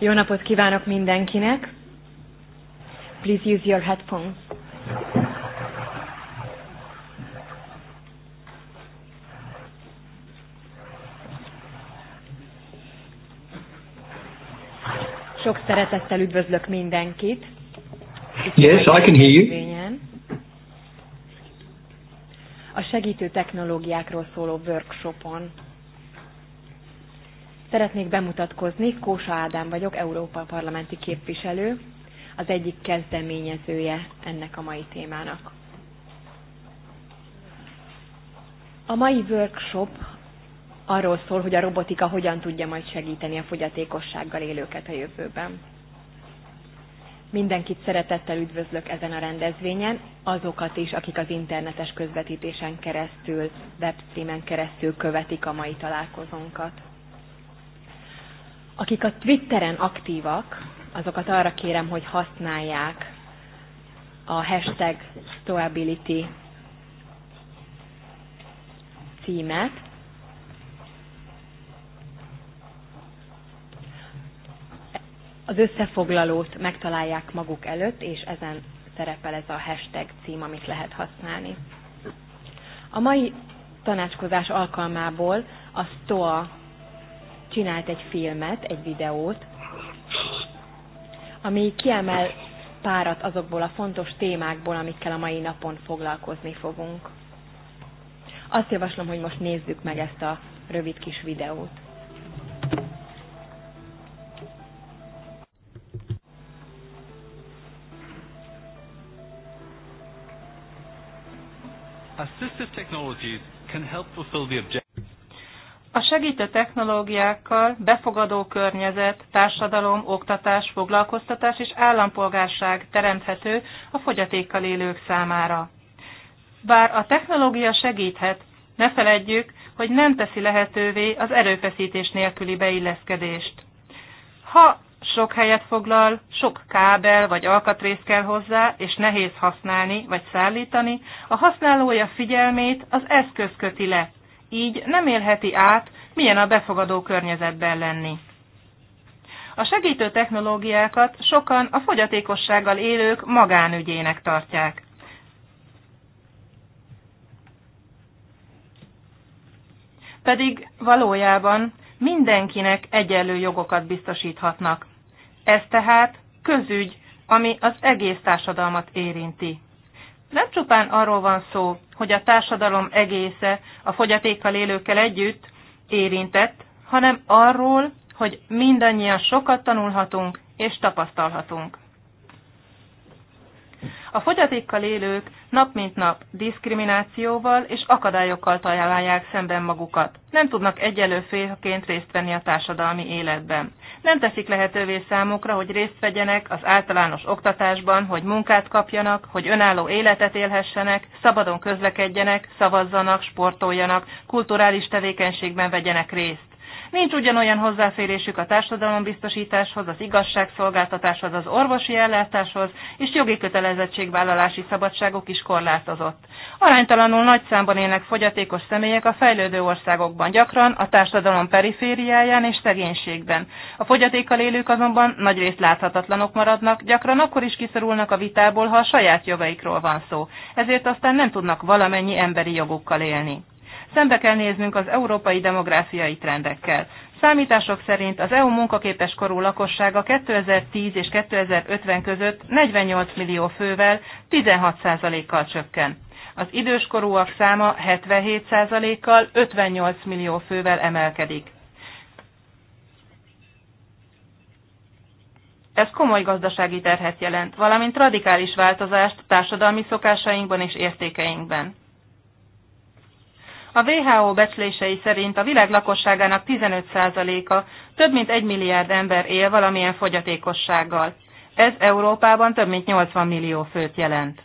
Jó napot kívánok mindenkinek. Please use your headphones. Sok szeretettel üdvözlök mindenkit. yes, I can hear you. A segítő technológiákról szóló workshopon Szeretnék bemutatkozni, Kósa Ádám vagyok, Európa parlamenti képviselő, az egyik kezdeményezője ennek a mai témának. A mai workshop arról szól, hogy a robotika hogyan tudja majd segíteni a fogyatékossággal élőket a jövőben. Mindenkit szeretettel üdvözlök ezen a rendezvényen, azokat is, akik az internetes közvetítésen keresztül, webstreamen keresztül követik a mai találkozónkat akik a Twitteren aktívak, azokat arra kérem, hogy használják a hashtag Stoability címet. Az összefoglalót megtalálják maguk előtt, és ezen szerepel ez a hashtag cím, amit lehet használni. A mai tanácskozás alkalmából a STOA csinált egy filmet, egy videót, ami kiemel párat azokból a fontos témákból, amikkel a mai napon foglalkozni fogunk. Azt javaslom, hogy most nézzük meg ezt a rövid kis videót. Assistive technologies can help fulfill the objective a segítő technológiákkal befogadó környezet, társadalom, oktatás, foglalkoztatás és állampolgárság teremthető a fogyatékkal élők számára. Bár a technológia segíthet, ne feledjük, hogy nem teszi lehetővé az erőfeszítés nélküli beilleszkedést. Ha sok helyet foglal, sok kábel vagy alkatrész kell hozzá, és nehéz használni vagy szállítani, a használója figyelmét az eszköz köti le, így nem élheti át, milyen a befogadó környezetben lenni. A segítő technológiákat sokan a fogyatékossággal élők magánügyének tartják. Pedig valójában mindenkinek egyenlő jogokat biztosíthatnak. Ez tehát közügy, ami az egész társadalmat érinti. Nem csupán arról van szó, hogy a társadalom egésze a fogyatékkal élőkkel együtt érintett, hanem arról, hogy mindannyian sokat tanulhatunk és tapasztalhatunk. A fogyatékkal élők nap mint nap diszkriminációval és akadályokkal találják szemben magukat. Nem tudnak egyelő félként részt venni a társadalmi életben nem teszik lehetővé számukra, hogy részt vegyenek az általános oktatásban, hogy munkát kapjanak, hogy önálló életet élhessenek, szabadon közlekedjenek, szavazzanak, sportoljanak, kulturális tevékenységben vegyenek részt. Nincs ugyanolyan hozzáférésük a társadalombiztosításhoz, az igazságszolgáltatáshoz, az orvosi ellátáshoz, és jogi kötelezettségvállalási szabadságok is korlátozott. Aránytalanul nagy számban élnek fogyatékos személyek a fejlődő országokban, gyakran a társadalom perifériáján és szegénységben. A fogyatékkal élők azonban nagyrészt láthatatlanok maradnak, gyakran akkor is kiszorulnak a vitából, ha a saját jogaikról van szó. Ezért aztán nem tudnak valamennyi emberi jogukkal élni. Szembe kell néznünk az európai demográfiai trendekkel. Számítások szerint az EU munkaképes korú lakossága 2010 és 2050 között 48 millió fővel 16%-kal csökken. Az időskorúak száma 77%-kal 58 millió fővel emelkedik. Ez komoly gazdasági terhet jelent, valamint radikális változást társadalmi szokásainkban és értékeinkben. A WHO becslései szerint a világ lakosságának 15%-a több mint 1 milliárd ember él valamilyen fogyatékossággal. Ez Európában több mint 80 millió főt jelent.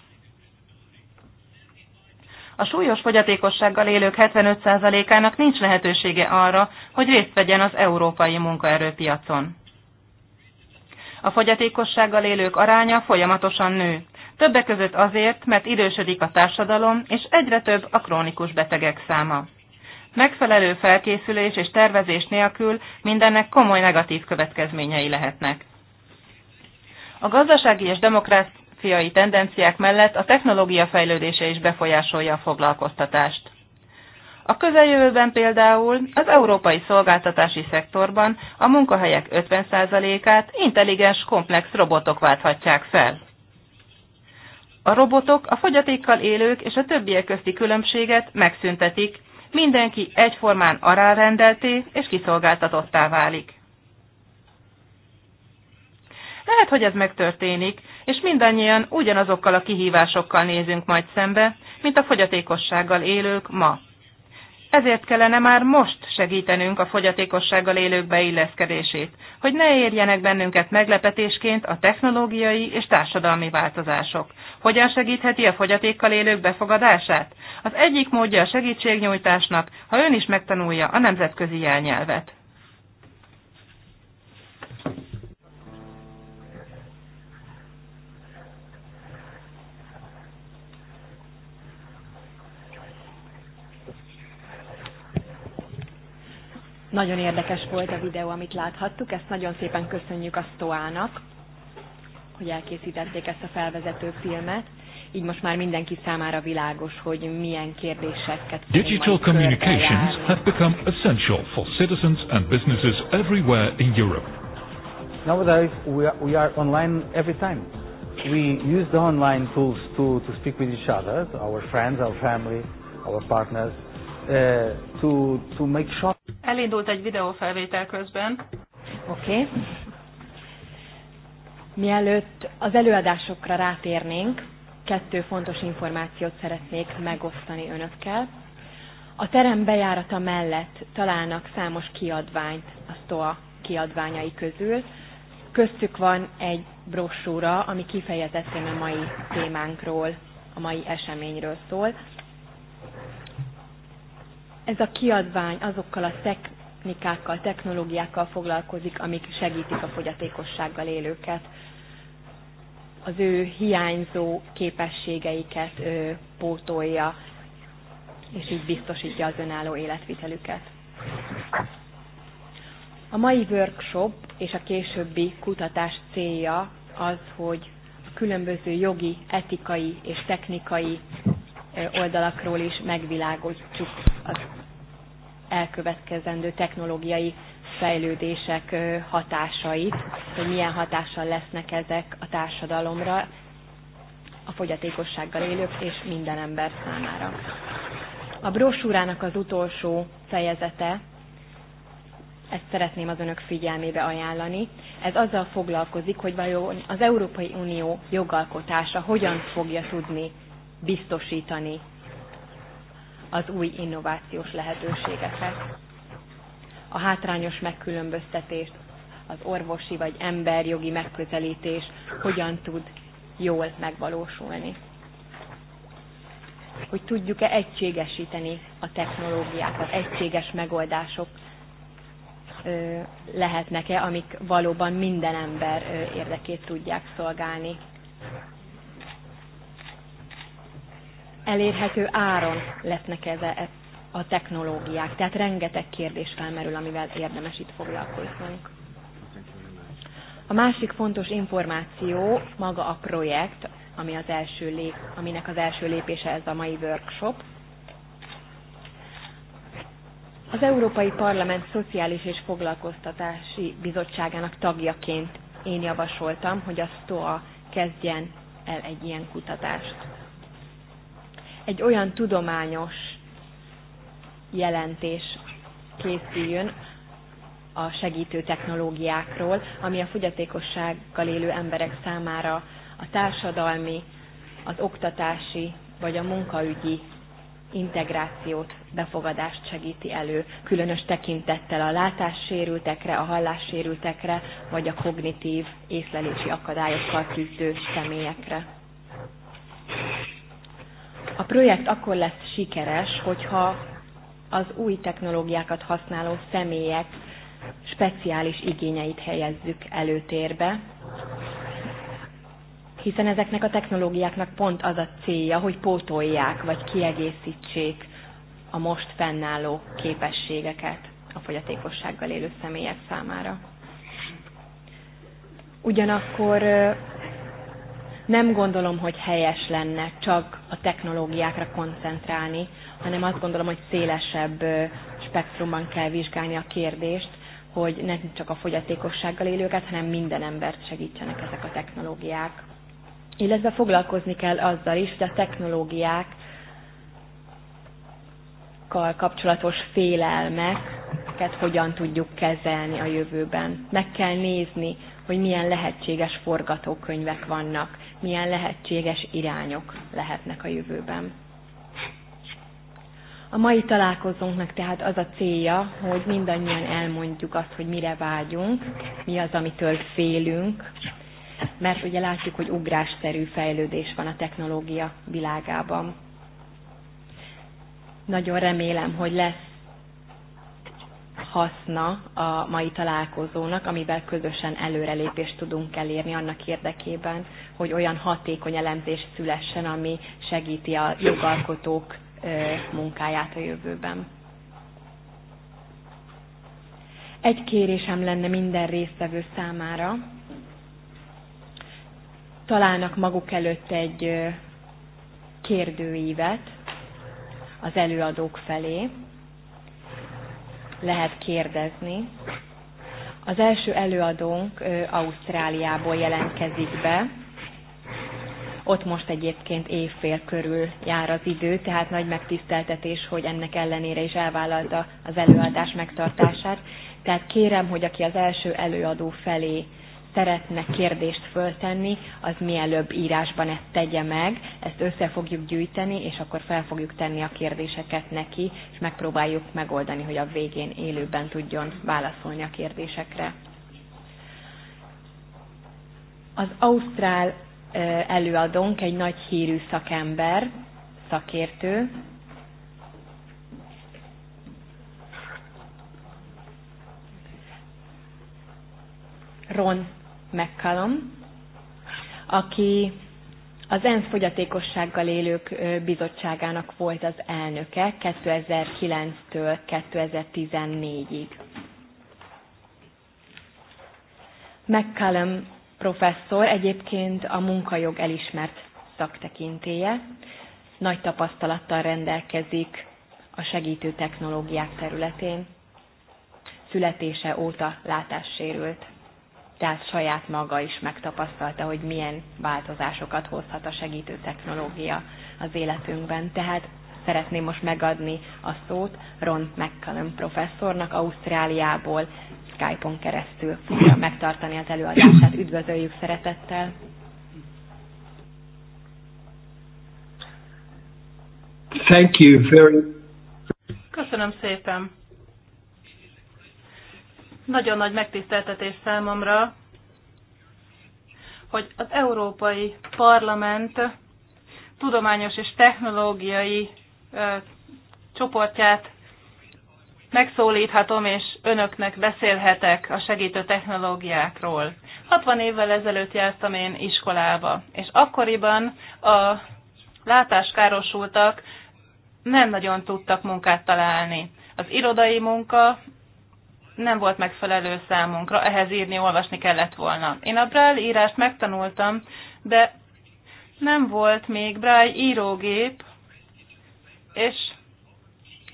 A súlyos fogyatékossággal élők 75%-ának nincs lehetősége arra, hogy részt vegyen az európai munkaerőpiacon. A fogyatékossággal élők aránya folyamatosan nő. Többek között azért, mert idősödik a társadalom, és egyre több a krónikus betegek száma. Megfelelő felkészülés és tervezés nélkül mindennek komoly negatív következményei lehetnek. A gazdasági és demokráciai tendenciák mellett a technológia fejlődése is befolyásolja a foglalkoztatást. A közeljövőben például az európai szolgáltatási szektorban a munkahelyek 50%-át intelligens, komplex robotok válthatják fel. A robotok a fogyatékkal élők és a többiek közti különbséget megszüntetik, mindenki egyformán arárendelté és kiszolgáltatottá válik. Lehet, hogy ez megtörténik, és mindannyian ugyanazokkal a kihívásokkal nézünk majd szembe, mint a fogyatékossággal élők ma. Ezért kellene már most segítenünk a fogyatékossággal élők beilleszkedését, hogy ne érjenek bennünket meglepetésként a technológiai és társadalmi változások. Hogyan segítheti a fogyatékkal élők befogadását? Az egyik módja a segítségnyújtásnak, ha ön is megtanulja a nemzetközi jelnyelvet. Nagyon érdekes volt a videó, amit láthattuk, ezt nagyon szépen köszönjük a Stoának hogy elkészítették ezt a felvezető filmet. Így most már mindenki számára világos, hogy milyen kérdéseket Digital communications have become essential for citizens and businesses everywhere in Europe. Nowadays we are, we are online every time. We use the online tools to, to speak with each other, our friends, our family, our partners, uh, to, to make sure. Elindult egy videófelvétel közben. Oké. Okay. Mielőtt az előadásokra rátérnénk, kettő fontos információt szeretnék megosztani önökkel. A terem bejárata mellett találnak számos kiadványt a STOA kiadványai közül. Köztük van egy brossúra, ami kifejezetten a mai témánkról, a mai eseményről szól. Ez a kiadvány azokkal a szek technikákkal, technológiákkal foglalkozik, amik segítik a fogyatékossággal élőket. Az ő hiányzó képességeiket ő, pótolja, és így biztosítja az önálló életvitelüket. A mai workshop és a későbbi kutatás célja az, hogy a különböző jogi, etikai és technikai oldalakról is megvilágosítsuk az elkövetkezendő technológiai fejlődések hatásait, hogy milyen hatással lesznek ezek a társadalomra, a fogyatékossággal élők és minden ember számára. A brosúrának az utolsó fejezete, ezt szeretném az önök figyelmébe ajánlani, ez azzal foglalkozik, hogy vajon az Európai Unió jogalkotása hogyan fogja tudni biztosítani az új innovációs lehetőségeket, a hátrányos megkülönböztetést, az orvosi vagy emberjogi megközelítés hogyan tud jól megvalósulni. Hogy tudjuk-e egységesíteni a technológiákat, egységes megoldások lehetnek-e, amik valóban minden ember érdekét tudják szolgálni elérhető áron lesznek ez e- a technológiák. Tehát rengeteg kérdés felmerül, amivel érdemes itt foglalkoznunk. A másik fontos információ maga a projekt, ami az első lép, aminek az első lépése ez a mai workshop. Az Európai Parlament Szociális és Foglalkoztatási Bizottságának tagjaként én javasoltam, hogy a STOA kezdjen el egy ilyen kutatást egy olyan tudományos jelentés készüljön a segítő technológiákról, ami a fogyatékossággal élő emberek számára a társadalmi, az oktatási vagy a munkaügyi integrációt, befogadást segíti elő, különös tekintettel a látássérültekre, a hallássérültekre, vagy a kognitív észlelési akadályokkal küzdő személyekre. A projekt akkor lesz sikeres, hogyha az új technológiákat használó személyek speciális igényeit helyezzük előtérbe, hiszen ezeknek a technológiáknak pont az a célja, hogy pótolják vagy kiegészítsék a most fennálló képességeket a fogyatékossággal élő személyek számára. Ugyanakkor nem gondolom, hogy helyes lenne csak a technológiákra koncentrálni, hanem azt gondolom, hogy szélesebb spektrumban kell vizsgálni a kérdést, hogy nem csak a fogyatékossággal élőket, hanem minden embert segítsenek ezek a technológiák. Illetve foglalkozni kell azzal is, hogy a technológiákkal kapcsolatos félelmeket hogyan tudjuk kezelni a jövőben. Meg kell nézni, hogy milyen lehetséges forgatókönyvek vannak milyen lehetséges irányok lehetnek a jövőben. A mai találkozónknak tehát az a célja, hogy mindannyian elmondjuk azt, hogy mire vágyunk, mi az, amitől félünk, mert ugye látjuk, hogy ugrásszerű fejlődés van a technológia világában. Nagyon remélem, hogy lesz haszna a mai találkozónak, amivel közösen előrelépést tudunk elérni annak érdekében, hogy olyan hatékony elemzés szülessen, ami segíti a jogalkotók munkáját a jövőben. Egy kérésem lenne minden résztvevő számára. Találnak maguk előtt egy kérdőívet az előadók felé, lehet kérdezni. Az első előadónk Ausztráliából jelentkezik be. Ott most egyébként évfél körül jár az idő, tehát nagy megtiszteltetés, hogy ennek ellenére is elvállalta az előadás megtartását. Tehát kérem, hogy aki az első előadó felé szeretne kérdést föltenni, az mielőbb írásban ezt tegye meg, ezt össze fogjuk gyűjteni, és akkor fel fogjuk tenni a kérdéseket neki, és megpróbáljuk megoldani, hogy a végén élőben tudjon válaszolni a kérdésekre. Az Ausztrál előadónk egy nagy hírű szakember, szakértő, Ron McCallum, aki az ENSZ fogyatékossággal élők bizottságának volt az elnöke 2009-től 2014-ig. McCallum professzor egyébként a munkajog elismert szaktekintéje, nagy tapasztalattal rendelkezik a segítő technológiák területén. Születése óta látássérült tehát saját maga is megtapasztalta, hogy milyen változásokat hozhat a segítő technológia az életünkben. Tehát szeretném most megadni a szót Ron McCallum professzornak Ausztráliából, Skype-on keresztül fogja megtartani az előadását. Üdvözöljük szeretettel! Thank you very Köszönöm szépen! Nagyon nagy megtiszteltetés számomra, hogy az Európai Parlament tudományos és technológiai csoportját megszólíthatom, és önöknek beszélhetek a segítő technológiákról. 60 évvel ezelőtt jártam én iskolába, és akkoriban a látáskárosultak nem nagyon tudtak munkát találni. Az irodai munka nem volt megfelelő számunkra, ehhez írni, olvasni kellett volna. Én a Braille írást megtanultam, de nem volt még Braille írógép, és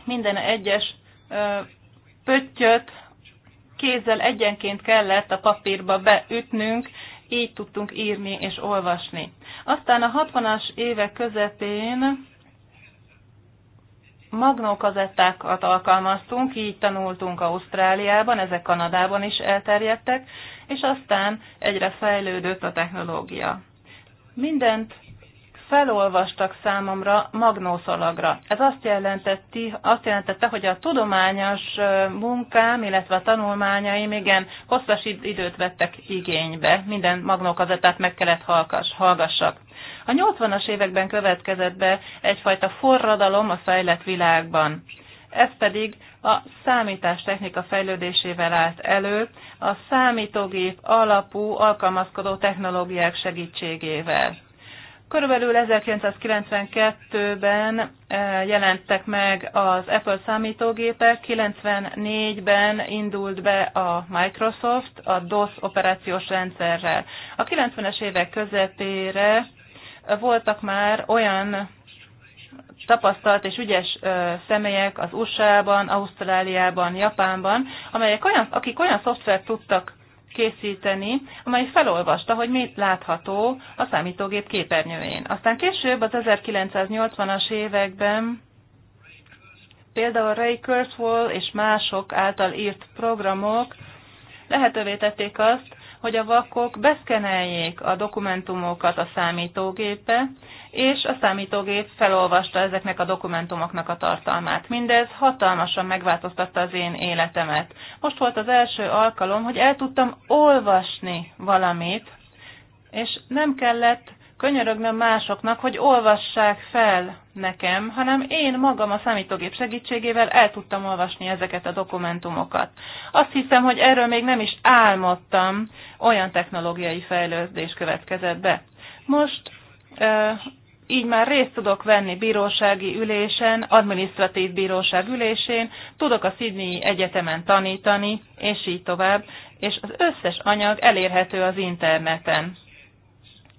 minden egyes pöttyöt kézzel egyenként kellett a papírba beütnünk, így tudtunk írni és olvasni. Aztán a 60-as évek közepén magnókazettákat alkalmaztunk, így tanultunk Ausztráliában, ezek Kanadában is elterjedtek, és aztán egyre fejlődött a technológia. Mindent felolvastak számomra magnószalagra. Ez azt jelentette, azt jelentette, hogy a tudományos munkám, illetve a tanulmányaim igen hosszas időt vettek igénybe. Minden magnókazettát meg kellett hallgassak. A 80-as években következett be egyfajta forradalom a fejlett világban. Ez pedig a számítástechnika fejlődésével állt elő, a számítógép alapú alkalmazkodó technológiák segítségével. Körülbelül 1992-ben eh, jelentek meg az Apple számítógépek, 94-ben indult be a Microsoft a DOS operációs rendszerrel. A 90-es évek közepére voltak már olyan tapasztalt és ügyes személyek az USA-ban, Ausztráliában, Japánban, amelyek olyan, akik olyan szoftvert tudtak készíteni, amely felolvasta, hogy mit látható a számítógép képernyőjén. Aztán később, az 1980-as években például Ray Kurzweil és mások által írt programok lehetővé tették azt, hogy a vakok beszkeneljék a dokumentumokat a számítógépe, és a számítógép felolvasta ezeknek a dokumentumoknak a tartalmát. Mindez hatalmasan megváltoztatta az én életemet. Most volt az első alkalom, hogy el tudtam olvasni valamit, és nem kellett könyörögnöm másoknak, hogy olvassák fel nekem, hanem én magam a számítógép segítségével el tudtam olvasni ezeket a dokumentumokat. Azt hiszem, hogy erről még nem is álmodtam, olyan technológiai fejlődés következett be. Most így már részt tudok venni bírósági ülésen, administratív bíróság ülésén, tudok a Sydney Egyetemen tanítani, és így tovább, és az összes anyag elérhető az interneten.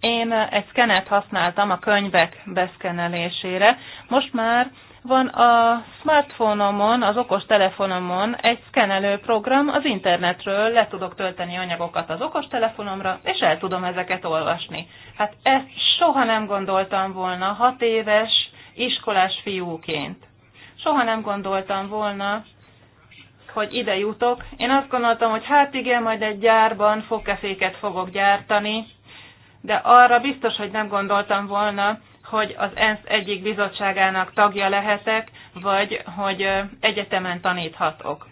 Én eh, egy szkenet használtam a könyvek beszkenelésére. Most már van a smartfonomon, az okos telefonomon egy szkenelő program, az internetről le tudok tölteni anyagokat az okos telefonomra, és el tudom ezeket olvasni. Hát ezt soha nem gondoltam volna hat éves iskolás fiúként. Soha nem gondoltam volna, hogy ide jutok. Én azt gondoltam, hogy hát igen, majd egy gyárban fogkeféket fogok gyártani, de arra biztos, hogy nem gondoltam volna, hogy az ENSZ egyik bizottságának tagja lehetek, vagy hogy egyetemen taníthatok.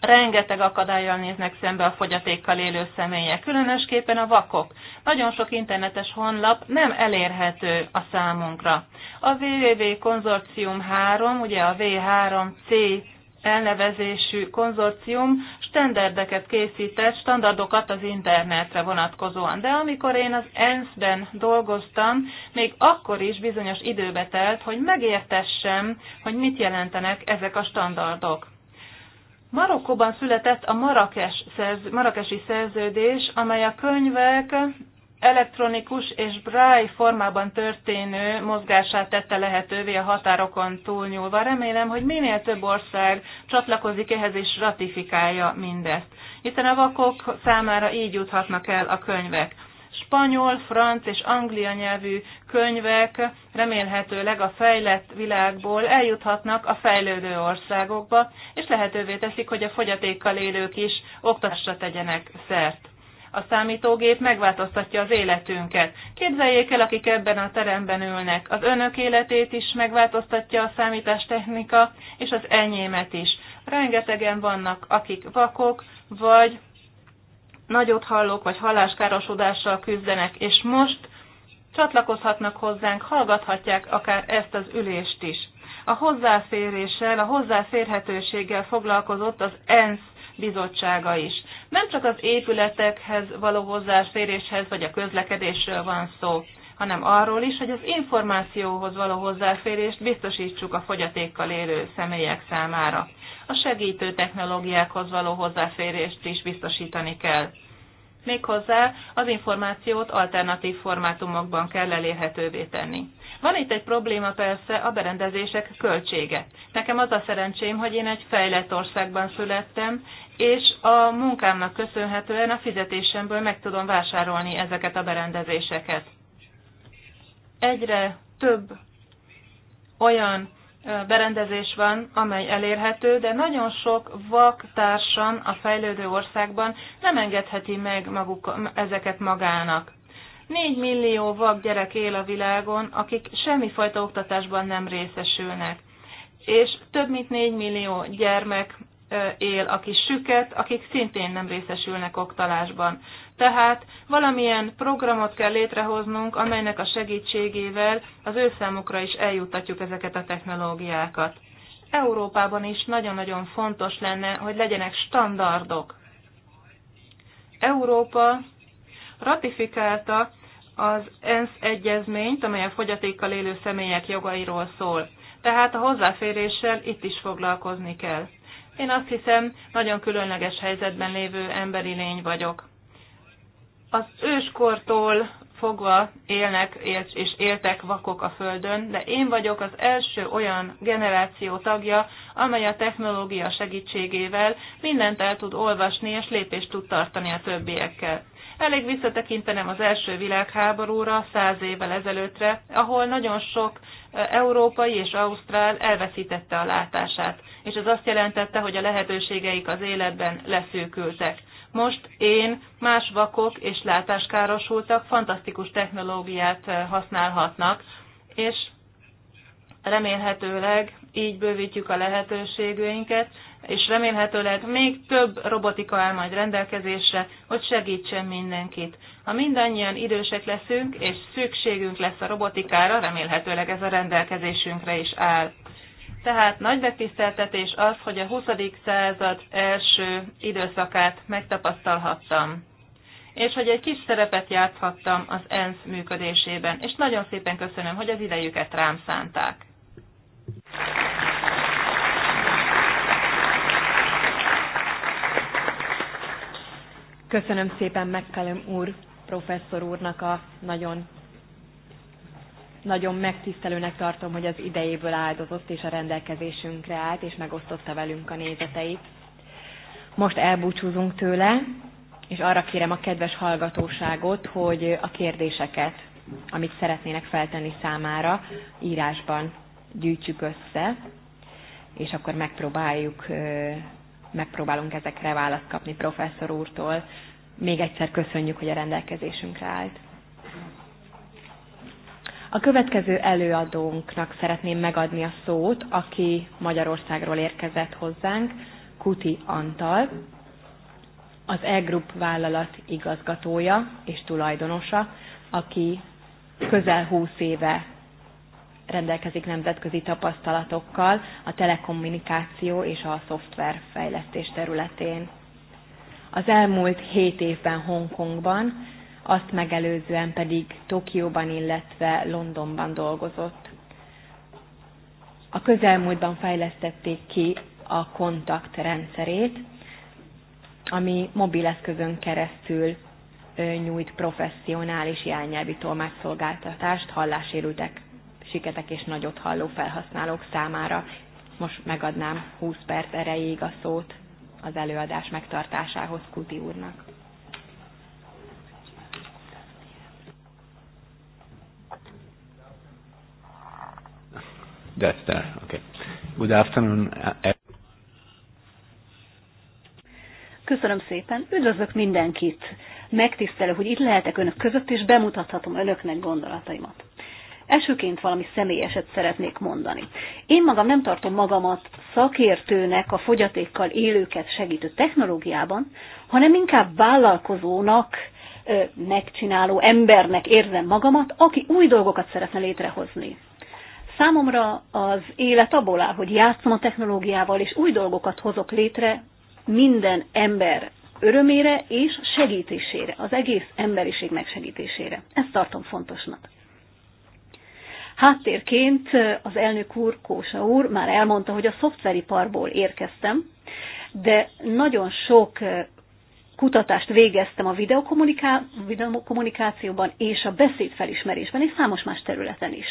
Rengeteg akadályjal néznek szembe a fogyatékkal élő személyek, különösképpen a vakok. Nagyon sok internetes honlap nem elérhető a számunkra. A WWW Konzorcium 3, ugye a V3C elnevezésű konzorcium standardeket készített, standardokat az internetre vonatkozóan. De amikor én az ENSZ-ben dolgoztam, még akkor is bizonyos időbe telt, hogy megértessem, hogy mit jelentenek ezek a standardok. Marokkóban született a Marrakes szerz, marakesi szerződés, amely a könyvek, elektronikus és braille formában történő mozgását tette lehetővé a határokon túlnyúlva. Remélem, hogy minél több ország csatlakozik ehhez és ratifikálja mindezt, hiszen a vakok számára így juthatnak el a könyvek. Spanyol, franc és anglia nyelvű könyvek remélhetőleg a fejlett világból eljuthatnak a fejlődő országokba, és lehetővé teszik, hogy a fogyatékkal élők is oktatásra tegyenek szert a számítógép megváltoztatja az életünket. Képzeljék el, akik ebben a teremben ülnek. Az önök életét is megváltoztatja a számítástechnika, és az enyémet is. Rengetegen vannak, akik vakok, vagy nagyot hallók, vagy halláskárosodással küzdenek, és most csatlakozhatnak hozzánk, hallgathatják akár ezt az ülést is. A hozzáféréssel, a hozzáférhetőséggel foglalkozott az ENSZ bizottsága is. Nem csak az épületekhez való hozzáféréshez vagy a közlekedésről van szó, hanem arról is, hogy az információhoz való hozzáférést biztosítsuk a fogyatékkal élő személyek számára. A segítő technológiákhoz való hozzáférést is biztosítani kell. Méghozzá az információt alternatív formátumokban kell elérhetővé tenni. Van itt egy probléma persze a berendezések költsége. Nekem az a szerencsém, hogy én egy fejlett országban születtem, és a munkámnak köszönhetően a fizetésemből meg tudom vásárolni ezeket a berendezéseket. Egyre több olyan berendezés van, amely elérhető, de nagyon sok vak társam a fejlődő országban nem engedheti meg maguk ezeket magának. 4 millió vak gyerek él a világon, akik semmifajta oktatásban nem részesülnek. És több mint 4 millió gyermek él, aki süket, akik szintén nem részesülnek oktalásban. Tehát valamilyen programot kell létrehoznunk, amelynek a segítségével az ő számukra is eljutatjuk ezeket a technológiákat. Európában is nagyon-nagyon fontos lenne, hogy legyenek standardok. Európa ratifikálta az ENSZ egyezményt, amely a fogyatékkal élő személyek jogairól szól. Tehát a hozzáféréssel itt is foglalkozni kell. Én azt hiszem, nagyon különleges helyzetben lévő emberi lény vagyok. Az őskortól fogva élnek és éltek vakok a Földön, de én vagyok az első olyan generáció tagja, amely a technológia segítségével mindent el tud olvasni és lépést tud tartani a többiekkel. Elég visszatekintenem az első világháborúra, száz évvel ezelőttre, ahol nagyon sok e, európai és ausztrál elveszítette a látását, és ez azt jelentette, hogy a lehetőségeik az életben leszűkültek. Most én, más vakok és látáskárosultak fantasztikus technológiát e, használhatnak, és remélhetőleg így bővítjük a lehetőségeinket, és remélhetőleg még több robotika áll majd rendelkezésre, hogy segítsen mindenkit. Ha mindannyian idősek leszünk, és szükségünk lesz a robotikára, remélhetőleg ez a rendelkezésünkre is áll. Tehát nagy megtiszteltetés az, hogy a 20. század első időszakát megtapasztalhattam és hogy egy kis szerepet játszhattam az ENSZ működésében, és nagyon szépen köszönöm, hogy az idejüket rám szánták. Köszönöm szépen megkelem úr, professzor úrnak a nagyon nagyon megtisztelőnek tartom, hogy az idejéből áldozott és a rendelkezésünkre állt, és megosztotta velünk a nézeteit. Most elbúcsúzunk tőle, és arra kérem a kedves hallgatóságot, hogy a kérdéseket, amit szeretnének feltenni számára, írásban gyűjtsük össze, és akkor megpróbáljuk megpróbálunk ezekre választ kapni professzor úrtól. Még egyszer köszönjük, hogy a rendelkezésünkre állt. A következő előadónknak szeretném megadni a szót, aki Magyarországról érkezett hozzánk, Kuti Antal, az E-Group vállalat igazgatója és tulajdonosa, aki közel 20 éve rendelkezik nemzetközi tapasztalatokkal a telekommunikáció és a szoftverfejlesztés területén. Az elmúlt hét évben Hongkongban, azt megelőzően pedig Tokióban, illetve Londonban dolgozott. A közelmúltban fejlesztették ki a kontakt rendszerét, ami mobileszközön keresztül nyújt professzionális jelnyelvi tolmácsszolgáltatást hallásérültek siketek és nagyot halló felhasználók számára. Most megadnám 20 perc erejéig a szót az előadás megtartásához Kuti úrnak. That's there. Okay. Good afternoon. E- Köszönöm szépen. Üdvözlök mindenkit. Megtisztelő, hogy itt lehetek önök között, és bemutathatom önöknek gondolataimat. Elsőként valami személyeset szeretnék mondani. Én magam nem tartom magamat szakértőnek a fogyatékkal élőket segítő technológiában, hanem inkább vállalkozónak, megcsináló embernek érzem magamat, aki új dolgokat szeretne létrehozni. Számomra az élet abból áll, hogy játszom a technológiával, és új dolgokat hozok létre minden ember örömére és segítésére, az egész emberiség megsegítésére. Ezt tartom fontosnak. Háttérként az elnök úr, Kósa úr már elmondta, hogy a szoftveriparból érkeztem, de nagyon sok kutatást végeztem a videokommuniká- videokommunikációban és a beszédfelismerésben, és számos más területen is.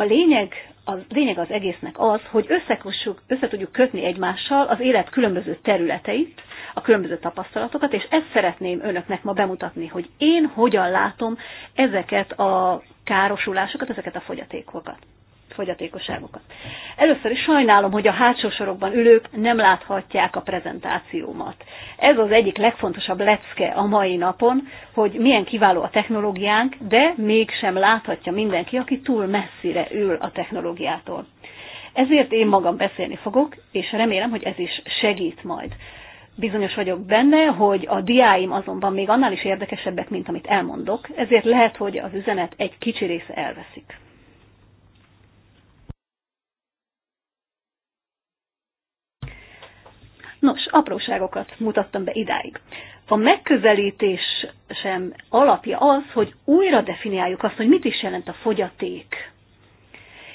A lényeg, a lényeg az egésznek az, hogy összekossuk, össze tudjuk kötni egymással az élet különböző területeit, a különböző tapasztalatokat, és ezt szeretném önöknek ma bemutatni, hogy én hogyan látom ezeket a károsulásokat, ezeket a fogyatékokat fogyatékosságokat. Először is sajnálom, hogy a hátsó sorokban ülők nem láthatják a prezentációmat. Ez az egyik legfontosabb lecke a mai napon, hogy milyen kiváló a technológiánk, de mégsem láthatja mindenki, aki túl messzire ül a technológiától. Ezért én magam beszélni fogok, és remélem, hogy ez is segít majd. Bizonyos vagyok benne, hogy a diáim azonban még annál is érdekesebbek, mint amit elmondok, ezért lehet, hogy az üzenet egy kicsi része elveszik. Nos, apróságokat mutattam be idáig. A megközelítés sem alapja az, hogy újra definiáljuk azt, hogy mit is jelent a fogyaték.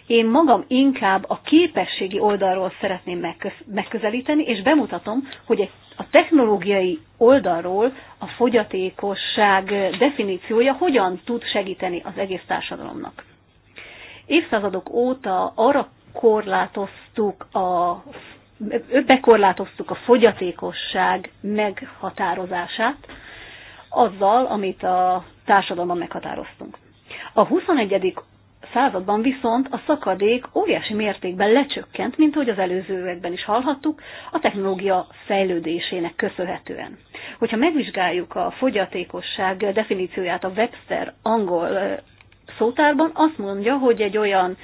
Én magam inkább a képességi oldalról szeretném megközelíteni, és bemutatom, hogy a technológiai oldalról a fogyatékosság definíciója hogyan tud segíteni az egész társadalomnak. Évszázadok óta arra korlátoztuk a bekorlátoztuk a fogyatékosság meghatározását azzal, amit a társadalomban meghatároztunk. A 21. században viszont a szakadék óriási mértékben lecsökkent, mint ahogy az előzőekben is hallhattuk, a technológia fejlődésének köszönhetően. Hogyha megvizsgáljuk a fogyatékosság definícióját a Webster angol szótárban, azt mondja, hogy egy olyan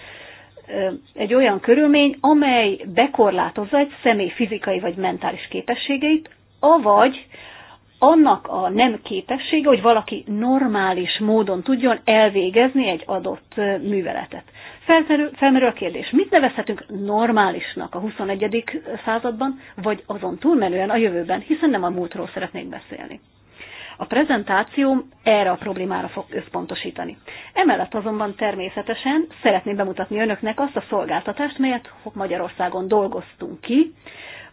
egy olyan körülmény, amely bekorlátozza egy személy fizikai vagy mentális képességeit, avagy annak a nem képessége, hogy valaki normális módon tudjon elvégezni egy adott műveletet. Felmerül, felmerül a kérdés, mit nevezhetünk normálisnak a 21. században, vagy azon túlmenően a jövőben, hiszen nem a múltról szeretnék beszélni. A prezentációm erre a problémára fog összpontosítani. Emellett azonban természetesen szeretném bemutatni önöknek azt a szolgáltatást, melyet Magyarországon dolgoztunk ki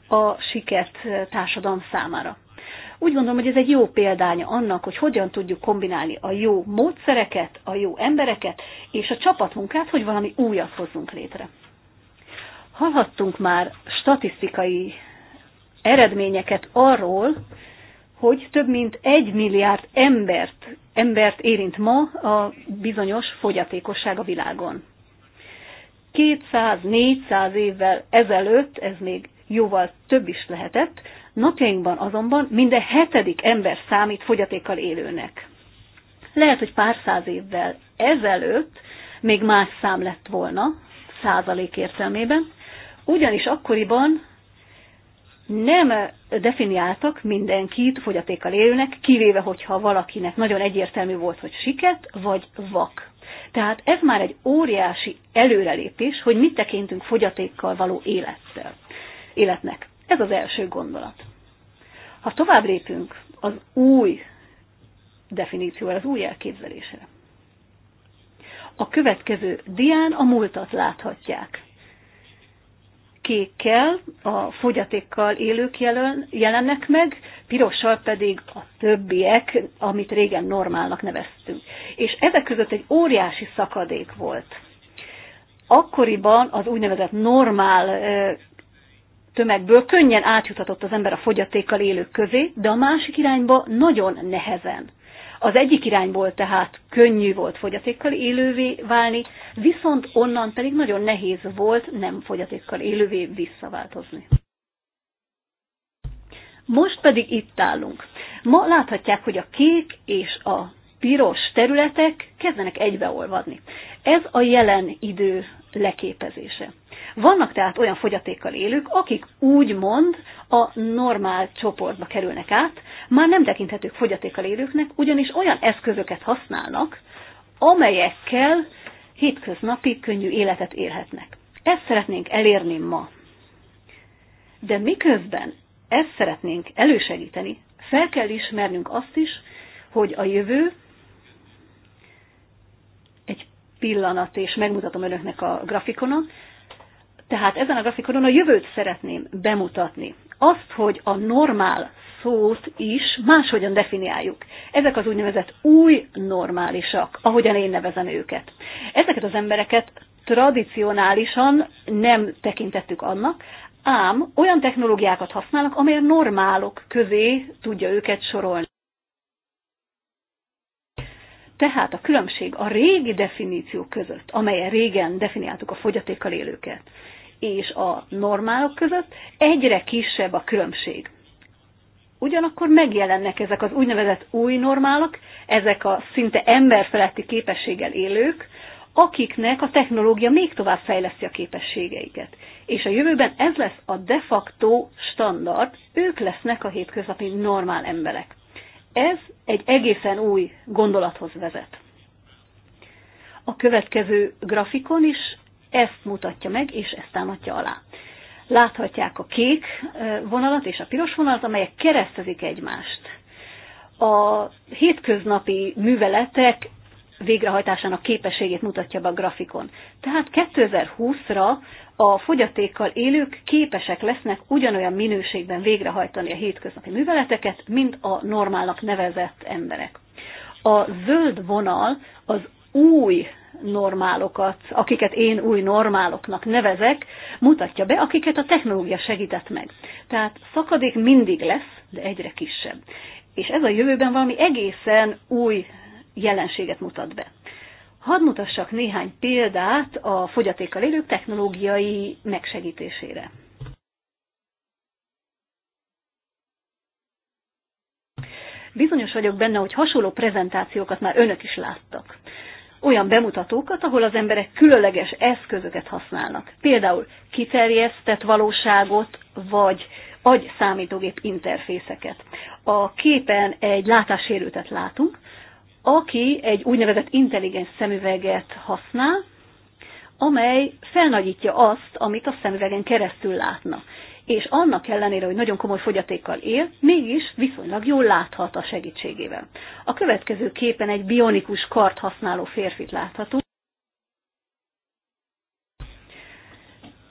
a sikert társadalom számára. Úgy gondolom, hogy ez egy jó példánya annak, hogy hogyan tudjuk kombinálni a jó módszereket, a jó embereket és a csapatmunkát, hogy valami újat hozzunk létre. Hallhattunk már statisztikai eredményeket arról, hogy több mint egy milliárd embert, embert érint ma a bizonyos fogyatékosság a világon. 200-400 évvel ezelőtt ez még jóval több is lehetett, napjainkban azonban minden hetedik ember számít fogyatékkal élőnek. Lehet, hogy pár száz évvel ezelőtt még más szám lett volna, százalék értelmében, ugyanis akkoriban nem definiáltak mindenkit fogyatékkal élőnek, kivéve, hogyha valakinek nagyon egyértelmű volt, hogy siket vagy vak. Tehát ez már egy óriási előrelépés, hogy mit tekintünk fogyatékkal való élettel, életnek. Ez az első gondolat. Ha tovább lépünk az új definícióra, az új elképzelésre. A következő dián a múltat láthatják kékkel a fogyatékkal élők jelen, jelennek meg, pirossal pedig a többiek, amit régen normálnak neveztünk. És ezek között egy óriási szakadék volt. Akkoriban az úgynevezett normál tömegből könnyen átjuthatott az ember a fogyatékkal élők közé, de a másik irányba nagyon nehezen. Az egyik irányból tehát könnyű volt fogyatékkal élővé válni, viszont onnan pedig nagyon nehéz volt nem fogyatékkal élővé visszaváltozni. Most pedig itt állunk. Ma láthatják, hogy a kék és a piros területek kezdenek egybeolvadni. Ez a jelen idő leképezése. Vannak tehát olyan fogyatékkal élők, akik úgymond a normál csoportba kerülnek át, már nem tekinthetők fogyatékkal élőknek, ugyanis olyan eszközöket használnak, amelyekkel hétköznapi könnyű életet élhetnek. Ezt szeretnénk elérni ma. De miközben ezt szeretnénk elősegíteni, fel kell ismernünk azt is, hogy a jövő pillanat, és megmutatom önöknek a grafikonon. Tehát ezen a grafikonon a jövőt szeretném bemutatni. Azt, hogy a normál szót is máshogyan definiáljuk. Ezek az úgynevezett új normálisak, ahogyan én nevezem őket. Ezeket az embereket tradicionálisan nem tekintettük annak, ám olyan technológiákat használnak, amely a normálok közé tudja őket sorolni. Tehát a különbség a régi definíció között, amelyen régen definiáltuk a fogyatékkal élőket, és a normálok között egyre kisebb a különbség. Ugyanakkor megjelennek ezek az úgynevezett új normálok, ezek a szinte emberfeletti képességgel élők, akiknek a technológia még tovább fejleszti a képességeiket. És a jövőben ez lesz a de facto standard, ők lesznek a hétköznapi normál emberek. Ez egy egészen új gondolathoz vezet. A következő grafikon is ezt mutatja meg, és ezt támadja alá. Láthatják a kék vonalat és a piros vonalat, amelyek keresztezik egymást. A hétköznapi műveletek végrehajtásának képességét mutatja be a grafikon. Tehát 2020-ra a fogyatékkal élők képesek lesznek ugyanolyan minőségben végrehajtani a hétköznapi műveleteket, mint a normálnak nevezett emberek. A zöld vonal az új normálokat, akiket én új normáloknak nevezek, mutatja be, akiket a technológia segített meg. Tehát szakadék mindig lesz, de egyre kisebb. És ez a jövőben valami egészen új jelenséget mutat be. Hadd mutassak néhány példát a fogyatékkal élők technológiai megsegítésére. Bizonyos vagyok benne, hogy hasonló prezentációkat már önök is láttak. Olyan bemutatókat, ahol az emberek különleges eszközöket használnak. Például kiterjesztett valóságot, vagy agy számítógép interfészeket. A képen egy látássérültet látunk, aki egy úgynevezett intelligens szemüveget használ, amely felnagyítja azt, amit a szemüvegen keresztül látna. És annak ellenére, hogy nagyon komoly fogyatékkal él, mégis viszonylag jól láthat a segítségével. A következő képen egy bionikus kart használó férfit láthatunk.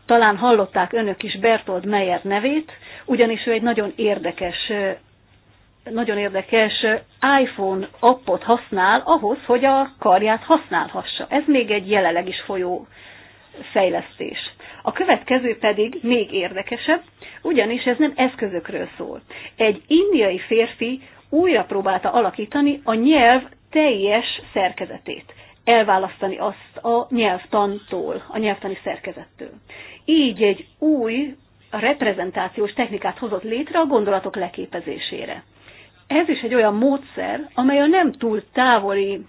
Talán hallották önök is Bertold Meyer nevét, ugyanis ő egy nagyon érdekes nagyon érdekes iPhone appot használ ahhoz, hogy a karját használhassa. Ez még egy jelenleg is folyó fejlesztés. A következő pedig még érdekesebb, ugyanis ez nem eszközökről szól. Egy indiai férfi újra próbálta alakítani a nyelv teljes szerkezetét, elválasztani azt a nyelvtantól, a nyelvtani szerkezettől. Így egy új reprezentációs technikát hozott létre a gondolatok leképezésére ez is egy olyan módszer, amely a nem túl távoli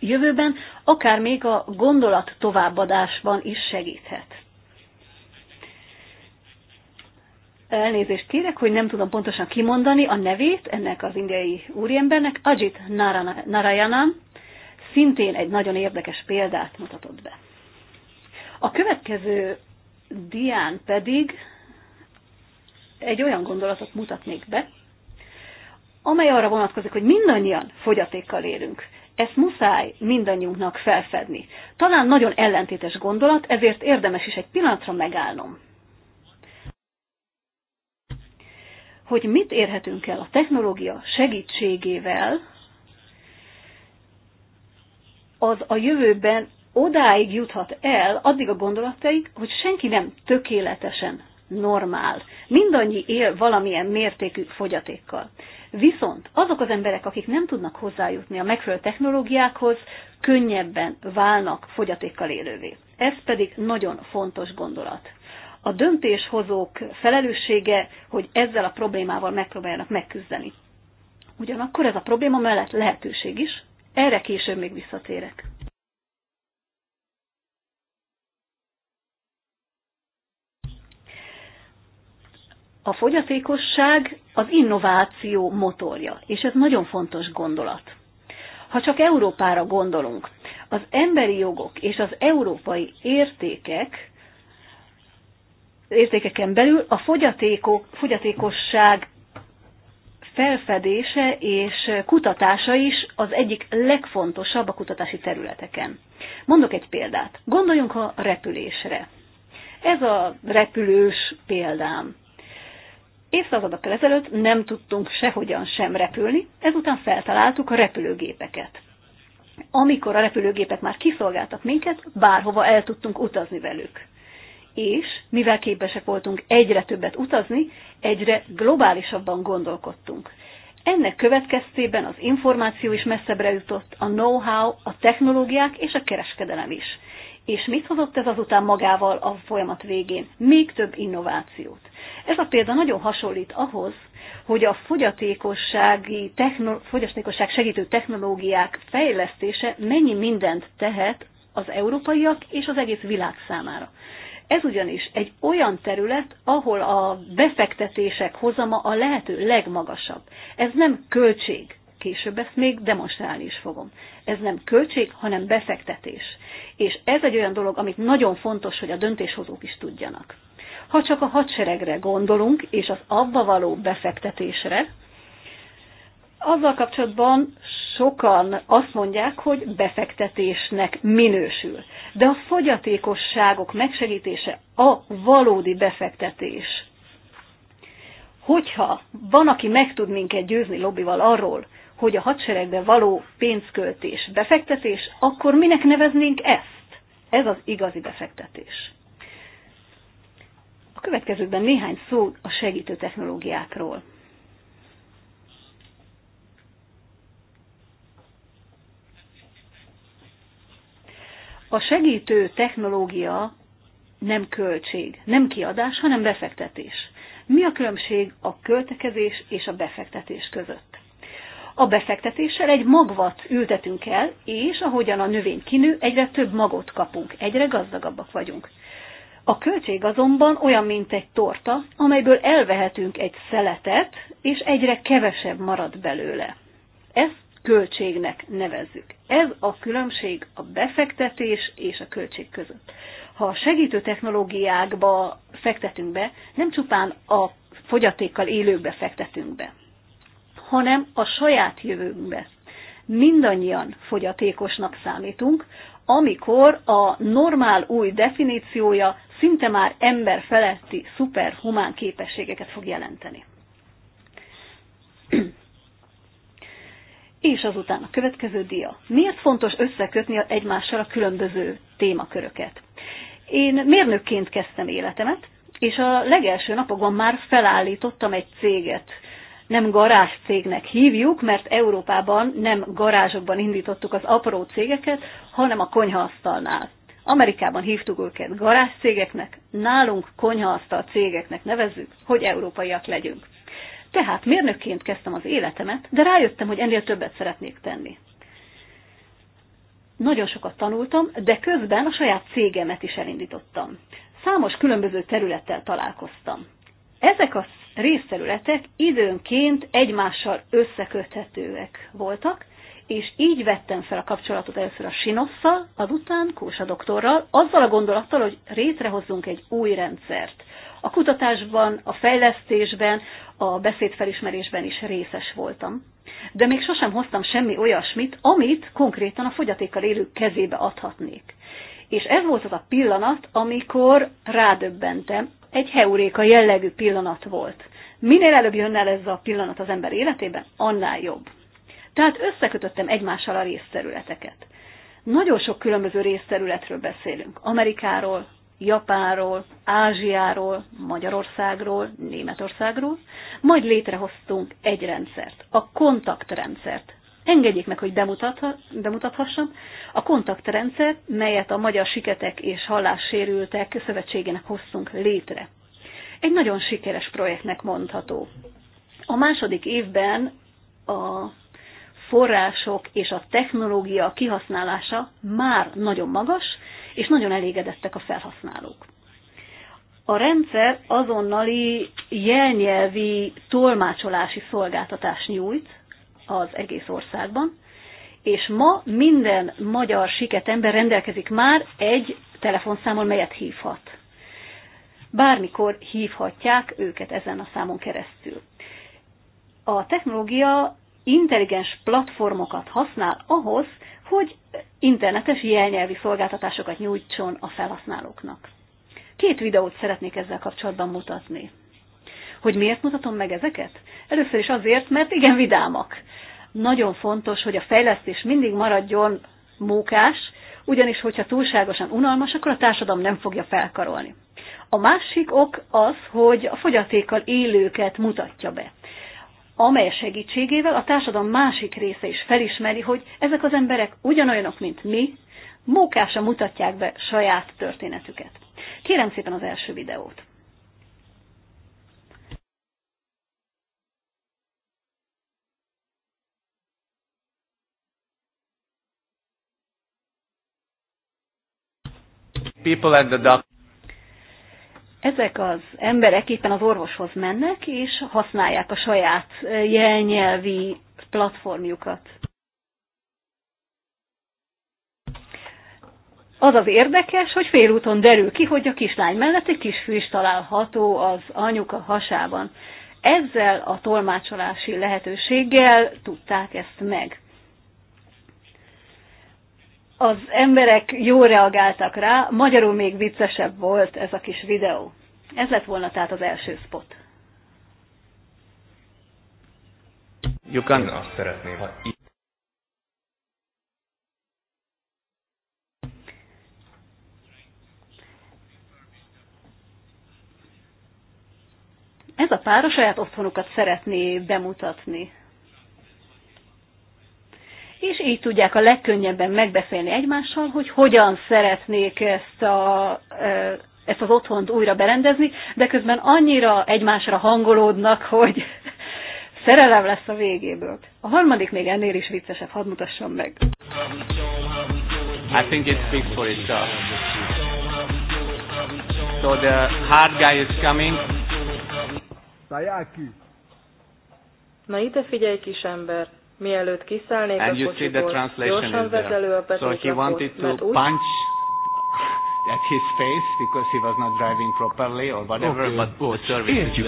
jövőben, akár még a gondolat továbbadásban is segíthet. Elnézést kérek, hogy nem tudom pontosan kimondani a nevét ennek az indiai úriembernek, Ajit Narayanan, szintén egy nagyon érdekes példát mutatott be. A következő dián pedig egy olyan gondolatot mutatnék be, amely arra vonatkozik, hogy mindannyian fogyatékkal élünk. Ezt muszáj mindannyiunknak felfedni. Talán nagyon ellentétes gondolat, ezért érdemes is egy pillanatra megállnom. Hogy mit érhetünk el a technológia segítségével, az a jövőben odáig juthat el, addig a gondolataig, hogy senki nem tökéletesen normál. Mindannyi él valamilyen mértékű fogyatékkal. Viszont azok az emberek, akik nem tudnak hozzájutni a megfelelő technológiákhoz, könnyebben válnak fogyatékkal élővé. Ez pedig nagyon fontos gondolat. A döntéshozók felelőssége, hogy ezzel a problémával megpróbáljanak megküzdeni. Ugyanakkor ez a probléma mellett lehetőség is, erre később még visszatérek. A fogyatékosság az innováció motorja, és ez nagyon fontos gondolat. Ha csak Európára gondolunk, az emberi jogok és az európai értékek értékeken belül a fogyatékok, fogyatékosság felfedése és kutatása is az egyik legfontosabb a kutatási területeken. Mondok egy példát. Gondoljunk a repülésre. Ez a repülős példám. Évszázadokkal ezelőtt nem tudtunk sehogyan sem repülni, ezután feltaláltuk a repülőgépeket. Amikor a repülőgépek már kiszolgáltak minket, bárhova el tudtunk utazni velük. És, mivel képesek voltunk egyre többet utazni, egyre globálisabban gondolkodtunk. Ennek következtében az információ is messzebbre jutott, a know-how, a technológiák és a kereskedelem is. És mit hozott ez azután magával a folyamat végén? Még több innovációt. Ez a példa nagyon hasonlít ahhoz, hogy a fogyatékossági technol- fogyatékosság segítő technológiák fejlesztése mennyi mindent tehet az európaiak és az egész világ számára. Ez ugyanis egy olyan terület, ahol a befektetések hozama a lehető legmagasabb. Ez nem költség. Később ezt még demonstrálni is fogom. Ez nem költség, hanem befektetés. És ez egy olyan dolog, amit nagyon fontos, hogy a döntéshozók is tudjanak. Ha csak a hadseregre gondolunk, és az abba való befektetésre, azzal kapcsolatban sokan azt mondják, hogy befektetésnek minősül. De a fogyatékosságok megsegítése a valódi befektetés. Hogyha van, aki meg tud minket győzni lobbival arról, hogy a hadseregbe való pénzköltés befektetés, akkor minek neveznénk ezt? Ez az igazi befektetés. A következőkben néhány szó a segítő technológiákról. A segítő technológia nem költség, nem kiadás, hanem befektetés. Mi a különbség a költekezés és a befektetés között? A befektetéssel egy magvat ültetünk el, és ahogyan a növény kinő, egyre több magot kapunk, egyre gazdagabbak vagyunk. A költség azonban olyan, mint egy torta, amelyből elvehetünk egy szeletet, és egyre kevesebb marad belőle. Ezt költségnek nevezzük. Ez a különbség a befektetés és a költség között. Ha a segítő technológiákba fektetünk be, nem csupán a fogyatékkal élőkbe fektetünk be, hanem a saját jövőnkbe. Mindannyian fogyatékosnak számítunk, amikor a normál új definíciója szinte már ember feletti szuperhumán képességeket fog jelenteni. És azután a következő dia. Miért fontos összekötni egymással a különböző témaköröket? Én mérnökként kezdtem életemet, és a legelső napokban már felállítottam egy céget. Nem garázs cégnek hívjuk, mert Európában nem garázsokban indítottuk az apró cégeket, hanem a konyhaasztalnál. Amerikában hívtuk őket cégeknek, nálunk konyhaasztal cégeknek nevezzük, hogy európaiak legyünk. Tehát mérnökként kezdtem az életemet, de rájöttem, hogy ennél többet szeretnék tenni. Nagyon sokat tanultam, de közben a saját cégemet is elindítottam. Számos különböző területtel találkoztam. Ezek a részterületek időnként egymással összeköthetőek voltak, és így vettem fel a kapcsolatot először a Sinosszal, azután Kósa doktorral, azzal a gondolattal, hogy rétrehozzunk egy új rendszert. A kutatásban, a fejlesztésben, a beszédfelismerésben is részes voltam. De még sosem hoztam semmi olyasmit, amit konkrétan a fogyatékkal élők kezébe adhatnék. És ez volt az a pillanat, amikor rádöbbentem, egy heuréka jellegű pillanat volt. Minél előbb jönne el ez a pillanat az ember életében, annál jobb. Tehát összekötöttem egymással a részterületeket. Nagyon sok különböző részterületről beszélünk. Amerikáról, Japánról, Ázsiáról, Magyarországról, Németországról, majd létrehoztunk egy rendszert, a kontaktrendszert. Engedjék meg, hogy bemutatha, bemutathassam. A kontaktrendszer, melyet a Magyar Siketek és Hallássérültek Szövetségének hoztunk létre. Egy nagyon sikeres projektnek mondható. A második évben a források és a technológia kihasználása már nagyon magas, és nagyon elégedettek a felhasználók. A rendszer azonnali jelnyelvi tolmácsolási szolgáltatás nyújt az egész országban, és ma minden magyar siket ember rendelkezik már egy telefonszámon, melyet hívhat. Bármikor hívhatják őket ezen a számon keresztül. A technológia intelligens platformokat használ ahhoz, hogy internetes jelnyelvi szolgáltatásokat nyújtson a felhasználóknak. Két videót szeretnék ezzel kapcsolatban mutatni. Hogy miért mutatom meg ezeket? Először is azért, mert igen vidámak. Nagyon fontos, hogy a fejlesztés mindig maradjon mókás, ugyanis hogyha túlságosan unalmas, akkor a társadalom nem fogja felkarolni. A másik ok az, hogy a fogyatékkal élőket mutatja be amely segítségével a társadalom másik része is felismeri, hogy ezek az emberek ugyanolyanok, mint mi, mókása mutatják be saját történetüket. Kérem szépen az első videót. People at the doctor ezek az emberek éppen az orvoshoz mennek, és használják a saját jelnyelvi platformjukat. Az az érdekes, hogy félúton derül ki, hogy a kislány mellett egy kis fű is található az anyuka hasában. Ezzel a tolmácsolási lehetőséggel tudták ezt meg az emberek jól reagáltak rá, magyarul még viccesebb volt ez a kis videó. Ez lett volna tehát az első spot. Jukán, azt szeretném, ha itt... Ez a pár a saját otthonukat szeretné bemutatni és így tudják a legkönnyebben megbeszélni egymással, hogy hogyan szeretnék ezt, a, ezt az otthont újra berendezni, de közben annyira egymásra hangolódnak, hogy szerelem lesz a végéből. A harmadik még ennél is viccesebb, hadd mutassam meg. I think it speaks for itself. So the hard guy is coming. Na ide figyelj, kis ember, mielőtt kiszállnék And a you see the translation gyorsan is there. elő a So he wanted to punch at his face because he was not driving properly or whatever, okay. but the service Értjük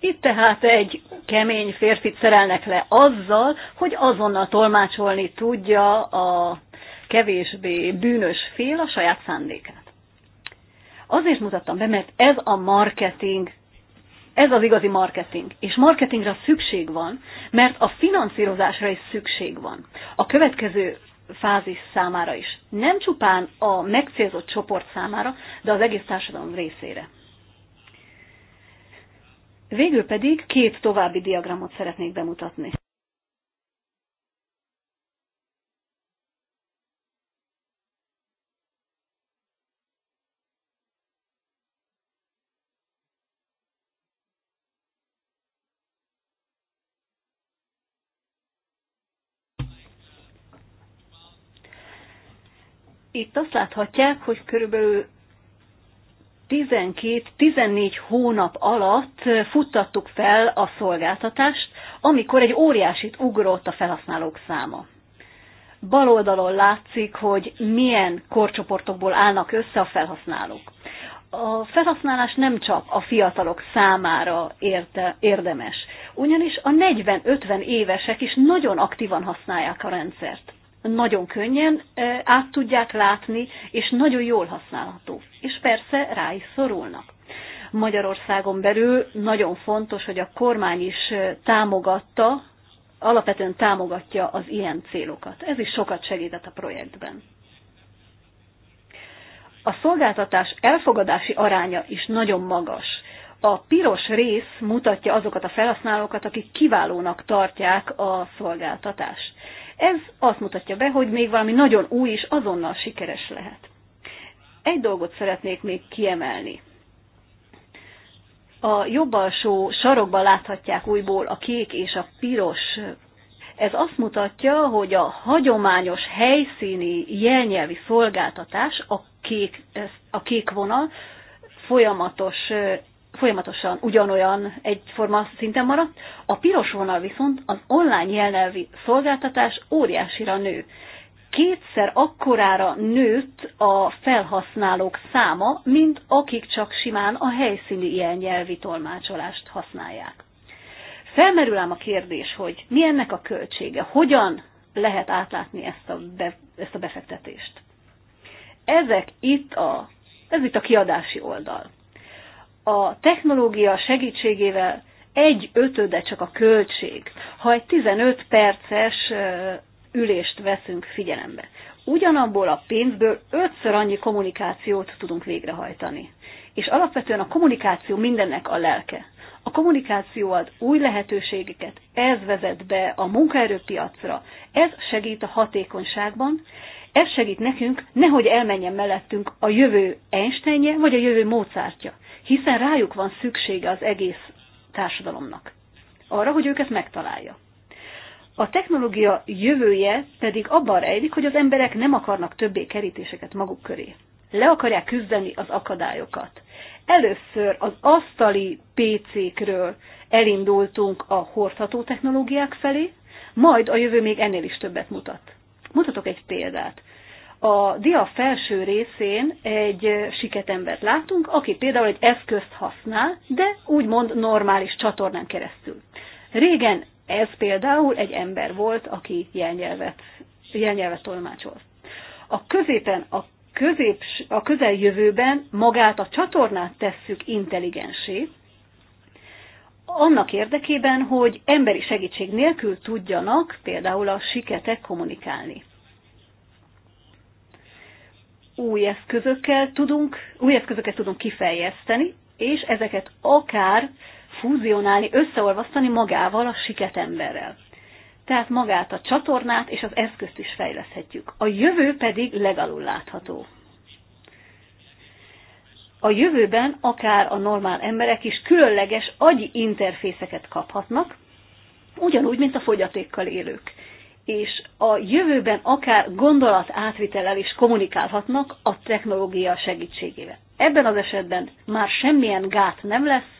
Itt tehát egy kemény férfit szerelnek le azzal, hogy azonnal tolmácsolni tudja a kevésbé bűnös fél a saját szándékát. Azért mutattam be, mert ez a marketing ez az igazi marketing. És marketingre szükség van, mert a finanszírozásra is szükség van. A következő fázis számára is. Nem csupán a megcélzott csoport számára, de az egész társadalom részére. Végül pedig két további diagramot szeretnék bemutatni. Itt azt láthatják, hogy körülbelül 12-14 hónap alatt futtattuk fel a szolgáltatást, amikor egy óriásit ugrott a felhasználók száma. Bal oldalon látszik, hogy milyen korcsoportokból állnak össze a felhasználók. A felhasználás nem csak a fiatalok számára érte, érdemes, ugyanis a 40-50 évesek is nagyon aktívan használják a rendszert nagyon könnyen át tudják látni, és nagyon jól használható. És persze rá is szorulnak. Magyarországon belül nagyon fontos, hogy a kormány is támogatta, alapvetően támogatja az ilyen célokat. Ez is sokat segített a projektben. A szolgáltatás elfogadási aránya is nagyon magas. A piros rész mutatja azokat a felhasználókat, akik kiválónak tartják a szolgáltatást. Ez azt mutatja be, hogy még valami nagyon új és azonnal sikeres lehet. Egy dolgot szeretnék még kiemelni. A jobb alsó sarokban láthatják újból a kék és a piros ez azt mutatja, hogy a hagyományos helyszíni jelnyelvi szolgáltatás, a kék, a kék vonal, folyamatos folyamatosan ugyanolyan egyforma szinten maradt, a piros vonal viszont az online jelnyelvi szolgáltatás óriásira nő. Kétszer akkorára nőtt a felhasználók száma, mint akik csak simán a helyszíni ilyen nyelvi tolmácsolást használják. Felmerül ám a kérdés, hogy mi ennek a költsége, hogyan lehet átlátni ezt a, be, ezt a befektetést. Ezek itt a, ez itt a kiadási oldal a technológia segítségével egy ötöde csak a költség, ha egy 15 perces ülést veszünk figyelembe. Ugyanabból a pénzből ötször annyi kommunikációt tudunk végrehajtani. És alapvetően a kommunikáció mindennek a lelke. A kommunikáció ad új lehetőségeket, ez vezet be a munkaerőpiacra, ez segít a hatékonyságban, ez segít nekünk, nehogy elmenjen mellettünk a jövő Einsteinje vagy a jövő Mozartja hiszen rájuk van szüksége az egész társadalomnak. Arra, hogy őket megtalálja. A technológia jövője pedig abban rejlik, hogy az emberek nem akarnak többé kerítéseket maguk köré. Le akarják küzdeni az akadályokat. Először az asztali PC-kről elindultunk a hordható technológiák felé, majd a jövő még ennél is többet mutat. Mutatok egy példát. A dia felső részén egy siketembert látunk, aki például egy eszközt használ, de úgymond normális csatornán keresztül. Régen ez például egy ember volt, aki jelnyelvet, jelnyelvet tolmácsolt. A középen, a, közép, a közeljövőben magát a csatornát tesszük intelligensé, annak érdekében, hogy emberi segítség nélkül tudjanak például a siketek kommunikálni új eszközökkel tudunk, új eszközöket tudunk kifejleszteni, és ezeket akár fúzionálni, összeolvasztani magával a emberrel. Tehát magát a csatornát és az eszközt is fejleszthetjük. A jövő pedig legalul látható. A jövőben akár a normál emberek is különleges agyi interfészeket kaphatnak, ugyanúgy, mint a fogyatékkal élők és a jövőben akár gondolat átvitellel is kommunikálhatnak a technológia segítségével. Ebben az esetben már semmilyen gát nem lesz,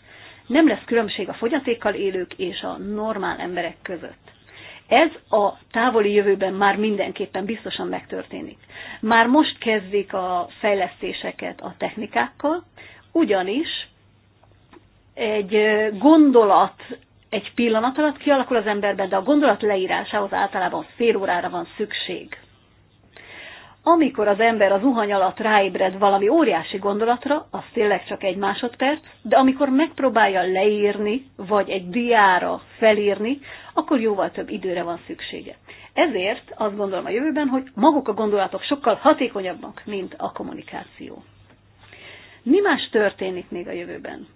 nem lesz különbség a fogyatékkal élők és a normál emberek között. Ez a távoli jövőben már mindenképpen biztosan megtörténik. Már most kezdik a fejlesztéseket a technikákkal, ugyanis egy gondolat egy pillanat alatt kialakul az emberben, de a gondolat leírásához általában fél órára van szükség. Amikor az ember az zuhany alatt ráébred valami óriási gondolatra, az tényleg csak egy másodperc, de amikor megpróbálja leírni, vagy egy diára felírni, akkor jóval több időre van szüksége. Ezért azt gondolom a jövőben, hogy maguk a gondolatok sokkal hatékonyabbak, mint a kommunikáció. Mi más történik még a jövőben?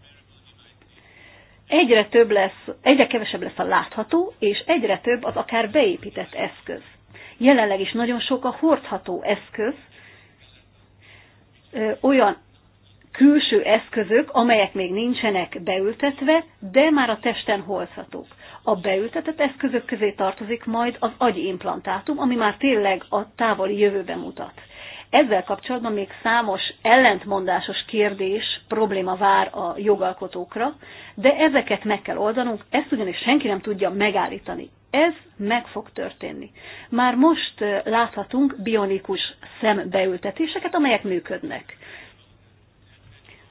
egyre több lesz, egyre kevesebb lesz a látható, és egyre több az akár beépített eszköz. Jelenleg is nagyon sok a hordható eszköz, olyan külső eszközök, amelyek még nincsenek beültetve, de már a testen hordhatók. A beültetett eszközök közé tartozik majd az agyimplantátum, ami már tényleg a távoli jövőbe mutat. Ezzel kapcsolatban még számos ellentmondásos kérdés, probléma vár a jogalkotókra, de ezeket meg kell oldanunk, ezt ugyanis senki nem tudja megállítani. Ez meg fog történni. Már most láthatunk bionikus szembeültetéseket, amelyek működnek.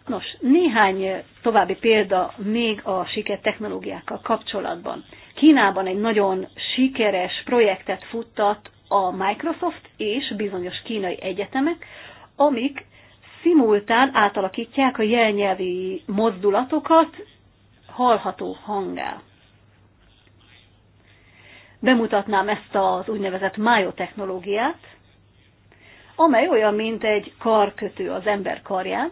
Nos, néhány további példa még a siker technológiákkal kapcsolatban. Kínában egy nagyon sikeres projektet futtat a Microsoft és bizonyos kínai egyetemek, amik szimultán átalakítják a jelnyelvi mozdulatokat hallható hangá. Bemutatnám ezt az úgynevezett májó technológiát, amely olyan, mint egy karkötő az ember karján,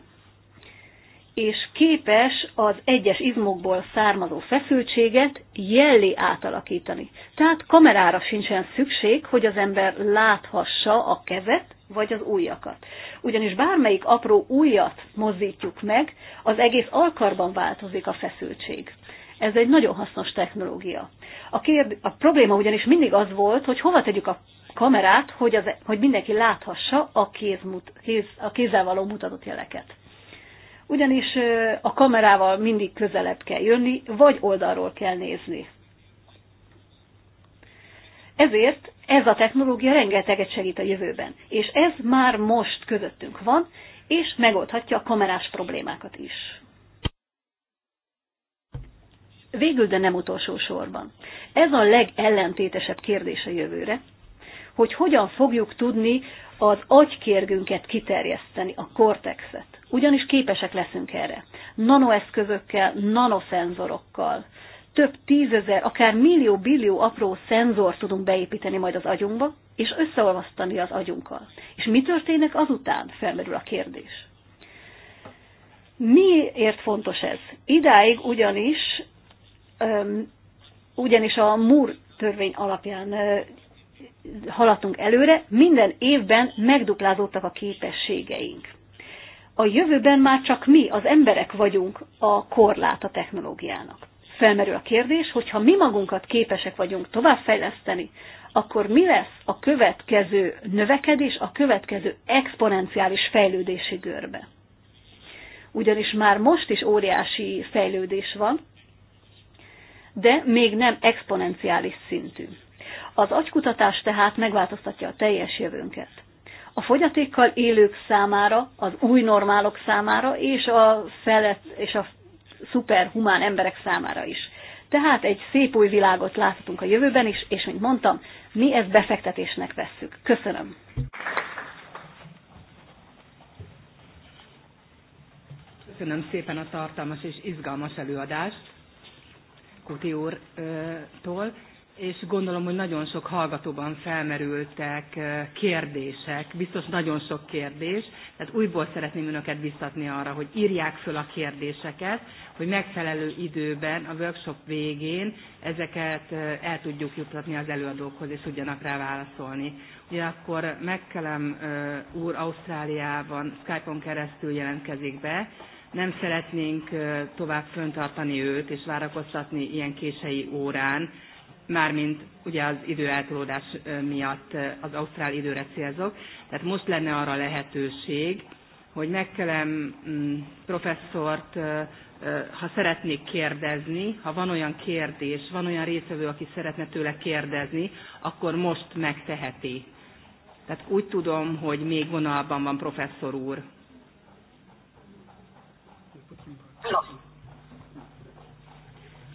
és képes az egyes izmokból származó feszültséget jellé átalakítani. Tehát kamerára sincsen szükség, hogy az ember láthassa a kezet vagy az újakat. Ugyanis bármelyik apró újat mozdítjuk meg, az egész alkarban változik a feszültség. Ez egy nagyon hasznos technológia. A, kérd, a probléma ugyanis mindig az volt, hogy hova tegyük a kamerát, hogy, az, hogy mindenki láthassa a, kéz, a kézzel való mutatott jeleket ugyanis a kamerával mindig közelebb kell jönni, vagy oldalról kell nézni. Ezért ez a technológia rengeteget segít a jövőben, és ez már most közöttünk van, és megoldhatja a kamerás problémákat is. Végül, de nem utolsó sorban. Ez a legellentétesebb kérdés a jövőre, hogy hogyan fogjuk tudni az agykérgünket kiterjeszteni, a kortexet ugyanis képesek leszünk erre. Nanoeszközökkel, nanoszenzorokkal, több tízezer, akár millió, billió apró szenzor tudunk beépíteni majd az agyunkba, és összeolvasztani az agyunkkal. És mi történik azután? Felmerül a kérdés. Miért fontos ez? Idáig ugyanis, öm, ugyanis a Moore törvény alapján haladtunk előre, minden évben megduplázódtak a képességeink a jövőben már csak mi, az emberek vagyunk a korlát a technológiának. Felmerül a kérdés, hogy ha mi magunkat képesek vagyunk továbbfejleszteni, akkor mi lesz a következő növekedés, a következő exponenciális fejlődési görbe? Ugyanis már most is óriási fejlődés van, de még nem exponenciális szintű. Az agykutatás tehát megváltoztatja a teljes jövőnket a fogyatékkal élők számára, az új normálok számára, és a felett, és a szuperhumán emberek számára is. Tehát egy szép új világot láthatunk a jövőben is, és mint mondtam, mi ezt befektetésnek vesszük. Köszönöm. Köszönöm szépen a tartalmas és izgalmas előadást Kuti úrtól és gondolom, hogy nagyon sok hallgatóban felmerültek kérdések, biztos nagyon sok kérdés, tehát újból szeretném önöket biztatni arra, hogy írják föl a kérdéseket, hogy megfelelő időben, a workshop végén ezeket el tudjuk juttatni az előadókhoz, és tudjanak rá válaszolni. Ugyanakkor megkelem úr Ausztráliában Skype-on keresztül jelentkezik be, nem szeretnénk tovább föntartani őt és várakoztatni ilyen késői órán, mármint ugye az időeltolódás miatt az ausztrál időre célzok. Tehát most lenne arra lehetőség, hogy megkelem mm, professzort, ha szeretnék kérdezni, ha van olyan kérdés, van olyan részvevő, aki szeretne tőle kérdezni, akkor most megteheti. Tehát úgy tudom, hogy még vonalban van professzor úr.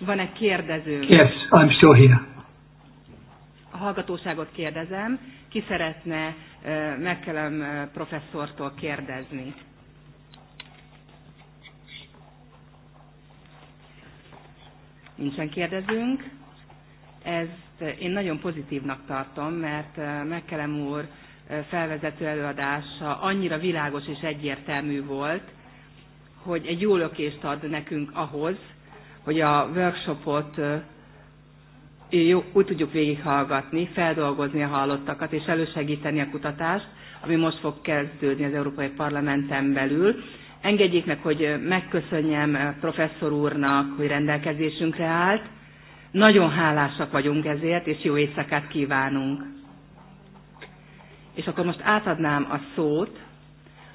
Van-e kérdező? Yes, I'm still here. A hallgatóságot kérdezem. Ki szeretne uh, megkelem professzortól kérdezni? Nincsen kérdezünk. Ezt én nagyon pozitívnak tartom, mert Mekkelem úr felvezető előadása annyira világos és egyértelmű volt, hogy egy jó lökést ad nekünk ahhoz, hogy a workshopot jó, úgy tudjuk végighallgatni, feldolgozni a hallottakat és elősegíteni a kutatást, ami most fog kezdődni az Európai Parlamenten belül. Engedjék meg, hogy megköszönjem professzor úrnak, hogy rendelkezésünkre állt. Nagyon hálásak vagyunk ezért, és jó éjszakát kívánunk. És akkor most átadnám a szót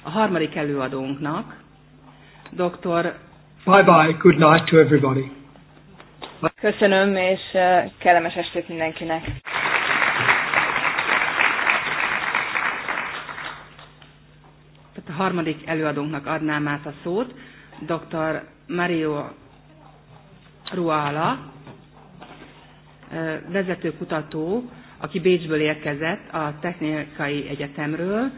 a harmadik előadónknak, dr. Bye-bye, good night to everybody. Bye. Köszönöm, és uh, kellemes estét mindenkinek. a harmadik előadónknak adnám át a szót, dr. Mario Ruala, vezető kutató, aki Bécsből érkezett a Technikai Egyetemről,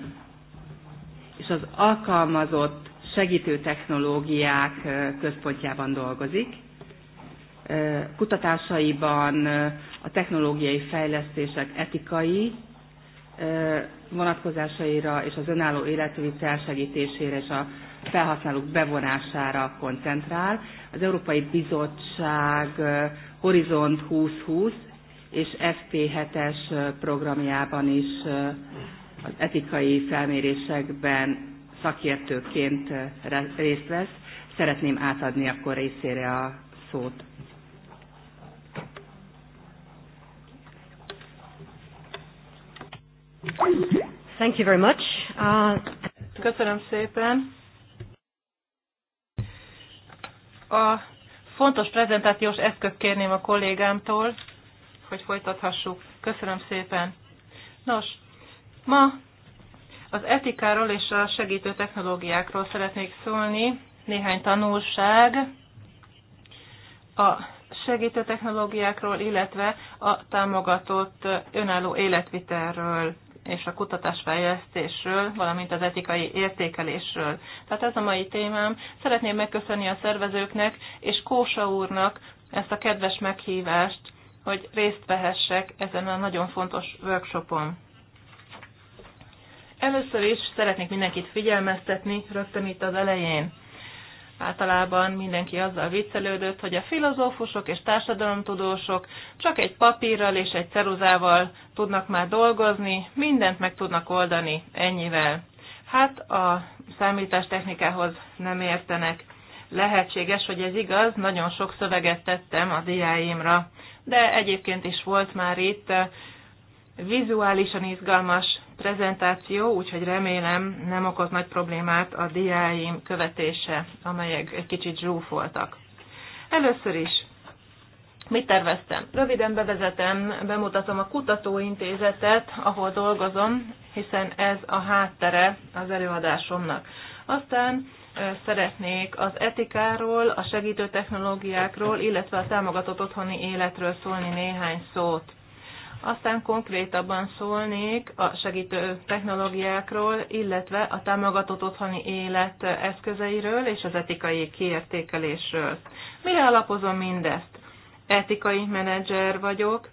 és az alkalmazott segítő technológiák központjában dolgozik. Kutatásaiban a technológiai fejlesztések etikai vonatkozásaira és az önálló életvitt elsegítésére és a felhasználók bevonására koncentrál. Az Európai Bizottság Horizont 2020 és FP7-es programjában is az etikai felmérésekben szakértőként eh, részt vesz. Szeretném átadni akkor részére a szót. Thank you very much. Uh, Köszönöm szépen. A fontos prezentációs eszköz kérném a kollégámtól, hogy folytathassuk. Köszönöm szépen. Nos, ma az etikáról és a segítő technológiákról szeretnék szólni. Néhány tanulság a segítő technológiákról, illetve a támogatott önálló életvitelről és a kutatásfejlesztésről, valamint az etikai értékelésről. Tehát ez a mai témám. Szeretném megköszönni a szervezőknek és Kósa úrnak ezt a kedves meghívást, hogy részt vehessek ezen a nagyon fontos workshopon. Először is szeretnék mindenkit figyelmeztetni rögtön itt az elején. Általában mindenki azzal viccelődött, hogy a filozófusok és társadalomtudósok csak egy papírral és egy ceruzával tudnak már dolgozni, mindent meg tudnak oldani ennyivel. Hát a számítástechnikához nem értenek. Lehetséges, hogy ez igaz, nagyon sok szöveget tettem a diáimra, de egyébként is volt már itt vizuálisan izgalmas prezentáció, úgyhogy remélem nem okoz nagy problémát a diáim követése, amelyek egy kicsit zsúfoltak. Először is, mit terveztem? Röviden bevezetem, bemutatom a kutatóintézetet, ahol dolgozom, hiszen ez a háttere az előadásomnak. Aztán szeretnék az etikáról, a segítő technológiákról, illetve a támogatott otthoni életről szólni néhány szót. Aztán konkrétabban szólnék a segítő technológiákról, illetve a támogatott otthoni élet eszközeiről és az etikai kiértékelésről. Mire alapozom mindezt? Etikai menedzser vagyok,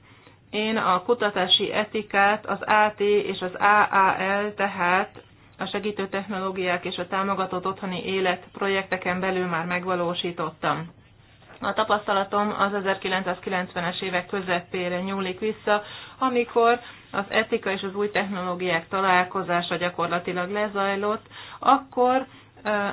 én a kutatási etikát, az AT és az AAL, tehát a segítő technológiák és a támogatott otthoni élet projekteken belül már megvalósítottam. A tapasztalatom az 1990-es évek közepére nyúlik vissza, amikor az etika és az új technológiák találkozása gyakorlatilag lezajlott, akkor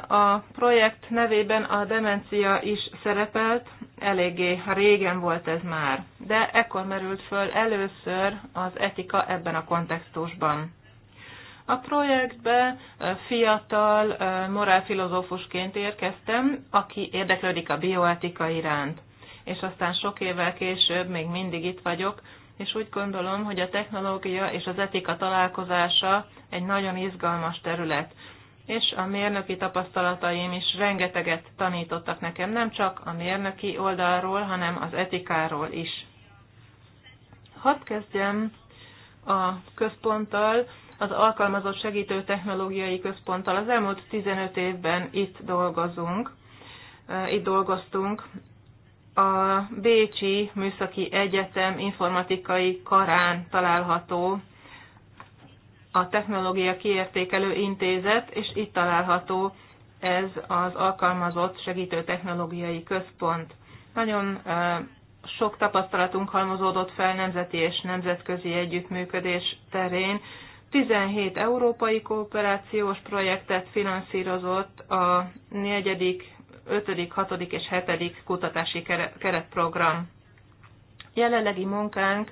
a projekt nevében a demencia is szerepelt, eléggé régen volt ez már, de ekkor merült föl először az etika ebben a kontextusban. A projektbe fiatal morálfilozófusként érkeztem, aki érdeklődik a bioetika iránt. És aztán sok évvel később még mindig itt vagyok, és úgy gondolom, hogy a technológia és az etika találkozása egy nagyon izgalmas terület. És a mérnöki tapasztalataim is rengeteget tanítottak nekem, nem csak a mérnöki oldalról, hanem az etikáról is. Hadd kezdjem a központtal, az Alkalmazott Segítő Technológiai Központtal. Az elmúlt 15 évben itt dolgozunk, eh, itt dolgoztunk. A Bécsi Műszaki Egyetem informatikai karán található a Technológia Kiértékelő Intézet, és itt található ez az Alkalmazott Segítő Technológiai Központ. Nagyon eh, sok tapasztalatunk halmozódott fel nemzeti és nemzetközi együttműködés terén, 17 európai kooperációs projektet finanszírozott a 4., 5., 6. és 7. kutatási keretprogram. Jelenlegi munkánk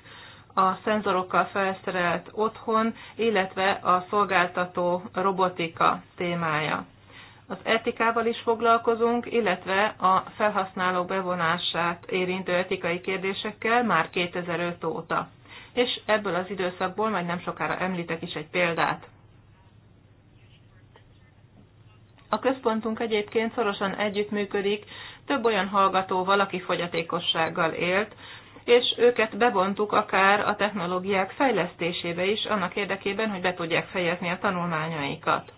a szenzorokkal felszerelt otthon, illetve a szolgáltató robotika témája. Az etikával is foglalkozunk, illetve a felhasználók bevonását érintő etikai kérdésekkel már 2005 óta és ebből az időszakból majd nem sokára említek is egy példát. A központunk egyébként szorosan együttműködik több olyan hallgatóval, aki fogyatékossággal élt, és őket bevontuk akár a technológiák fejlesztésébe is, annak érdekében, hogy be tudják fejezni a tanulmányaikat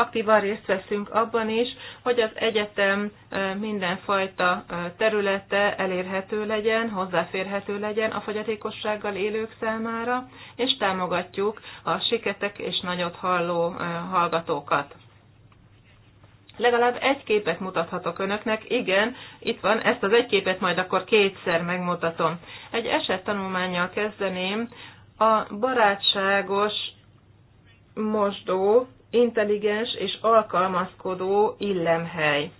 aktívan részt veszünk abban is, hogy az egyetem mindenfajta területe elérhető legyen, hozzáférhető legyen a fogyatékossággal élők számára, és támogatjuk a siketek és nagyot halló hallgatókat. Legalább egy képet mutathatok önöknek, igen, itt van, ezt az egy képet majd akkor kétszer megmutatom. Egy eset tanulmányjal kezdeném, a barátságos mosdó intelligens és alkalmazkodó illemhely.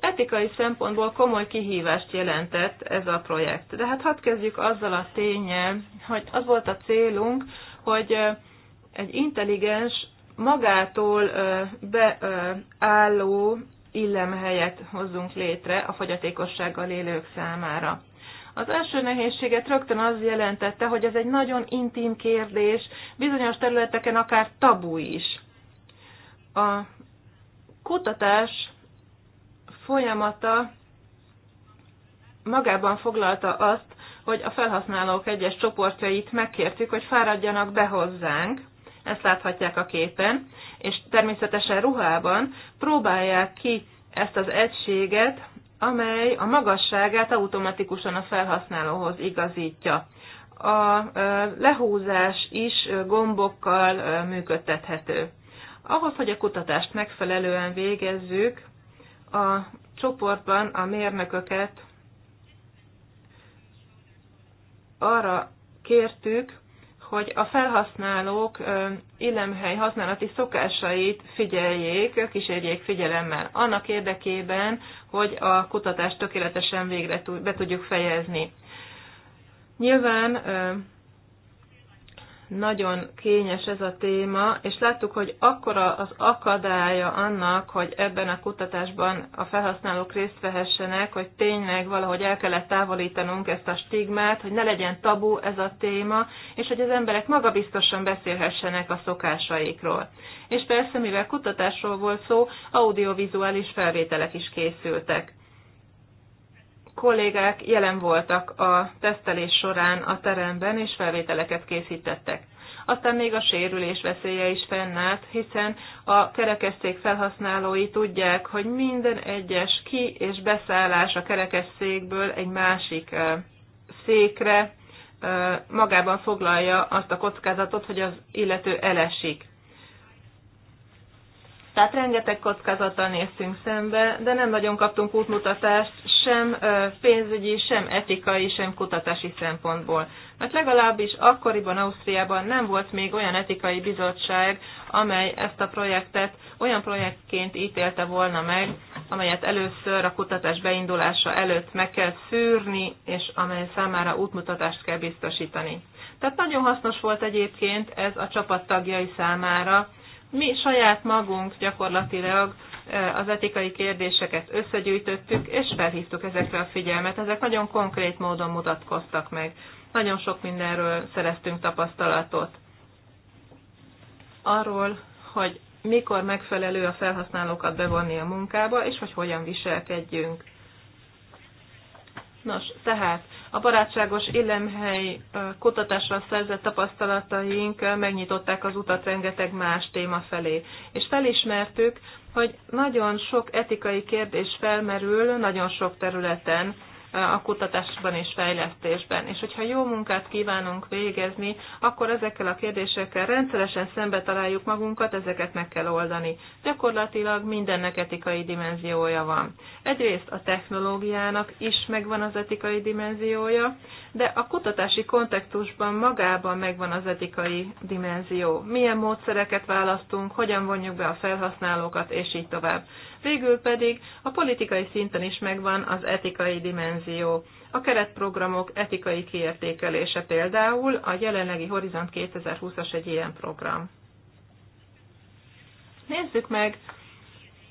Etikai szempontból komoly kihívást jelentett ez a projekt. De hát hadd kezdjük azzal a tényel, hogy az volt a célunk, hogy egy intelligens, magától beálló illemhelyet hozzunk létre a fogyatékossággal élők számára. Az első nehézséget rögtön az jelentette, hogy ez egy nagyon intim kérdés, bizonyos területeken akár tabu is. A kutatás folyamata magában foglalta azt, hogy a felhasználók egyes csoportjait megkértük, hogy fáradjanak be hozzánk, ezt láthatják a képen, és természetesen ruhában próbálják ki ezt az egységet, amely a magasságát automatikusan a felhasználóhoz igazítja. A lehúzás is gombokkal működtethető. Ahhoz, hogy a kutatást megfelelően végezzük, a csoportban a mérnököket arra kértük, hogy a felhasználók illemhely használati szokásait figyeljék, kísérjék figyelemmel, annak érdekében, hogy a kutatást tökéletesen végre be tudjuk fejezni. Nyilván nagyon kényes ez a téma, és láttuk, hogy akkora az akadálya annak, hogy ebben a kutatásban a felhasználók részt vehessenek, hogy tényleg valahogy el kellett távolítanunk ezt a stigmát, hogy ne legyen tabu ez a téma, és hogy az emberek magabiztosan beszélhessenek a szokásaikról. És persze, mivel kutatásról volt szó, audiovizuális felvételek is készültek kollégák jelen voltak a tesztelés során a teremben, és felvételeket készítettek. Aztán még a sérülés veszélye is fennállt, hiszen a kerekesszék felhasználói tudják, hogy minden egyes ki- és beszállás a kerekesszékből egy másik székre magában foglalja azt a kockázatot, hogy az illető elesik. Tehát rengeteg kockázattal néztünk szembe, de nem nagyon kaptunk útmutatást sem pénzügyi, sem etikai, sem kutatási szempontból. Mert legalábbis akkoriban Ausztriában nem volt még olyan etikai bizottság, amely ezt a projektet olyan projektként ítélte volna meg, amelyet először a kutatás beindulása előtt meg kell szűrni, és amely számára útmutatást kell biztosítani. Tehát nagyon hasznos volt egyébként ez a csapat tagjai számára, mi saját magunk gyakorlatilag az etikai kérdéseket összegyűjtöttük, és felhívtuk ezekre a figyelmet. Ezek nagyon konkrét módon mutatkoztak meg. Nagyon sok mindenről szereztünk tapasztalatot. Arról, hogy mikor megfelelő a felhasználókat bevonni a munkába, és hogy hogyan viselkedjünk. Nos, tehát a barátságos illemhely kutatással szerzett tapasztalataink megnyitották az utat rengeteg más téma felé. És felismertük, hogy nagyon sok etikai kérdés felmerül nagyon sok területen, a kutatásban és fejlesztésben. És hogyha jó munkát kívánunk végezni, akkor ezekkel a kérdésekkel rendszeresen szembe találjuk magunkat, ezeket meg kell oldani. Gyakorlatilag mindennek etikai dimenziója van. Egyrészt a technológiának is megvan az etikai dimenziója, de a kutatási kontextusban magában megvan az etikai dimenzió. Milyen módszereket választunk, hogyan vonjuk be a felhasználókat, és így tovább. Végül pedig a politikai szinten is megvan az etikai dimenzió. A keretprogramok etikai kiértékelése például a jelenlegi Horizont 2020-as egy ilyen program. Nézzük meg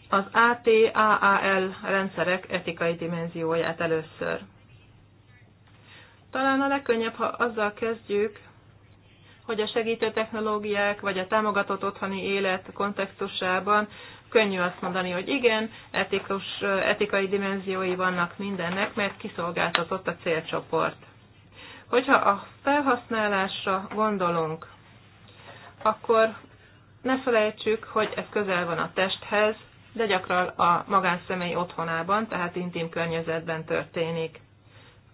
az ATAAL rendszerek etikai dimenzióját először. Talán a legkönnyebb, ha azzal kezdjük, hogy a segítő technológiák vagy a támogatott otthoni élet kontextusában könnyű azt mondani, hogy igen, etikus, etikai dimenziói vannak mindennek, mert kiszolgáltatott a célcsoport. Hogyha a felhasználásra gondolunk, akkor ne felejtsük, hogy ez közel van a testhez, de gyakran a magánszemély otthonában, tehát intim környezetben történik.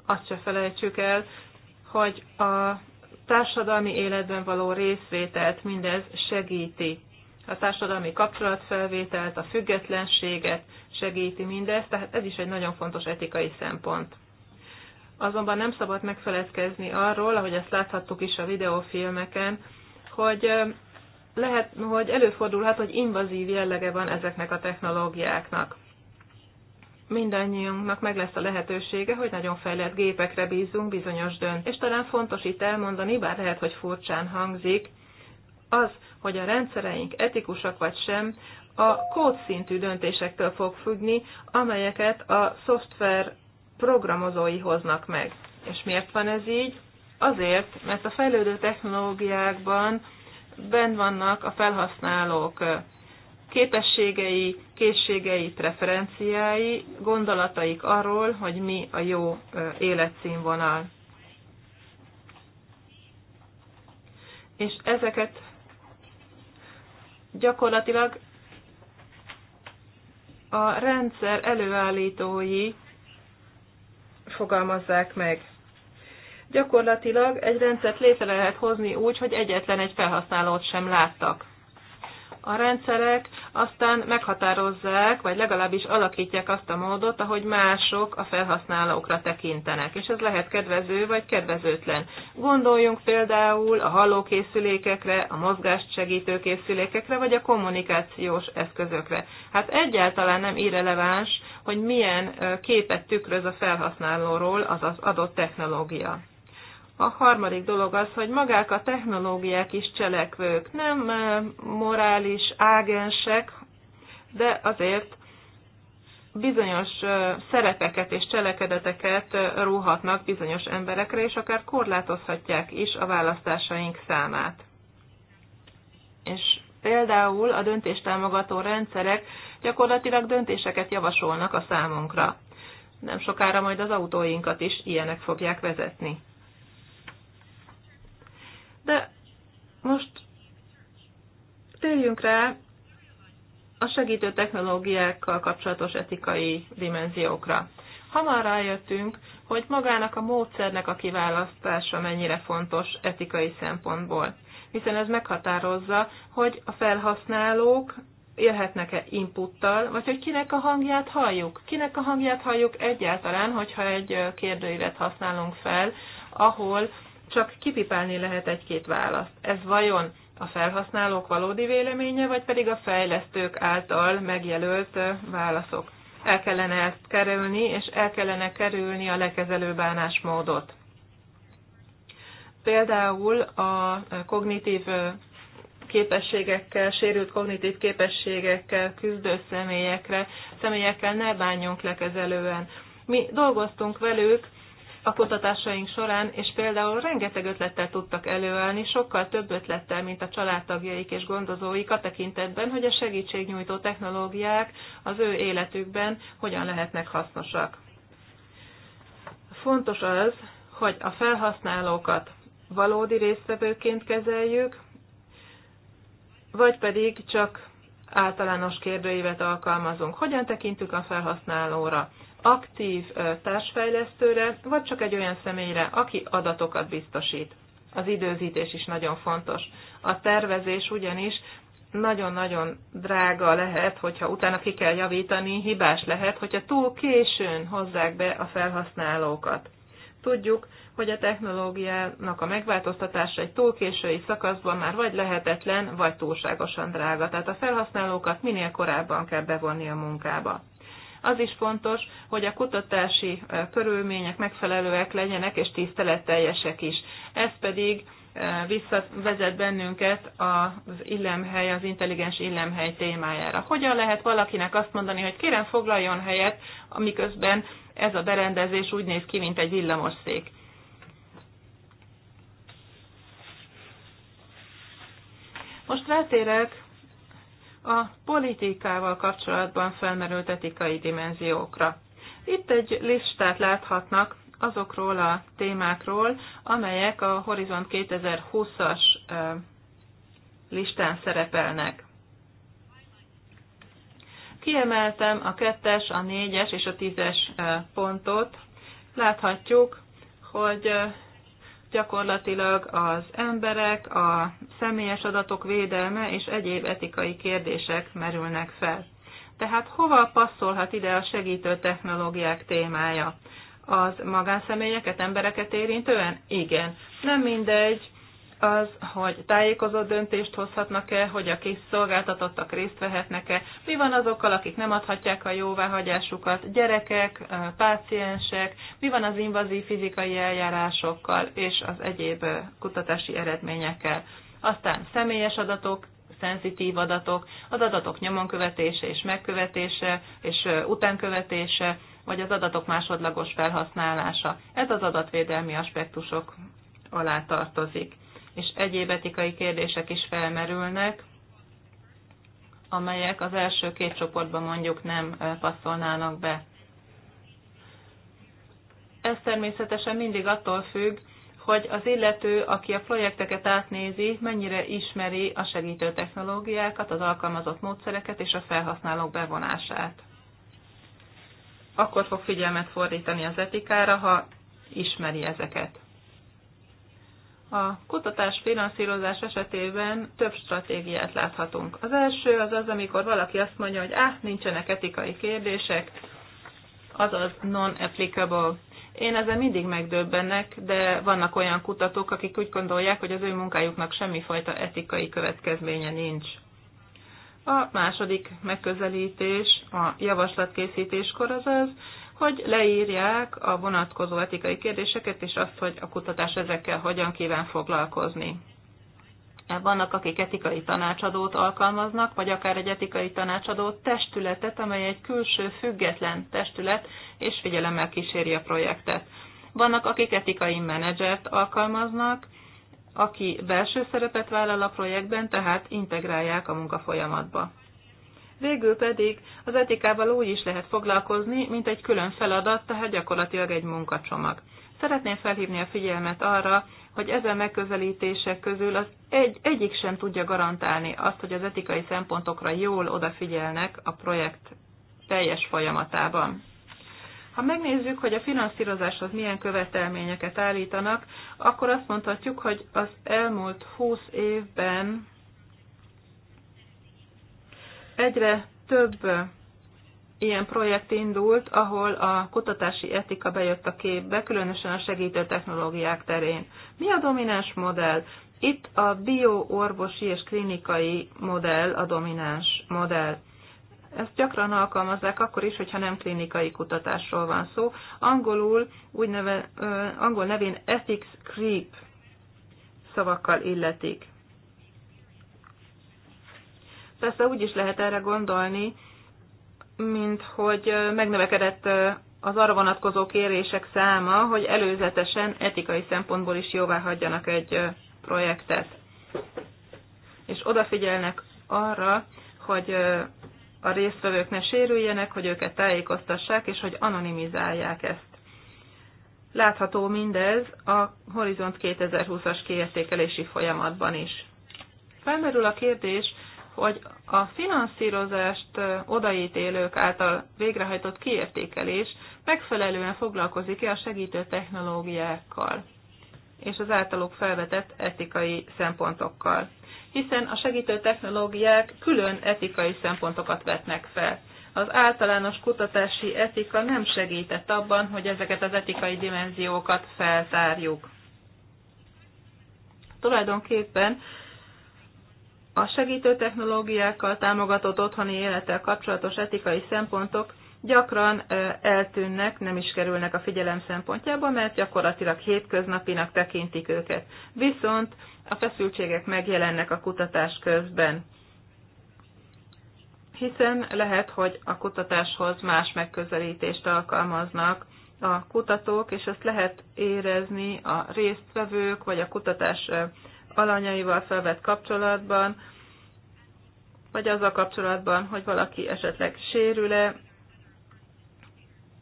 Azt se felejtsük el, hogy a társadalmi életben való részvételt mindez segíti a társadalmi kapcsolatfelvételt, a függetlenséget segíti mindezt, tehát ez is egy nagyon fontos etikai szempont. Azonban nem szabad megfeledkezni arról, ahogy ezt láthattuk is a videófilmeken, hogy lehet, hogy előfordulhat, hogy invazív jellege van ezeknek a technológiáknak. Mindannyiunknak meg lesz a lehetősége, hogy nagyon fejlett gépekre bízunk bizonyos dönt. És talán fontos itt elmondani, bár lehet, hogy furcsán hangzik, az, hogy a rendszereink etikusak vagy sem, a kódszintű döntésektől fog függni, amelyeket a szoftver programozói hoznak meg. És miért van ez így? Azért, mert a fejlődő technológiákban ben vannak a felhasználók képességei, készségei, preferenciái, gondolataik arról, hogy mi a jó életszínvonal. És ezeket gyakorlatilag a rendszer előállítói fogalmazzák meg. Gyakorlatilag egy rendszert létre lehet hozni úgy, hogy egyetlen egy felhasználót sem láttak a rendszerek aztán meghatározzák, vagy legalábbis alakítják azt a módot, ahogy mások a felhasználókra tekintenek, és ez lehet kedvező vagy kedvezőtlen. Gondoljunk például a hallókészülékekre, a mozgást segítő készülékekre, vagy a kommunikációs eszközökre. Hát egyáltalán nem irreleváns, hogy milyen képet tükröz a felhasználóról az az adott technológia. A harmadik dolog az, hogy magák a technológiák is cselekvők, nem morális ágensek, de azért bizonyos szerepeket és cselekedeteket róhatnak bizonyos emberekre, és akár korlátozhatják is a választásaink számát. És például a döntéstámogató rendszerek gyakorlatilag döntéseket javasolnak a számunkra. Nem sokára majd az autóinkat is ilyenek fogják vezetni. De most térjünk rá a segítő technológiákkal kapcsolatos etikai dimenziókra. Hamar rájöttünk, hogy magának a módszernek a kiválasztása mennyire fontos etikai szempontból, hiszen ez meghatározza, hogy a felhasználók élhetnek-e inputtal, vagy hogy kinek a hangját halljuk. Kinek a hangját halljuk egyáltalán, hogyha egy kérdőívet használunk fel, ahol csak kipipálni lehet egy-két választ. Ez vajon a felhasználók valódi véleménye, vagy pedig a fejlesztők által megjelölt eh, válaszok. El kellene ezt kerülni, és el kellene kerülni a lekezelő bánásmódot. Például a eh, kognitív eh, képességekkel, sérült kognitív képességekkel küzdő személyekre, személyekkel ne bánjunk lekezelően. Mi dolgoztunk velük a kutatásaink során, és például rengeteg ötlettel tudtak előállni, sokkal több ötlettel, mint a családtagjaik és gondozóik a tekintetben, hogy a segítségnyújtó technológiák az ő életükben hogyan lehetnek hasznosak. Fontos az, hogy a felhasználókat valódi résztvevőként kezeljük, vagy pedig csak általános kérdőívet alkalmazunk. Hogyan tekintünk a felhasználóra? aktív társfejlesztőre, vagy csak egy olyan személyre, aki adatokat biztosít. Az időzítés is nagyon fontos. A tervezés ugyanis nagyon-nagyon drága lehet, hogyha utána ki kell javítani, hibás lehet, hogyha túl későn hozzák be a felhasználókat. Tudjuk, hogy a technológiának a megváltoztatása egy túl késői szakaszban már vagy lehetetlen, vagy túlságosan drága. Tehát a felhasználókat minél korábban kell bevonni a munkába. Az is fontos, hogy a kutatási körülmények megfelelőek legyenek és tiszteletteljesek is. Ez pedig visszavezet bennünket az illemhely, az intelligens illemhely témájára. Hogyan lehet valakinek azt mondani, hogy kérem foglaljon helyet, amiközben ez a berendezés úgy néz ki, mint egy villamosszék. Most rátérek a politikával kapcsolatban felmerült etikai dimenziókra. Itt egy listát láthatnak azokról a témákról, amelyek a Horizont 2020-as listán szerepelnek. Kiemeltem a kettes, a négyes és a tízes pontot. Láthatjuk, hogy gyakorlatilag az emberek, a személyes adatok védelme és egyéb etikai kérdések merülnek fel. Tehát hova passzolhat ide a segítő technológiák témája? Az magánszemélyeket, embereket érintően? Igen. Nem mindegy, az, hogy tájékozott döntést hozhatnak-e, hogy a kis szolgáltatottak részt vehetnek-e, mi van azokkal, akik nem adhatják a jóváhagyásukat, gyerekek, páciensek, mi van az invazív fizikai eljárásokkal és az egyéb kutatási eredményekkel. Aztán személyes adatok, szenzitív adatok, az adatok nyomon követése és megkövetése és utánkövetése, vagy az adatok másodlagos felhasználása. Ez az adatvédelmi aspektusok alá tartozik és egyéb etikai kérdések is felmerülnek, amelyek az első két csoportban mondjuk nem passzolnának be. Ez természetesen mindig attól függ, hogy az illető, aki a projekteket átnézi, mennyire ismeri a segítő technológiákat, az alkalmazott módszereket és a felhasználók bevonását. Akkor fog figyelmet fordítani az etikára, ha ismeri ezeket. A kutatás finanszírozás esetében több stratégiát láthatunk. Az első az az, amikor valaki azt mondja, hogy áh, nincsenek etikai kérdések, azaz non-applicable. Én ezzel mindig megdöbbennek, de vannak olyan kutatók, akik úgy gondolják, hogy az ő munkájuknak semmifajta etikai következménye nincs. A második megközelítés a javaslatkészítéskor az az, hogy leírják a vonatkozó etikai kérdéseket, és azt, hogy a kutatás ezekkel hogyan kíván foglalkozni. Vannak, akik etikai tanácsadót alkalmaznak, vagy akár egy etikai tanácsadó testületet, amely egy külső független testület, és figyelemmel kíséri a projektet. Vannak, akik etikai menedzsert alkalmaznak, aki belső szerepet vállal a projektben, tehát integrálják a munkafolyamatba. Végül pedig az etikával úgy is lehet foglalkozni, mint egy külön feladat, tehát gyakorlatilag egy munkacsomag. Szeretném felhívni a figyelmet arra, hogy ezen megközelítések közül az egy, egyik sem tudja garantálni azt, hogy az etikai szempontokra jól odafigyelnek a projekt teljes folyamatában. Ha megnézzük, hogy a finanszírozáshoz milyen követelményeket állítanak, akkor azt mondhatjuk, hogy az elmúlt 20 évben Egyre több ilyen projekt indult, ahol a kutatási etika bejött a képbe, különösen a segítő technológiák terén. Mi a domináns modell? Itt a bioorvosi és klinikai modell a domináns modell. Ezt gyakran alkalmazzák akkor is, hogyha nem klinikai kutatásról van szó. Angolul neve, angol nevén ethics creep szavakkal illetik. Persze úgy is lehet erre gondolni, mint hogy megnövekedett az arra vonatkozó kérések száma, hogy előzetesen etikai szempontból is jóvá hagyjanak egy projektet. És odafigyelnek arra, hogy a résztvevők ne sérüljenek, hogy őket tájékoztassák, és hogy anonimizálják ezt. Látható mindez a Horizont 2020-as kiértékelési folyamatban is. Felmerül a kérdés, hogy a finanszírozást odaítélők által végrehajtott kiértékelés megfelelően foglalkozik-e a segítő technológiákkal és az általuk felvetett etikai szempontokkal. Hiszen a segítő technológiák külön etikai szempontokat vetnek fel. Az általános kutatási etika nem segített abban, hogy ezeket az etikai dimenziókat feltárjuk. Tulajdonképpen a segítő technológiákkal támogatott otthoni élettel kapcsolatos etikai szempontok gyakran eltűnnek, nem is kerülnek a figyelem szempontjába, mert gyakorlatilag hétköznapinak tekintik őket. Viszont a feszültségek megjelennek a kutatás közben hiszen lehet, hogy a kutatáshoz más megközelítést alkalmaznak a kutatók, és ezt lehet érezni a résztvevők vagy a kutatás alanyaival felvett kapcsolatban, vagy azzal kapcsolatban, hogy valaki esetleg sérül-e,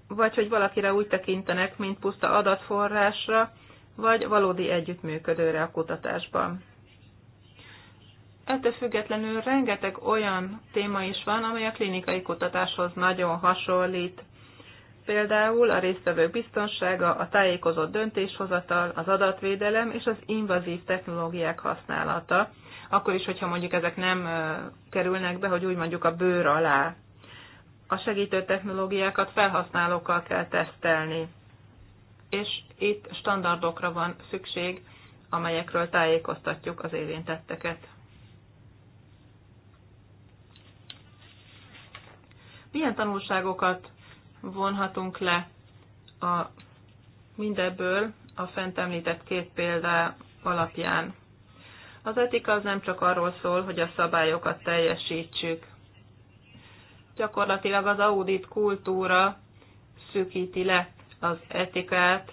vagy hogy valakire úgy tekintenek, mint puszta adatforrásra, vagy valódi együttműködőre a kutatásban. Ettől függetlenül rengeteg olyan téma is van, amely a klinikai kutatáshoz nagyon hasonlít például a résztvevők biztonsága, a tájékozott döntéshozatal, az adatvédelem és az invazív technológiák használata, akkor is, hogyha mondjuk ezek nem kerülnek be, hogy úgy mondjuk a bőr alá. A segítő technológiákat felhasználókkal kell tesztelni, és itt standardokra van szükség, amelyekről tájékoztatjuk az érintetteket. Milyen tanulságokat vonhatunk le a mindebből a fent említett két példá alapján. Az etika az nem csak arról szól, hogy a szabályokat teljesítsük. Gyakorlatilag az audit kultúra szűkíti le az etikát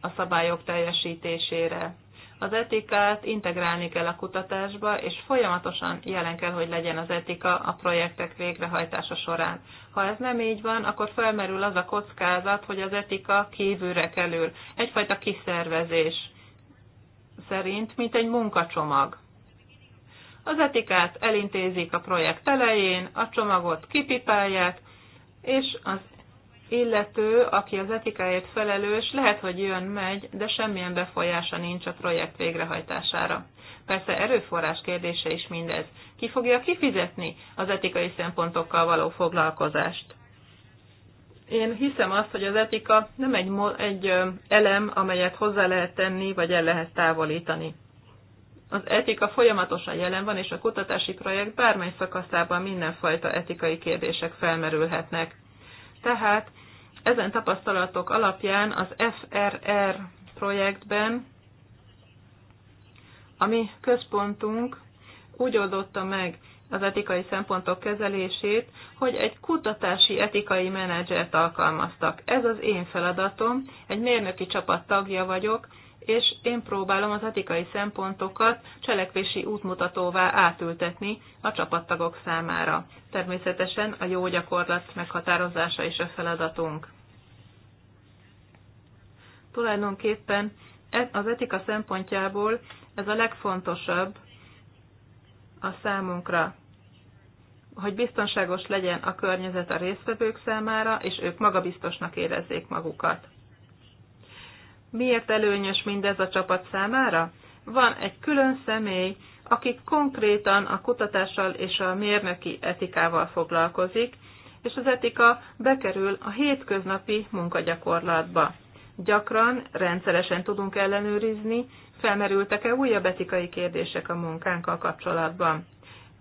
a szabályok teljesítésére. Az etikát integrálni kell a kutatásba, és folyamatosan jelen kell, hogy legyen az etika a projektek végrehajtása során. Ha ez nem így van, akkor felmerül az a kockázat, hogy az etika kívülre kerül. Egyfajta kiszervezés szerint, mint egy munkacsomag. Az etikát elintézik a projekt elején, a csomagot kipipálják, és az illető, aki az etikáért felelős, lehet, hogy jön, megy, de semmilyen befolyása nincs a projekt végrehajtására. Persze erőforrás kérdése is mindez. Ki fogja kifizetni az etikai szempontokkal való foglalkozást? Én hiszem azt, hogy az etika nem egy, egy elem, amelyet hozzá lehet tenni, vagy el lehet távolítani. Az etika folyamatosan jelen van, és a kutatási projekt bármely szakaszában mindenfajta etikai kérdések felmerülhetnek. Tehát ezen tapasztalatok alapján az FRR projektben a mi központunk úgy oldotta meg az etikai szempontok kezelését, hogy egy kutatási etikai menedzsert alkalmaztak. Ez az én feladatom, egy mérnöki csapat tagja vagyok, és én próbálom az etikai szempontokat cselekvési útmutatóvá átültetni a csapattagok számára. Természetesen a jó gyakorlat meghatározása is a feladatunk. Tulajdonképpen e, az etika szempontjából ez a legfontosabb a számunkra, hogy biztonságos legyen a környezet a résztvevők számára, és ők magabiztosnak érezzék magukat. Miért előnyös mindez a csapat számára? Van egy külön személy, aki konkrétan a kutatással és a mérnöki etikával foglalkozik, és az etika bekerül a hétköznapi munkagyakorlatba. Gyakran, rendszeresen tudunk ellenőrizni, felmerültek-e újabb etikai kérdések a munkánkkal kapcsolatban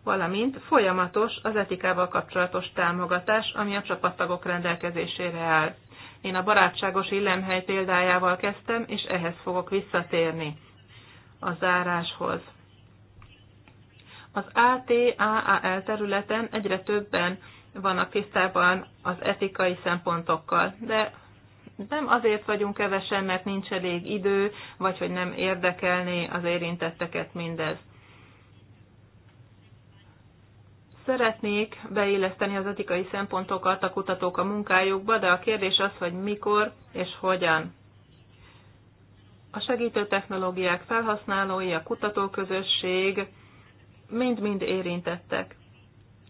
valamint folyamatos az etikával kapcsolatos támogatás, ami a csapattagok rendelkezésére áll. Én a barátságos illemhely példájával kezdtem, és ehhez fogok visszatérni a záráshoz. Az ATAAL területen egyre többen vannak tisztában az etikai szempontokkal, de nem azért vagyunk kevesen, mert nincs elég idő, vagy hogy nem érdekelné az érintetteket mindez. Szeretnék beilleszteni az etikai szempontokat a kutatók a munkájukba, de a kérdés az, hogy mikor és hogyan. A segítő technológiák felhasználói, a kutatóközösség mind-mind érintettek.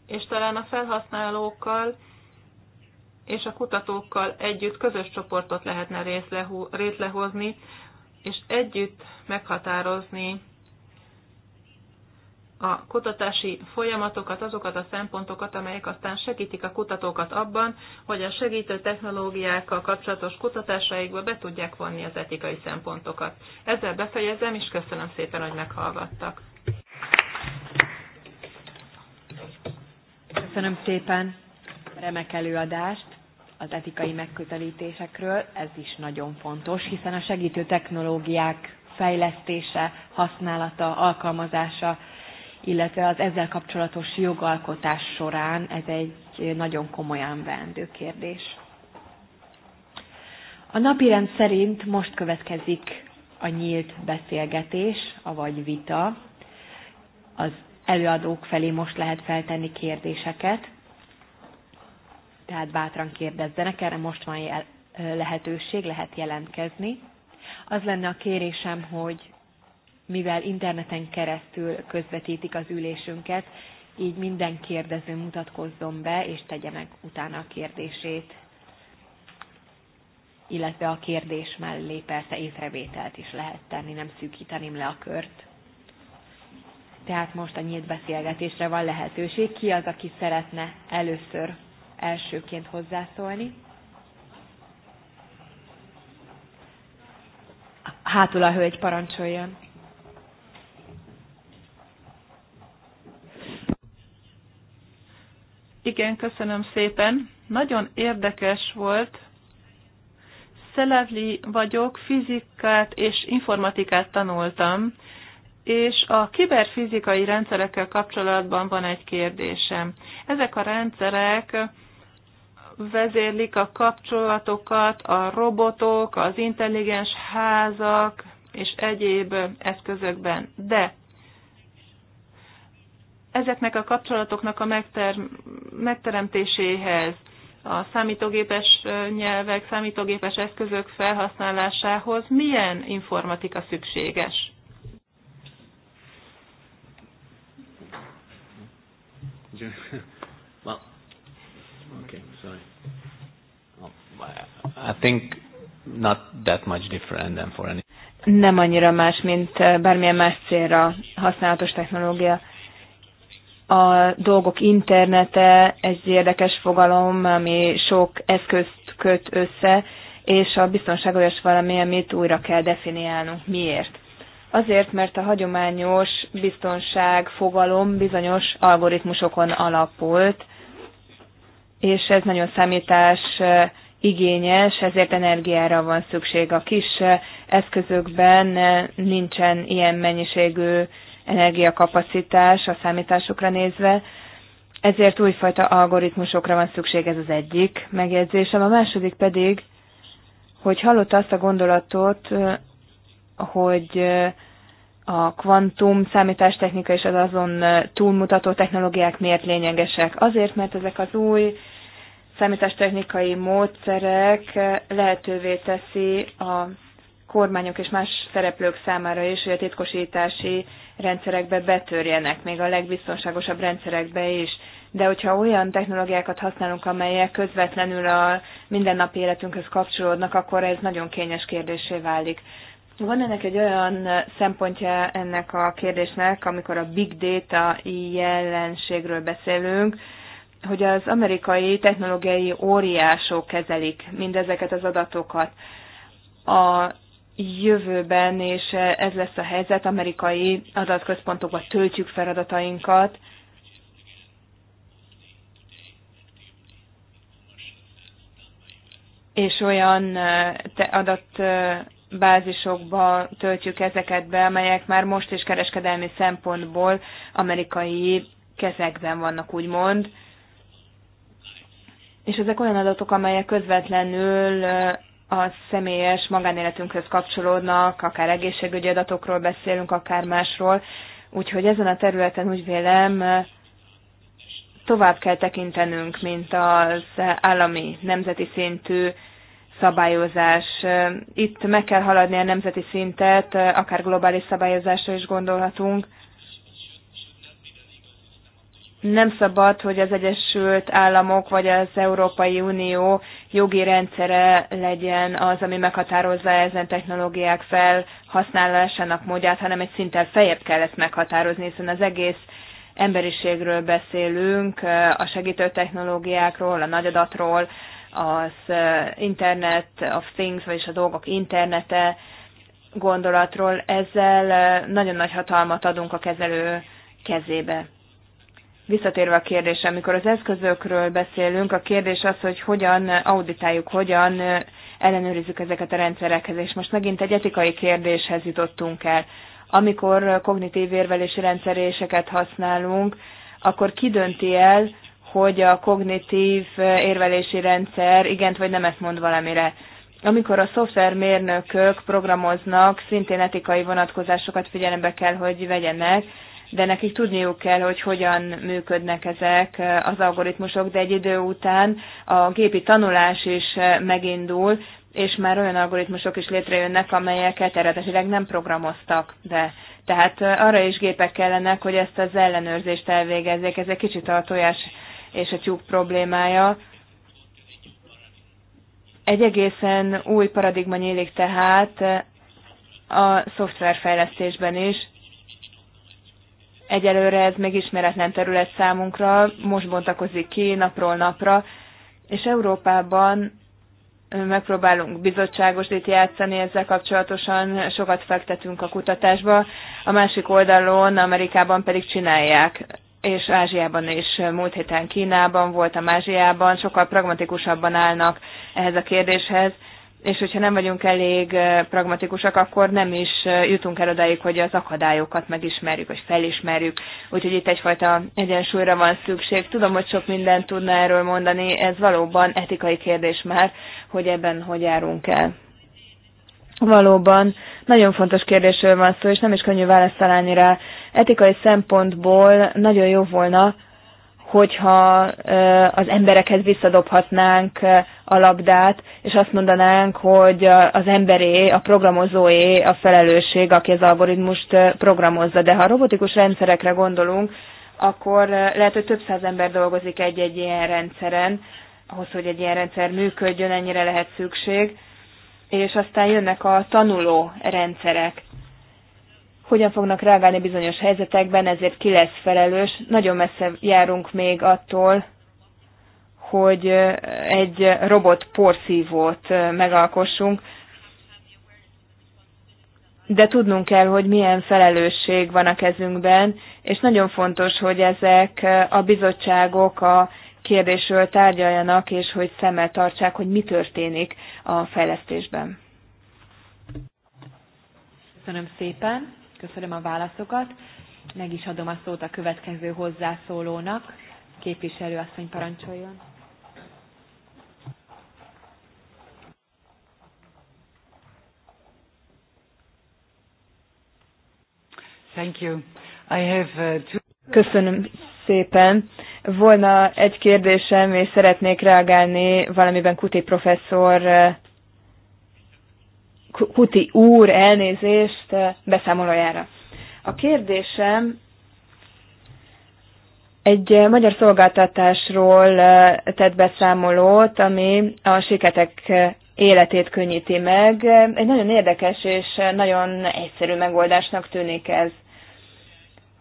És talán a felhasználókkal és a kutatókkal együtt közös csoportot lehetne részlehozni, és együtt meghatározni a kutatási folyamatokat, azokat a szempontokat, amelyek aztán segítik a kutatókat abban, hogy a segítő technológiákkal kapcsolatos kutatásaikba be tudják vonni az etikai szempontokat. Ezzel befejezem, és köszönöm szépen, hogy meghallgattak. Köszönöm szépen remek előadást az etikai megközelítésekről. Ez is nagyon fontos, hiszen a segítő technológiák fejlesztése, használata, alkalmazása illetve az ezzel kapcsolatos jogalkotás során ez egy nagyon komolyan vendő kérdés. A napirend szerint most következik a nyílt beszélgetés, avagy vita. Az előadók felé most lehet feltenni kérdéseket, tehát bátran kérdezzenek, erre most van lehetőség, lehet jelentkezni. Az lenne a kérésem, hogy mivel interneten keresztül közvetítik az ülésünket, így minden kérdező mutatkozzon be, és tegye meg utána a kérdését, illetve a kérdés mellé persze észrevételt is lehet tenni, nem szűkíteném le a kört. Tehát most a nyílt beszélgetésre van lehetőség. Ki az, aki szeretne először elsőként hozzászólni? Hátul a hölgy parancsoljon. Igen, köszönöm szépen. Nagyon érdekes volt. Szelevli vagyok, fizikát és informatikát tanultam, és a kiberfizikai rendszerekkel kapcsolatban van egy kérdésem. Ezek a rendszerek vezérlik a kapcsolatokat, a robotok, az intelligens házak és egyéb eszközökben. De ezeknek a kapcsolatoknak a megter, megteremtéséhez, a számítógépes nyelvek, számítógépes eszközök felhasználásához milyen informatika szükséges? Well, okay, sorry. I think not that much different than for any. Nem annyira más, mint bármilyen más célra használatos technológia a dolgok internete egy érdekes fogalom, ami sok eszközt köt össze, és a biztonság olyas valami, amit újra kell definiálnunk. Miért? Azért, mert a hagyományos biztonság fogalom bizonyos algoritmusokon alapult, és ez nagyon számítás igényes, ezért energiára van szükség. A kis eszközökben nincsen ilyen mennyiségű energiakapacitás a számításokra nézve, ezért újfajta algoritmusokra van szükség, ez az egyik megjegyzésem. A második pedig, hogy hallott azt a gondolatot, hogy a kvantum számítástechnika és az azon túlmutató technológiák miért lényegesek? Azért, mert ezek az új számítástechnikai módszerek lehetővé teszi a kormányok és más szereplők számára is, hogy a titkosítási rendszerekbe betörjenek, még a legbiztonságosabb rendszerekbe is. De hogyha olyan technológiákat használunk, amelyek közvetlenül a mindennapi életünkhöz kapcsolódnak, akkor ez nagyon kényes kérdésé válik. Van ennek egy olyan szempontja ennek a kérdésnek, amikor a big data jelenségről beszélünk, hogy az amerikai technológiai óriások kezelik mindezeket az adatokat. A jövőben, és ez lesz a helyzet, amerikai adatközpontokba töltjük feladatainkat, és olyan eh, adatbázisokba töltjük ezeket be, amelyek már most is kereskedelmi szempontból amerikai kezekben vannak, úgymond. És ezek olyan adatok, amelyek közvetlenül eh, a személyes magánéletünkhöz kapcsolódnak, akár egészségügyi adatokról beszélünk, akár másról. Úgyhogy ezen a területen úgy vélem, tovább kell tekintenünk, mint az állami, nemzeti szintű szabályozás. Itt meg kell haladni a nemzeti szintet, akár globális szabályozásra is gondolhatunk nem szabad, hogy az Egyesült Államok vagy az Európai Unió jogi rendszere legyen az, ami meghatározza ezen technológiák felhasználásának módját, hanem egy szinten fejebb kell ezt meghatározni, hiszen az egész emberiségről beszélünk, a segítő technológiákról, a nagyadatról, az Internet of Things, vagyis a dolgok internete gondolatról. Ezzel nagyon nagy hatalmat adunk a kezelő kezébe Visszatérve a kérdésre, amikor az eszközökről beszélünk, a kérdés az, hogy hogyan auditáljuk, hogyan ellenőrizzük ezeket a rendszerekhez, és most megint egy etikai kérdéshez jutottunk el. Amikor kognitív érvelési rendszeréseket használunk, akkor ki dönti el, hogy a kognitív érvelési rendszer igent vagy nemet mond valamire. Amikor a szoftvermérnökök programoznak, szintén etikai vonatkozásokat figyelembe kell, hogy vegyenek, de nekik tudniuk kell, hogy hogyan működnek ezek az algoritmusok, de egy idő után a gépi tanulás is megindul, és már olyan algoritmusok is létrejönnek, amelyeket eredetileg nem programoztak be. Tehát arra is gépek kellenek, hogy ezt az ellenőrzést elvégezzék. Ez egy kicsit a tojás és a tyúk problémája. Egy egészen új paradigma nyílik tehát a szoftverfejlesztésben is, Egyelőre ez még ismeretlen terület számunkra, most bontakozik ki napról napra, és Európában megpróbálunk bizottságosít játszani ezzel kapcsolatosan, sokat fektetünk a kutatásba, a másik oldalon Amerikában pedig csinálják és Ázsiában is, múlt héten Kínában voltam Ázsiában, sokkal pragmatikusabban állnak ehhez a kérdéshez, és hogyha nem vagyunk elég pragmatikusak, akkor nem is jutunk el odáig, hogy az akadályokat megismerjük, vagy felismerjük. Úgyhogy itt egyfajta egyensúlyra van szükség. Tudom, hogy sok mindent tudna erről mondani, ez valóban etikai kérdés már, hogy ebben hogy járunk el. Valóban nagyon fontos kérdésről van szó, és nem is könnyű választ találni rá. Etikai szempontból nagyon jó volna, hogyha az emberekhez visszadobhatnánk a labdát, és azt mondanánk, hogy az emberé, a programozóé a felelősség, aki az algoritmust programozza. De ha a robotikus rendszerekre gondolunk, akkor lehet, hogy több száz ember dolgozik egy-egy ilyen rendszeren, ahhoz, hogy egy ilyen rendszer működjön, ennyire lehet szükség. És aztán jönnek a tanuló rendszerek hogyan fognak reagálni bizonyos helyzetekben, ezért ki lesz felelős. Nagyon messze járunk még attól, hogy egy robot porszívót megalkossunk, de tudnunk kell, hogy milyen felelősség van a kezünkben, és nagyon fontos, hogy ezek a bizottságok a kérdésről tárgyaljanak, és hogy szemmel tartsák, hogy mi történik a fejlesztésben. Köszönöm szépen. Köszönöm a válaszokat. Meg is adom a szót a következő hozzászólónak. Képviselő asszony parancsoljon. Thank you. I have uh, two... Köszönöm szépen. Volna egy kérdésem, és szeretnék reagálni valamiben Kuti professzor uh, Kuti úr elnézést eh, beszámolójára. A kérdésem egy eh, magyar szolgáltatásról eh, tett beszámolót, ami a siketek életét könnyíti meg. Egy nagyon érdekes és nagyon egyszerű megoldásnak tűnik ez.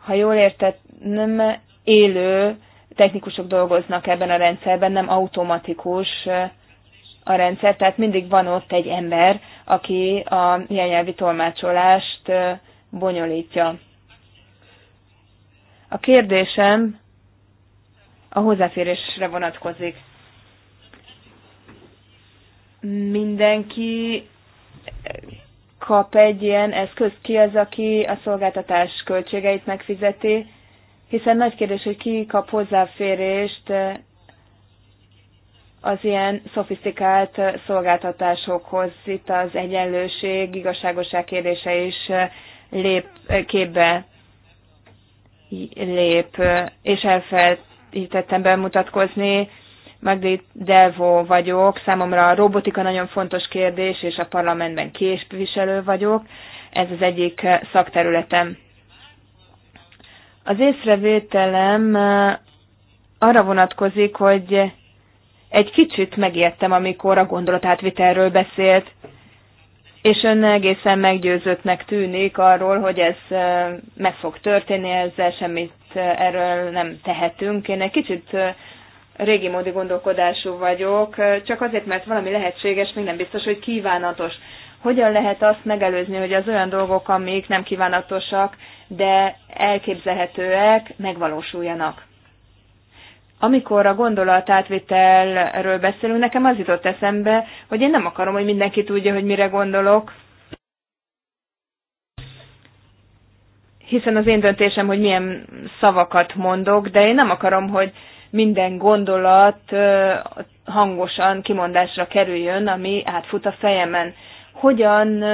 Ha jól értettem, élő technikusok dolgoznak ebben a rendszerben, nem automatikus a rendszer, tehát mindig van ott egy ember, aki a jelnyelvi tolmácsolást bonyolítja. A kérdésem a hozzáférésre vonatkozik. Mindenki kap egy ilyen eszközt, ki az, aki a szolgáltatás költségeit megfizeti, hiszen nagy kérdés, hogy ki kap hozzáférést az ilyen szofisztikált szolgáltatásokhoz. Itt az egyenlőség, igazságosság kérdése is lép, képbe lép, és elfelejtettem bemutatkozni. Magdi Delvo vagyok, számomra a robotika nagyon fontos kérdés, és a parlamentben képviselő vagyok. Ez az egyik szakterületem. Az észrevételem arra vonatkozik, hogy egy kicsit megijedtem, amikor a gondolatátvitelről beszélt, és ön egészen meggyőzöttnek tűnik arról, hogy ez meg fog történni, ezzel semmit erről nem tehetünk. Én egy kicsit régi módi gondolkodású vagyok, csak azért, mert valami lehetséges, még nem biztos, hogy kívánatos. Hogyan lehet azt megelőzni, hogy az olyan dolgok, amik nem kívánatosak, de elképzelhetőek, megvalósuljanak? amikor a gondolatátvitelről beszélünk, nekem az jutott eszembe, hogy én nem akarom, hogy mindenki tudja, hogy mire gondolok, hiszen az én döntésem, hogy milyen szavakat mondok, de én nem akarom, hogy minden gondolat hangosan kimondásra kerüljön, ami átfut a fejemen. Hogyan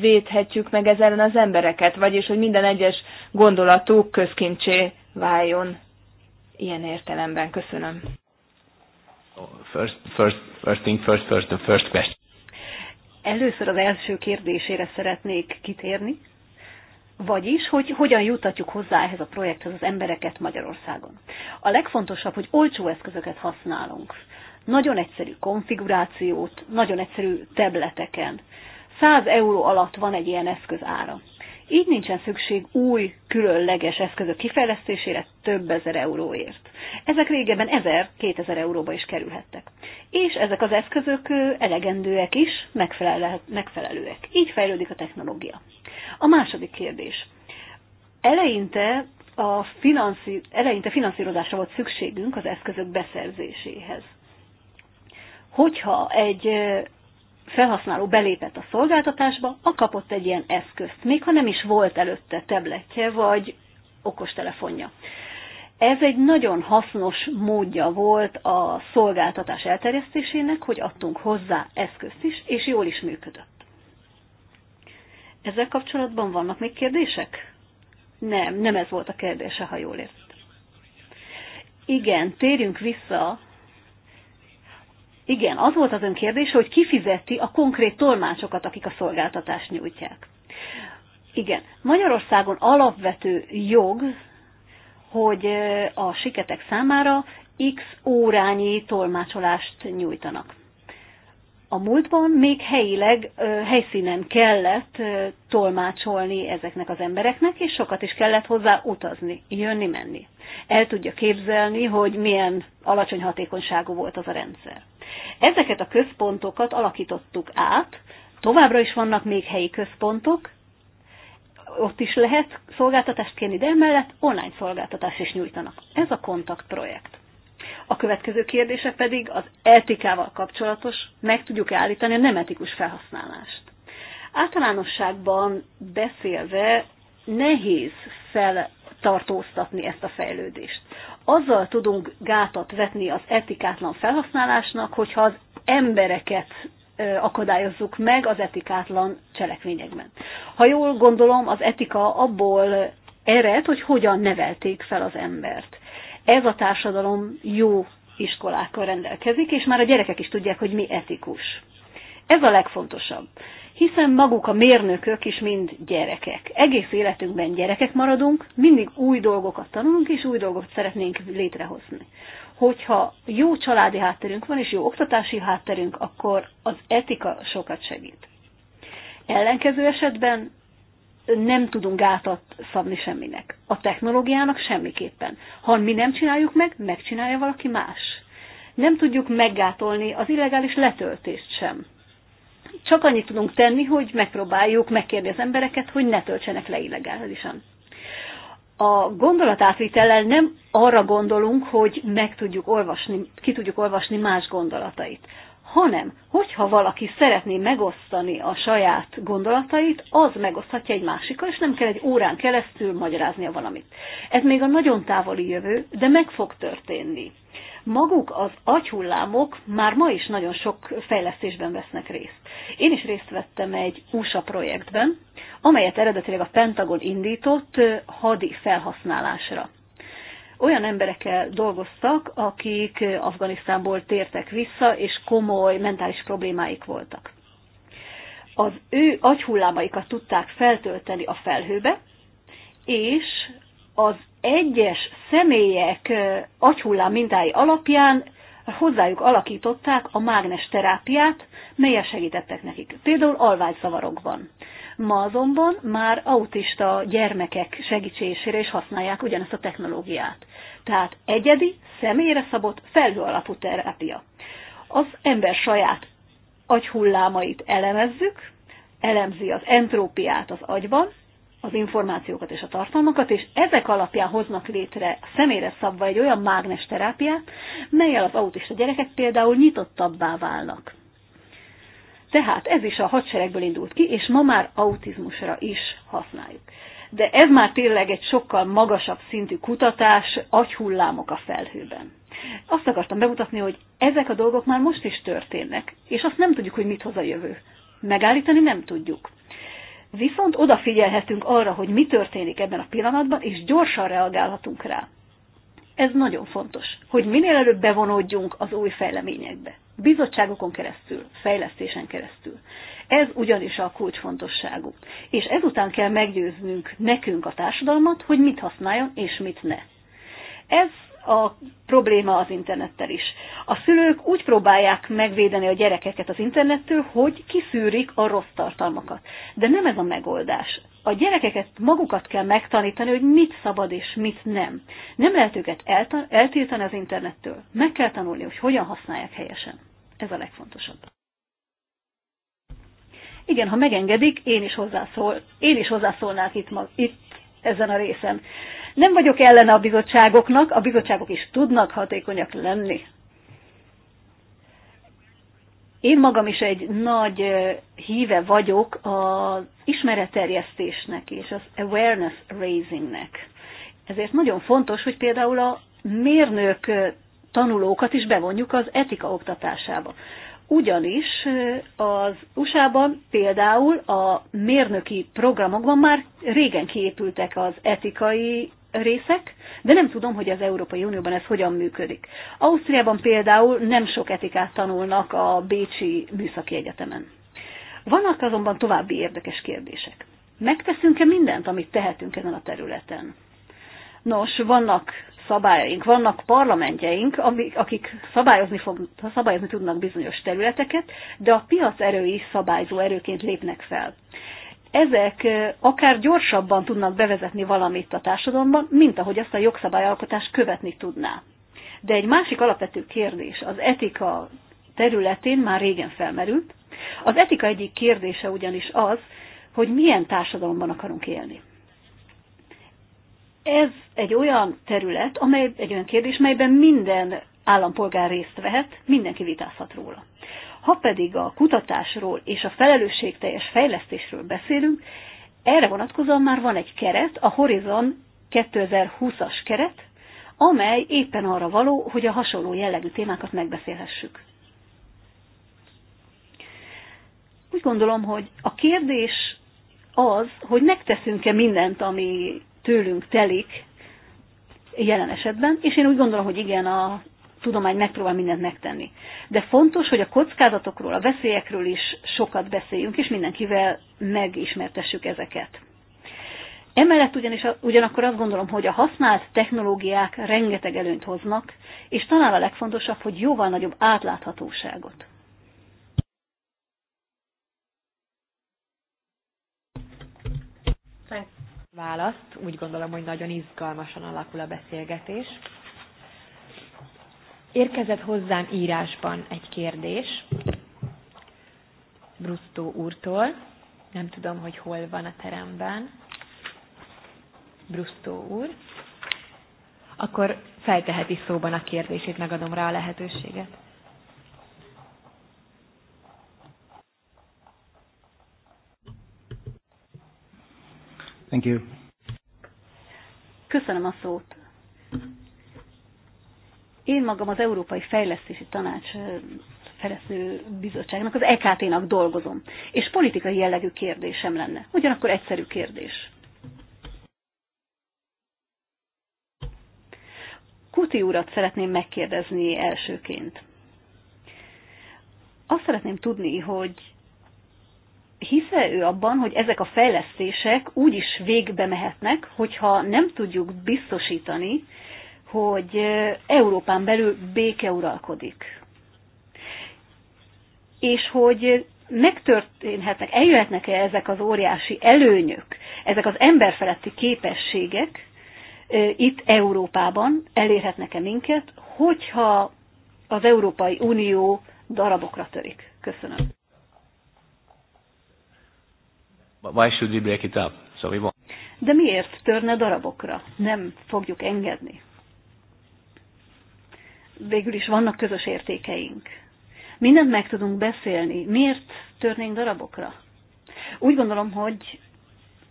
védhetjük meg ezzel az embereket, vagyis hogy minden egyes gondolatuk közkincsé váljon ilyen értelemben. Köszönöm. Oh, first, first, first thing first, first, the first question. Először az első kérdésére szeretnék kitérni, vagyis, hogy hogyan jutatjuk hozzá ehhez a projekthez az embereket Magyarországon. A legfontosabb, hogy olcsó eszközöket használunk. Nagyon egyszerű konfigurációt, nagyon egyszerű tableteken. 100 euró alatt van egy ilyen eszköz ára. Így nincsen szükség új, különleges eszközök kifejlesztésére több ezer euróért. Ezek régebben 1000-2000 euróba is kerülhettek. És ezek az eszközök elegendőek is, megfelelőek. Így fejlődik a technológia. A második kérdés. Eleinte a finanszí- eleinte finanszírozásra volt szükségünk az eszközök beszerzéséhez. Hogyha egy felhasználó belépett a szolgáltatásba, a kapott egy ilyen eszközt, még ha nem is volt előtte tabletje vagy okostelefonja. Ez egy nagyon hasznos módja volt a szolgáltatás elterjesztésének, hogy adtunk hozzá eszközt is, és jól is működött. Ezzel kapcsolatban vannak még kérdések? Nem, nem ez volt a kérdése, ha jól ért. Igen, térjünk vissza igen, az volt az ön kérdés, hogy ki fizeti a konkrét tolmácsokat, akik a szolgáltatást nyújtják. Igen, Magyarországon alapvető jog, hogy a siketek számára x órányi tolmácsolást nyújtanak. A múltban még helyileg, helyszínen kellett tolmácsolni ezeknek az embereknek, és sokat is kellett hozzá utazni, jönni-menni. El tudja képzelni, hogy milyen alacsony hatékonyságú volt az a rendszer. Ezeket a központokat alakítottuk át, továbbra is vannak még helyi központok, ott is lehet szolgáltatást kérni, de emellett online szolgáltatást is nyújtanak. Ez a kontakt projekt. A következő kérdése pedig az etikával kapcsolatos, meg tudjuk állítani a nem etikus felhasználást. Általánosságban beszélve nehéz feltartóztatni ezt a fejlődést azzal tudunk gátat vetni az etikátlan felhasználásnak, hogyha az embereket akadályozzuk meg az etikátlan cselekvényekben. Ha jól gondolom, az etika abból ered, hogy hogyan nevelték fel az embert. Ez a társadalom jó iskolákkal rendelkezik, és már a gyerekek is tudják, hogy mi etikus. Ez a legfontosabb hiszen maguk a mérnökök is mind gyerekek. Egész életünkben gyerekek maradunk, mindig új dolgokat tanulunk, és új dolgokat szeretnénk létrehozni. Hogyha jó családi hátterünk van, és jó oktatási hátterünk, akkor az etika sokat segít. Ellenkező esetben nem tudunk gátat szabni semminek. A technológiának semmiképpen. Ha mi nem csináljuk meg, megcsinálja valaki más. Nem tudjuk meggátolni az illegális letöltést sem csak annyit tudunk tenni, hogy megpróbáljuk megkérni az embereket, hogy ne töltsenek le illegálisan. A gondolatátvitellel nem arra gondolunk, hogy meg tudjuk olvasni, ki tudjuk olvasni más gondolatait, hanem, hogyha valaki szeretné megosztani a saját gondolatait, az megoszthatja egy másikkal, és nem kell egy órán keresztül magyaráznia valamit. Ez még a nagyon távoli jövő, de meg fog történni maguk az agyhullámok már ma is nagyon sok fejlesztésben vesznek részt. Én is részt vettem egy USA projektben, amelyet eredetileg a Pentagon indított hadi felhasználásra. Olyan emberekkel dolgoztak, akik Afganisztánból tértek vissza, és komoly mentális problémáik voltak. Az ő agyhullámaikat tudták feltölteni a felhőbe, és az egyes személyek agyhullám mintái alapján hozzájuk alakították a mágnes terápiát, melyel segítettek nekik, például alvágyzavarokban. Ma azonban már autista gyermekek segítségére is használják ugyanezt a technológiát. Tehát egyedi, személyre szabott, felhő alapú terápia. Az ember saját agyhullámait elemezzük, elemzi az entrópiát az agyban, az információkat és a tartalmakat, és ezek alapján hoznak létre személyre szabva egy olyan mágnes terápiát, melyel az autista gyerekek például nyitottabbá válnak. Tehát ez is a hadseregből indult ki, és ma már autizmusra is használjuk. De ez már tényleg egy sokkal magasabb szintű kutatás, agyhullámok a felhőben. Azt akartam bemutatni, hogy ezek a dolgok már most is történnek, és azt nem tudjuk, hogy mit hoz a jövő. Megállítani nem tudjuk viszont odafigyelhetünk arra, hogy mi történik ebben a pillanatban, és gyorsan reagálhatunk rá. Ez nagyon fontos, hogy minél előbb bevonódjunk az új fejleményekbe. Bizottságokon keresztül, fejlesztésen keresztül. Ez ugyanis a kulcsfontosságú. És ezután kell meggyőznünk nekünk a társadalmat, hogy mit használjon és mit ne. Ez a probléma az internettel is. A szülők úgy próbálják megvédeni a gyerekeket az internettől, hogy kiszűrik a rossz tartalmakat. De nem ez a megoldás. A gyerekeket magukat kell megtanítani, hogy mit szabad és mit nem. Nem lehet őket eltiltani az internettől. Meg kell tanulni, hogy hogyan használják helyesen. Ez a legfontosabb. Igen, ha megengedik, én is, hozzászól, én is hozzászólnák itt, ma, itt ezen a részen. Nem vagyok ellene a bizottságoknak, a bizottságok is tudnak hatékonyak lenni. Én magam is egy nagy híve vagyok az ismeretterjesztésnek és az awareness raisingnek. Ezért nagyon fontos, hogy például a mérnök tanulókat is bevonjuk az etika oktatásába. Ugyanis az USA-ban például a mérnöki programokban már régen kiépültek az etikai részek, de nem tudom, hogy az Európai Unióban ez hogyan működik. Ausztriában például nem sok etikát tanulnak a Bécsi Műszaki Egyetemen. Vannak azonban további érdekes kérdések. Megteszünk-e mindent, amit tehetünk ezen a területen? Nos, vannak szabályaink, vannak parlamentjeink, akik szabályozni, fog, szabályozni tudnak bizonyos területeket, de a piac erői szabályzó erőként lépnek fel ezek akár gyorsabban tudnak bevezetni valamit a társadalomban, mint ahogy azt a jogszabályalkotás követni tudná. De egy másik alapvető kérdés az etika területén már régen felmerült. Az etika egyik kérdése ugyanis az, hogy milyen társadalomban akarunk élni. Ez egy olyan terület, amely egy olyan kérdés, melyben minden állampolgár részt vehet, mindenki vitázhat róla. Ha pedig a kutatásról és a felelősségteljes fejlesztésről beszélünk, erre vonatkozóan már van egy keret, a Horizon 2020-as keret, amely éppen arra való, hogy a hasonló jellegű témákat megbeszélhessük. Úgy gondolom, hogy a kérdés az, hogy megteszünk-e mindent, ami tőlünk telik jelen esetben, és én úgy gondolom, hogy igen, a tudomány megpróbál mindent megtenni. De fontos, hogy a kockázatokról, a veszélyekről is sokat beszéljünk, és mindenkivel megismertessük ezeket. Emellett ugyanis, ugyanakkor azt gondolom, hogy a használt technológiák rengeteg előnyt hoznak, és talán a legfontosabb, hogy jóval nagyobb átláthatóságot. Választ. Úgy gondolom, hogy nagyon izgalmasan alakul a beszélgetés. Érkezett hozzám írásban egy kérdés Brusztó úrtól. Nem tudom, hogy hol van a teremben. Brusztó úr. Akkor felteheti szóban a kérdését, megadom rá a lehetőséget. Thank you. Köszönöm a szót. Én magam az Európai Fejlesztési Tanács Fejlesztő Bizottságnak, az EKT-nak dolgozom, és politikai jellegű kérdésem lenne. Ugyanakkor egyszerű kérdés. Kuti urat szeretném megkérdezni elsőként. Azt szeretném tudni, hogy hisze ő abban, hogy ezek a fejlesztések úgy is végbe mehetnek, hogyha nem tudjuk biztosítani, hogy Európán belül béke uralkodik. És hogy megtörténhetnek, eljöhetnek-e ezek az óriási előnyök, ezek az emberfeletti képességek itt Európában elérhetnek-e minket, hogyha az Európai Unió darabokra törik. Köszönöm. Why should we break it up? So we won't. De miért törne darabokra? Nem fogjuk engedni végül is vannak közös értékeink. Mindent meg tudunk beszélni. Miért törnénk darabokra? Úgy gondolom, hogy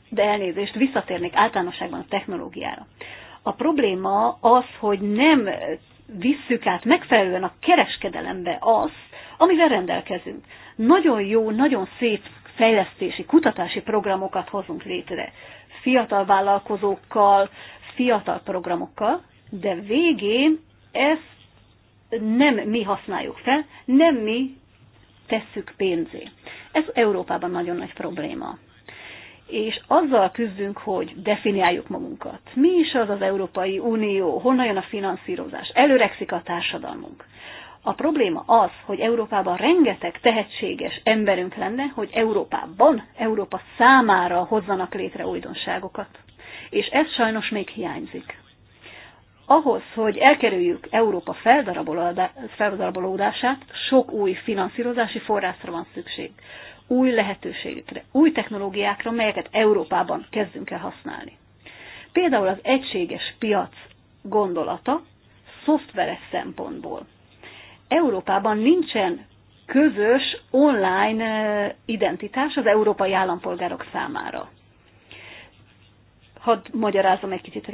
de elnézést, visszatérnék általánosságban a technológiára. A probléma az, hogy nem visszük át megfelelően a kereskedelembe azt, amivel rendelkezünk. Nagyon jó, nagyon szép fejlesztési, kutatási programokat hozunk létre. Fiatal vállalkozókkal, fiatal programokkal, de végén ezt nem mi használjuk fel, nem mi tesszük pénzé. Ez Európában nagyon nagy probléma. És azzal küzdünk, hogy definiáljuk magunkat. Mi is az az Európai Unió, honnan jön a finanszírozás, előrekszik a társadalmunk. A probléma az, hogy Európában rengeteg tehetséges emberünk lenne, hogy Európában, Európa számára hozzanak létre újdonságokat. És ez sajnos még hiányzik ahhoz, hogy elkerüljük Európa feldarabolódását, sok új finanszírozási forrásra van szükség, új lehetőségekre, új technológiákra, melyeket Európában kezdünk el használni. Például az egységes piac gondolata szoftveres szempontból. Európában nincsen közös online identitás az európai állampolgárok számára hadd magyarázom egy kicsit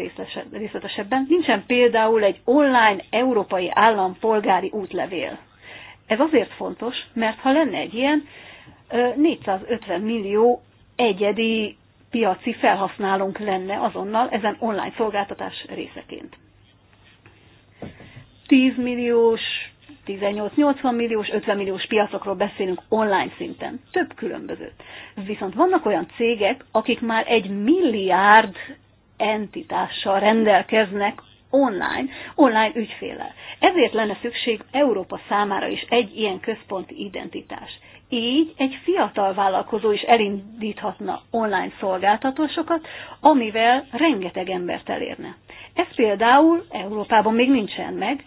részletesebben. Nincsen például egy online európai állampolgári útlevél. Ez azért fontos, mert ha lenne egy ilyen, 450 millió egyedi piaci felhasználónk lenne azonnal ezen online szolgáltatás részeként. 10 milliós 18-80 milliós, 50 milliós piacokról beszélünk online szinten. Több különböző. Viszont vannak olyan cégek, akik már egy milliárd entitással rendelkeznek online, online ügyféllel. Ezért lenne szükség Európa számára is egy ilyen központi identitás. Így egy fiatal vállalkozó is elindíthatna online szolgáltatásokat, amivel rengeteg embert elérne. Ez például Európában még nincsen meg,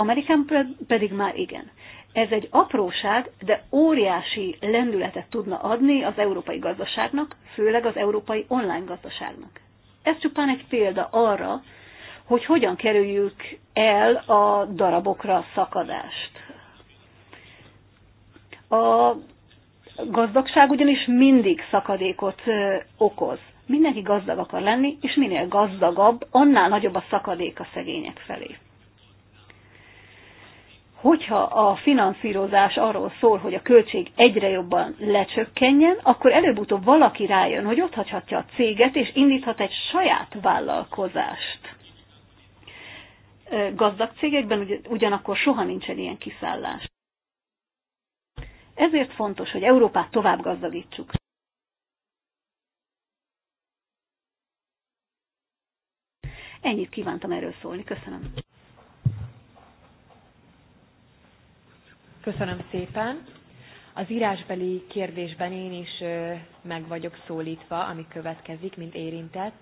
Amerikán pedig már igen. Ez egy apróság, de óriási lendületet tudna adni az európai gazdaságnak, főleg az európai online gazdaságnak. Ez csupán egy példa arra, hogy hogyan kerüljük el a darabokra szakadást. A gazdagság ugyanis mindig szakadékot okoz. Mindenki gazdag akar lenni, és minél gazdagabb, annál nagyobb a szakadék a szegények felé hogyha a finanszírozás arról szól, hogy a költség egyre jobban lecsökkenjen, akkor előbb-utóbb valaki rájön, hogy ott hagyhatja a céget, és indíthat egy saját vállalkozást. Gazdag cégekben ugyanakkor soha nincsen ilyen kiszállás. Ezért fontos, hogy Európát tovább gazdagítsuk. Ennyit kívántam erről szólni. Köszönöm. Köszönöm szépen. Az írásbeli kérdésben én is meg vagyok szólítva, ami következik, mint érintett.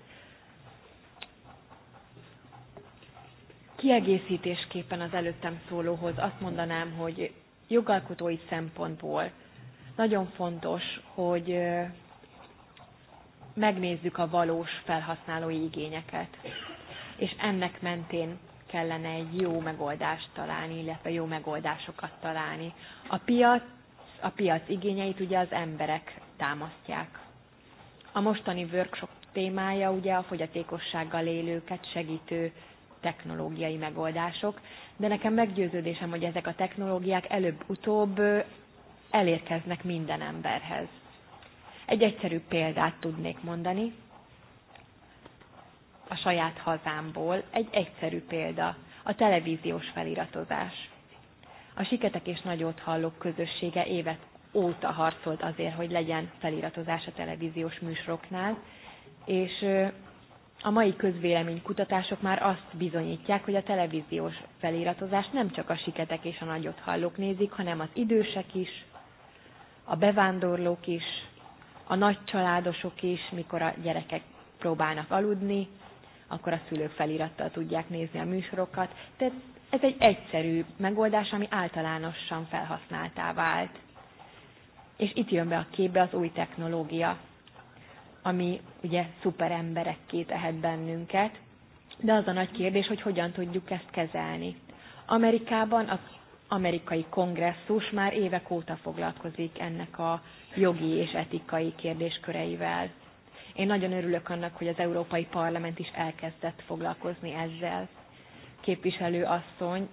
Kiegészítésképpen az előttem szólóhoz azt mondanám, hogy jogalkotói szempontból nagyon fontos, hogy megnézzük a valós felhasználói igényeket, és ennek mentén kellene egy jó megoldást találni, illetve jó megoldásokat találni. A piac, a piac igényeit ugye az emberek támasztják. A mostani workshop témája ugye a fogyatékossággal élőket segítő technológiai megoldások, de nekem meggyőződésem, hogy ezek a technológiák előbb-utóbb elérkeznek minden emberhez. Egy egyszerű példát tudnék mondani a saját hazámból. Egy egyszerű példa, a televíziós feliratozás. A Siketek és Nagyot Hallók közössége évet óta harcolt azért, hogy legyen feliratozás a televíziós műsoroknál, és a mai közvélemény kutatások már azt bizonyítják, hogy a televíziós feliratozás nem csak a siketek és a nagyot hallók nézik, hanem az idősek is, a bevándorlók is, a nagycsaládosok is, mikor a gyerekek próbálnak aludni, akkor a szülők felirattal tudják nézni a műsorokat. Tehát ez egy egyszerű megoldás, ami általánosan felhasználtá vált. És itt jön be a képbe az új technológia, ami ugye szuper két tehet bennünket, de az a nagy kérdés, hogy hogyan tudjuk ezt kezelni. Amerikában az amerikai kongresszus már évek óta foglalkozik ennek a jogi és etikai kérdésköreivel. Én nagyon örülök annak, hogy az Európai Parlament is elkezdett foglalkozni ezzel. Képviselő asszony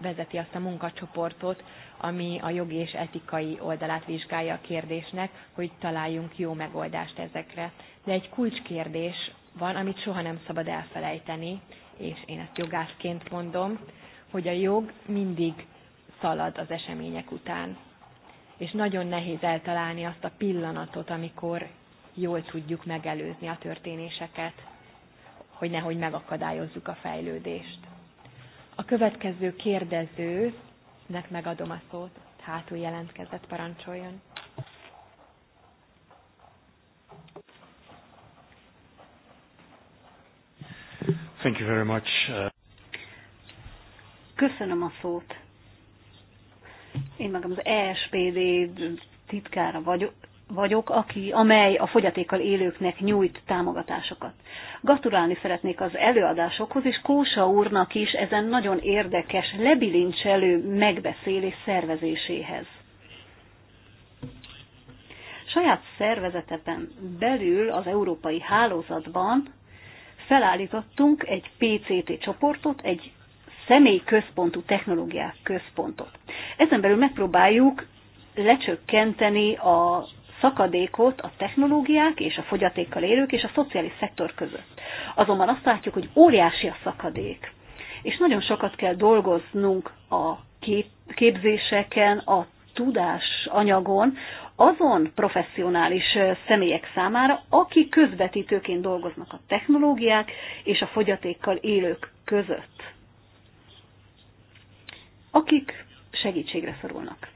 vezeti azt a munkacsoportot, ami a jogi és etikai oldalát vizsgálja a kérdésnek, hogy találjunk jó megoldást ezekre. De egy kulcskérdés van, amit soha nem szabad elfelejteni, és én ezt jogászként mondom, hogy a jog mindig szalad az események után. És nagyon nehéz eltalálni azt a pillanatot, amikor jól tudjuk megelőzni a történéseket, hogy nehogy megakadályozzuk a fejlődést. A következő kérdezőnek megadom a szót, hátul jelentkezett parancsoljon. Thank you very much. Uh, Köszönöm a szót. Én magam az ESPD titkára vagyok, vagyok, aki, amely a fogyatékkal élőknek nyújt támogatásokat. Gratulálni szeretnék az előadásokhoz, és Kósa úrnak is ezen nagyon érdekes, lebilincselő megbeszélés szervezéséhez. Saját szervezeteben belül az európai hálózatban felállítottunk egy PCT csoportot, egy személyközpontú technológiák központot. Ezen belül megpróbáljuk lecsökkenteni a szakadékot a technológiák és a fogyatékkal élők és a szociális szektor között. Azonban azt látjuk, hogy óriási a szakadék, és nagyon sokat kell dolgoznunk a kép, képzéseken, a tudás anyagon azon professzionális személyek számára, akik közvetítőként dolgoznak a technológiák és a fogyatékkal élők között, akik segítségre szorulnak.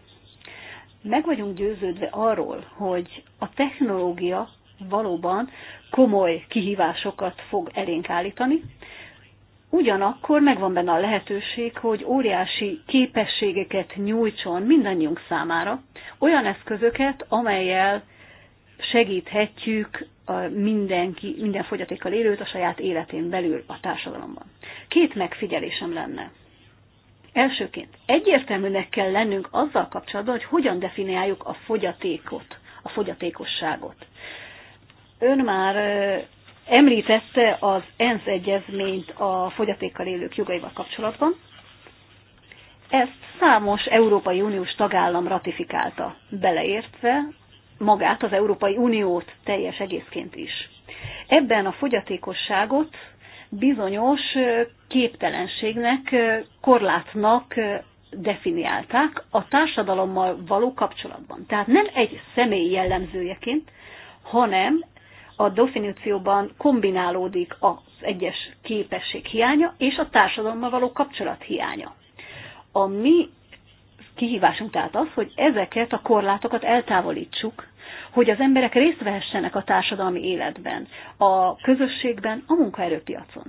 Meg vagyunk győződve arról, hogy a technológia valóban komoly kihívásokat fog elénk állítani, ugyanakkor megvan benne a lehetőség, hogy óriási képességeket nyújtson mindannyiunk számára, olyan eszközöket, amelyel segíthetjük mindenki, minden fogyatékkal élőt a saját életén belül a társadalomban. Két megfigyelésem lenne. Elsőként egyértelműnek kell lennünk azzal kapcsolatban, hogy hogyan definiáljuk a fogyatékot, a fogyatékosságot. Ön már említette az ENSZ egyezményt a fogyatékkal élők jogaival kapcsolatban. Ezt számos Európai Uniós tagállam ratifikálta, beleértve magát az Európai Uniót teljes egészként is. Ebben a fogyatékosságot bizonyos képtelenségnek, korlátnak definiálták a társadalommal való kapcsolatban. Tehát nem egy személy jellemzőjeként, hanem a definícióban kombinálódik az egyes képesség hiánya és a társadalommal való kapcsolat hiánya. A mi kihívásunk tehát az, hogy ezeket a korlátokat eltávolítsuk, hogy az emberek részt vehessenek a társadalmi életben, a közösségben, a munkaerőpiacon.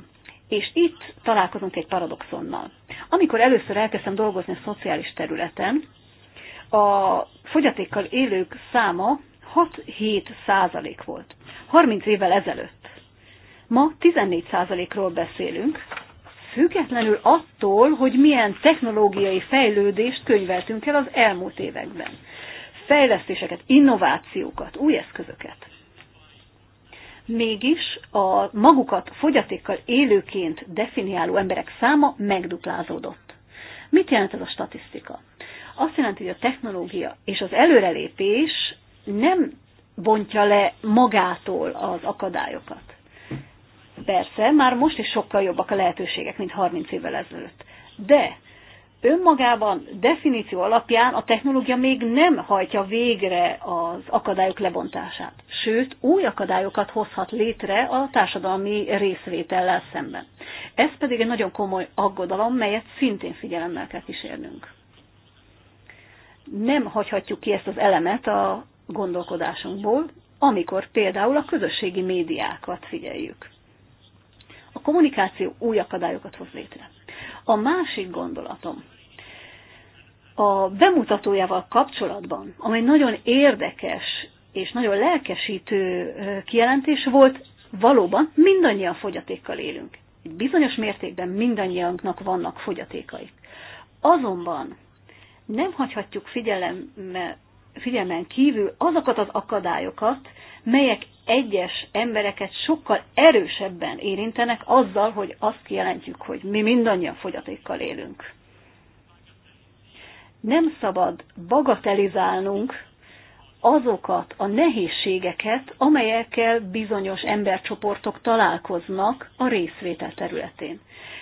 És itt találkozunk egy paradoxonnal. Amikor először elkezdtem dolgozni a szociális területen, a fogyatékkal élők száma 6-7 százalék volt. 30 évvel ezelőtt. Ma 14 százalékról beszélünk, függetlenül attól, hogy milyen technológiai fejlődést könyveltünk el az elmúlt években fejlesztéseket, innovációkat, új eszközöket. Mégis a magukat fogyatékkal élőként definiáló emberek száma megduplázódott. Mit jelent ez a statisztika? Azt jelenti, hogy a technológia és az előrelépés nem bontja le magától az akadályokat. Persze, már most is sokkal jobbak a lehetőségek, mint 30 évvel ezelőtt. De önmagában definíció alapján a technológia még nem hajtja végre az akadályok lebontását, sőt új akadályokat hozhat létre a társadalmi részvétellel szemben. Ez pedig egy nagyon komoly aggodalom, melyet szintén figyelemmel kell kísérnünk. Nem hagyhatjuk ki ezt az elemet a gondolkodásunkból, amikor például a közösségi médiákat figyeljük. A kommunikáció új akadályokat hoz létre. A másik gondolatom, a bemutatójával kapcsolatban, amely nagyon érdekes és nagyon lelkesítő kijelentés volt, valóban mindannyian fogyatékkal élünk. Egy bizonyos mértékben mindannyiunknak vannak fogyatékaik. Azonban nem hagyhatjuk figyelemmel, figyelmen kívül azokat az akadályokat, melyek egyes embereket sokkal erősebben érintenek azzal, hogy azt jelentjük, hogy mi mindannyian fogyatékkal élünk. Nem szabad bagatelizálnunk azokat a nehézségeket, amelyekkel bizonyos embercsoportok találkoznak a részvétel területén.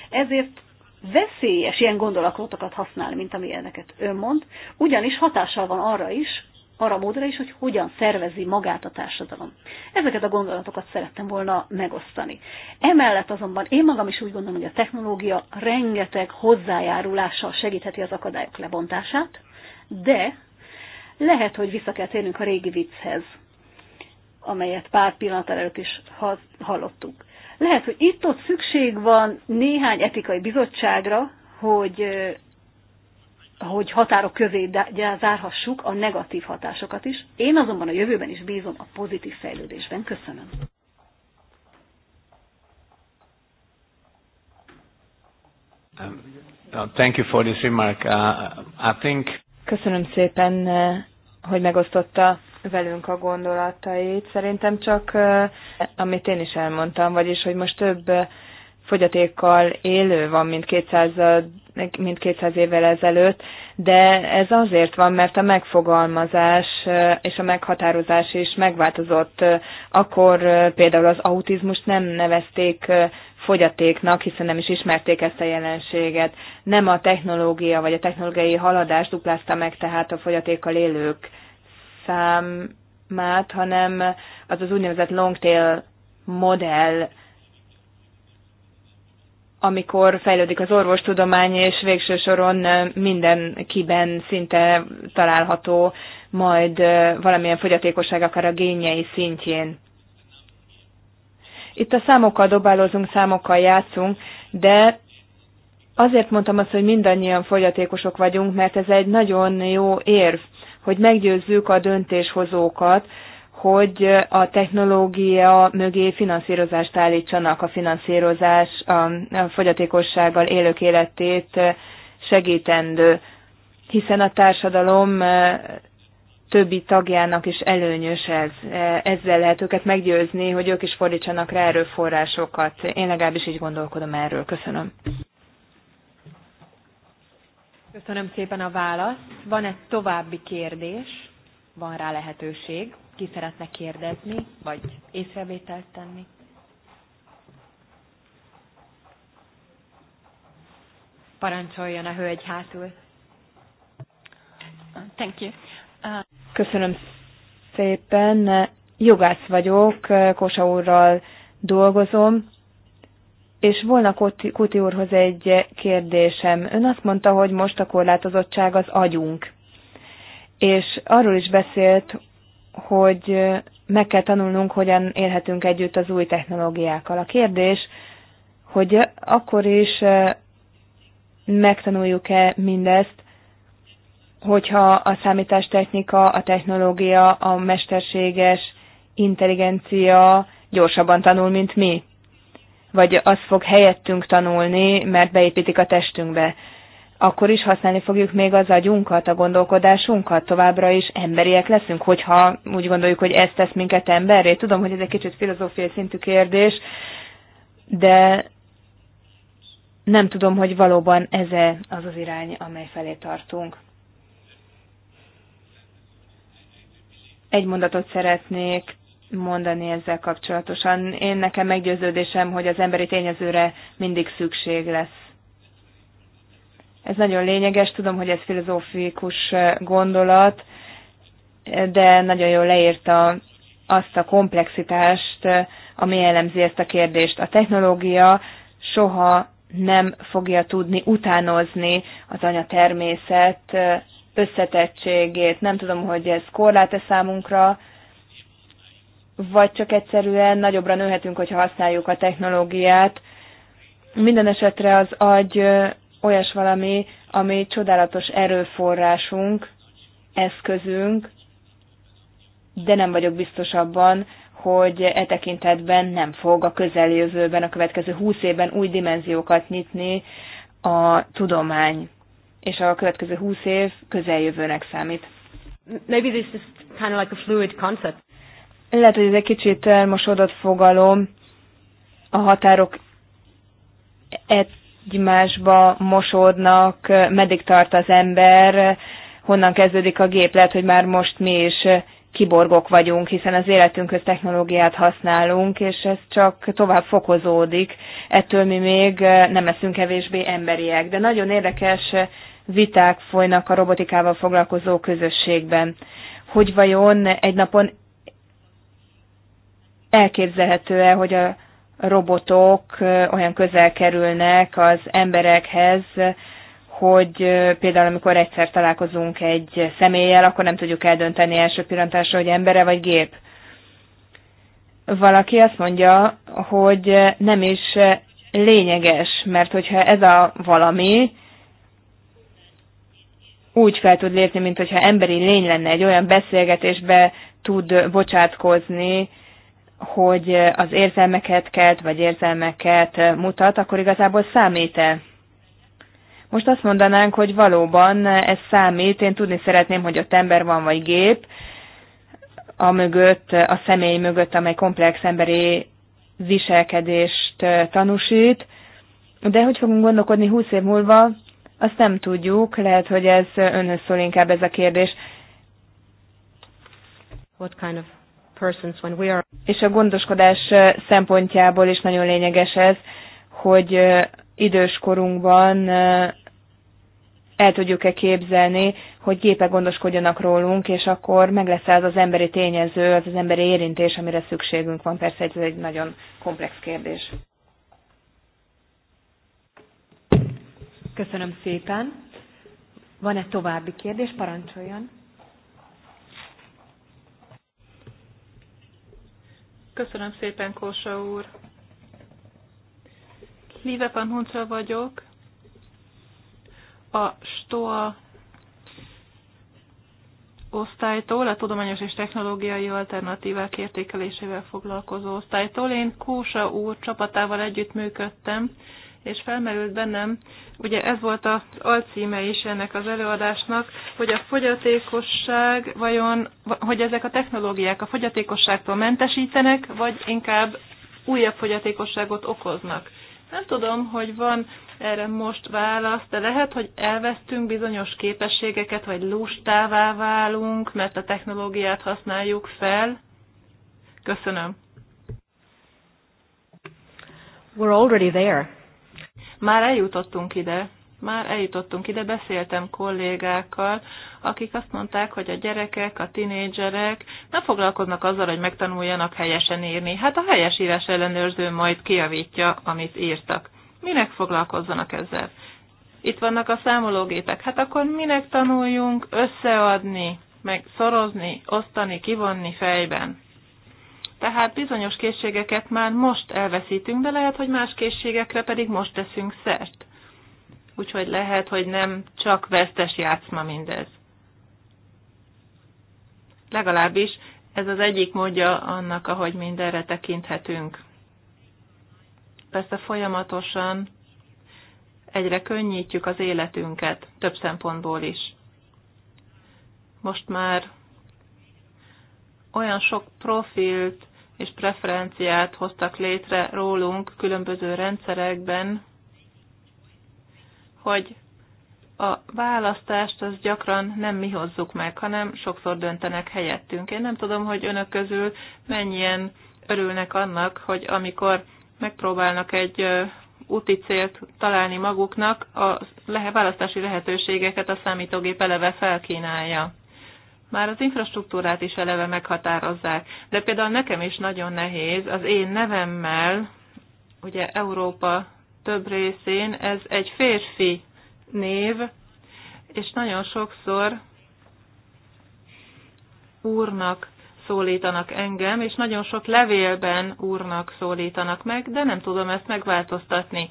Ezért veszélyes ilyen gondolatokat használni, mint ami ilyeneket ön mond, ugyanis hatással van arra is, arra módra is, hogy hogyan szervezi magát a társadalom. Ezeket a gondolatokat szerettem volna megosztani. Emellett azonban én magam is úgy gondolom, hogy a technológia rengeteg hozzájárulással segítheti az akadályok lebontását, de lehet, hogy vissza kell térnünk a régi vicchez, amelyet pár pillanat előtt is hallottuk. Lehet, hogy itt-ott szükség van néhány etikai bizottságra, hogy hogy határok közé zárhassuk a negatív hatásokat is. Én azonban a jövőben is bízom a pozitív fejlődésben. Köszönöm. Uh, uh, thank you for this remark. Uh, I think... Köszönöm szépen, hogy megosztotta velünk a gondolatait. Szerintem csak, amit én is elmondtam, vagyis, hogy most több fogyatékkal élő van, mint 200 mint 200 évvel ezelőtt, de ez azért van, mert a megfogalmazás és a meghatározás is megváltozott. Akkor például az autizmust nem nevezték fogyatéknak, hiszen nem is ismerték ezt a jelenséget. Nem a technológia vagy a technológiai haladás duplázta meg tehát a fogyatékkal élők számát, hanem az az úgynevezett long tail modell amikor fejlődik az orvostudomány, és végső soron mindenkiben szinte található majd valamilyen fogyatékosság akár a génjei szintjén. Itt a számokkal dobálózunk, számokkal játszunk, de azért mondtam azt, hogy mindannyian fogyatékosok vagyunk, mert ez egy nagyon jó érv, hogy meggyőzzük a döntéshozókat, hogy a technológia mögé finanszírozást állítsanak, a finanszírozás a fogyatékossággal élők életét segítendő, hiszen a társadalom e, többi tagjának is előnyös ez. E, ezzel lehet őket meggyőzni, hogy ők is fordítsanak rá erőforrásokat. Én legalábbis így gondolkodom erről. Köszönöm. Köszönöm szépen a választ. Van egy további kérdés? Van rá lehetőség ki szeretne kérdezni, vagy észrevételt tenni. Parancsoljon a hölgy hátul. Thank you. Uh... Köszönöm szépen. Jogász vagyok, Kosa úrral dolgozom, és volna Kuti úrhoz egy kérdésem. Ön azt mondta, hogy most a korlátozottság az agyunk. És arról is beszélt, hogy meg kell tanulnunk, hogyan élhetünk együtt az új technológiákkal. A kérdés, hogy akkor is megtanuljuk-e mindezt, hogyha a számítástechnika, a technológia, a mesterséges intelligencia gyorsabban tanul, mint mi. Vagy az fog helyettünk tanulni, mert beépítik a testünkbe akkor is használni fogjuk még az agyunkat, a gondolkodásunkat, továbbra is emberiek leszünk, hogyha úgy gondoljuk, hogy ez tesz minket emberré. Tudom, hogy ez egy kicsit filozófiai szintű kérdés, de nem tudom, hogy valóban ez -e az az irány, amely felé tartunk. Egy mondatot szeretnék mondani ezzel kapcsolatosan. Én nekem meggyőződésem, hogy az emberi tényezőre mindig szükség lesz ez nagyon lényeges, tudom, hogy ez filozófikus eh, gondolat, de nagyon jól leírta azt a komplexitást, eh, ami jellemzi ezt a kérdést. A technológia soha nem fogja tudni utánozni az anya természet eh, összetettségét. Nem tudom, hogy ez korlát-e számunkra, vagy csak egyszerűen nagyobbra nőhetünk, hogyha használjuk a technológiát. Minden esetre az agy olyas valami, ami csodálatos erőforrásunk, eszközünk, de nem vagyok biztos abban, hogy e tekintetben nem fog a közeljövőben, a következő húsz évben új dimenziókat nyitni a tudomány, és a következő húsz év közeljövőnek számít. Maybe this is kind of like a fluid concept. Lehet, hogy ez egy kicsit elmosodott fogalom, a határok e egymásba mosódnak, meddig tart az ember, honnan kezdődik a gép, lehet, hogy már most mi is kiborgok vagyunk, hiszen az életünkhöz technológiát használunk, és ez csak tovább fokozódik. Ettől mi még nem leszünk kevésbé emberiek. De nagyon érdekes viták folynak a robotikával foglalkozó közösségben. Hogy vajon egy napon elképzelhető-e, hogy a robotok olyan közel kerülnek az emberekhez, hogy például amikor egyszer találkozunk egy személlyel, akkor nem tudjuk eldönteni első pillantásra, hogy embere vagy gép. Valaki azt mondja, hogy nem is lényeges, mert hogyha ez a valami úgy fel tud lépni, mint hogyha emberi lény lenne, egy olyan beszélgetésbe tud bocsátkozni, hogy az érzelmeket kelt, vagy érzelmeket mutat, akkor igazából számít-e? Most azt mondanánk, hogy valóban ez számít, én tudni szeretném, hogy ott ember van, vagy gép, a mögött, a személy mögött, amely komplex emberi viselkedést eh, tanúsít, de hogy fogunk gondolkodni húsz év múlva, azt nem tudjuk, lehet, hogy ez önhöz szól inkább ez a kérdés. What kind of és a gondoskodás szempontjából is nagyon lényeges ez, hogy időskorunkban el tudjuk-e képzelni, hogy gépek gondoskodjanak rólunk, és akkor meg lesz az az emberi tényező, az az emberi érintés, amire szükségünk van. Persze ez egy nagyon komplex kérdés. Köszönöm szépen. Van-e további kérdés? Parancsoljon. Köszönöm szépen, Kósa úr. Live van Hunca vagyok, a STOA osztálytól, a Tudományos és Technológiai Alternatívák értékelésével foglalkozó osztálytól. Én Kósa úr csapatával együttműködtem, működtem, és felmerült bennem, ugye ez volt az alcíme is ennek az előadásnak, hogy a fogyatékosság vajon, hogy ezek a technológiák a fogyatékosságtól mentesítenek, vagy inkább újabb fogyatékosságot okoznak. Nem tudom, hogy van erre most válasz, de lehet, hogy elvesztünk bizonyos képességeket, vagy lustává válunk, mert a technológiát használjuk fel. Köszönöm. We're already there. Már eljutottunk ide, már eljutottunk ide, beszéltem kollégákkal, akik azt mondták, hogy a gyerekek, a tinédzserek nem foglalkoznak azzal, hogy megtanuljanak helyesen írni. Hát a helyes írás ellenőrző majd kiavítja, amit írtak. Minek foglalkozzanak ezzel? Itt vannak a számológépek. Hát akkor minek tanuljunk összeadni, meg szorozni, osztani, kivonni fejben? Tehát bizonyos készségeket már most elveszítünk, de lehet, hogy más készségekre pedig most teszünk szert. Úgyhogy lehet, hogy nem csak vesztes játszma mindez. Legalábbis ez az egyik módja annak, ahogy mindenre tekinthetünk. Persze folyamatosan egyre könnyítjük az életünket, több szempontból is. Most már olyan sok profilt és preferenciát hoztak létre rólunk különböző rendszerekben, hogy a választást az gyakran nem mi hozzuk meg, hanem sokszor döntenek helyettünk. Én nem tudom, hogy önök közül mennyien örülnek annak, hogy amikor megpróbálnak egy úti célt találni maguknak, a választási lehetőségeket a számítógép eleve felkínálja már az infrastruktúrát is eleve meghatározzák. De például nekem is nagyon nehéz, az én nevemmel, ugye Európa több részén, ez egy férfi név, és nagyon sokszor úrnak szólítanak engem, és nagyon sok levélben úrnak szólítanak meg, de nem tudom ezt megváltoztatni.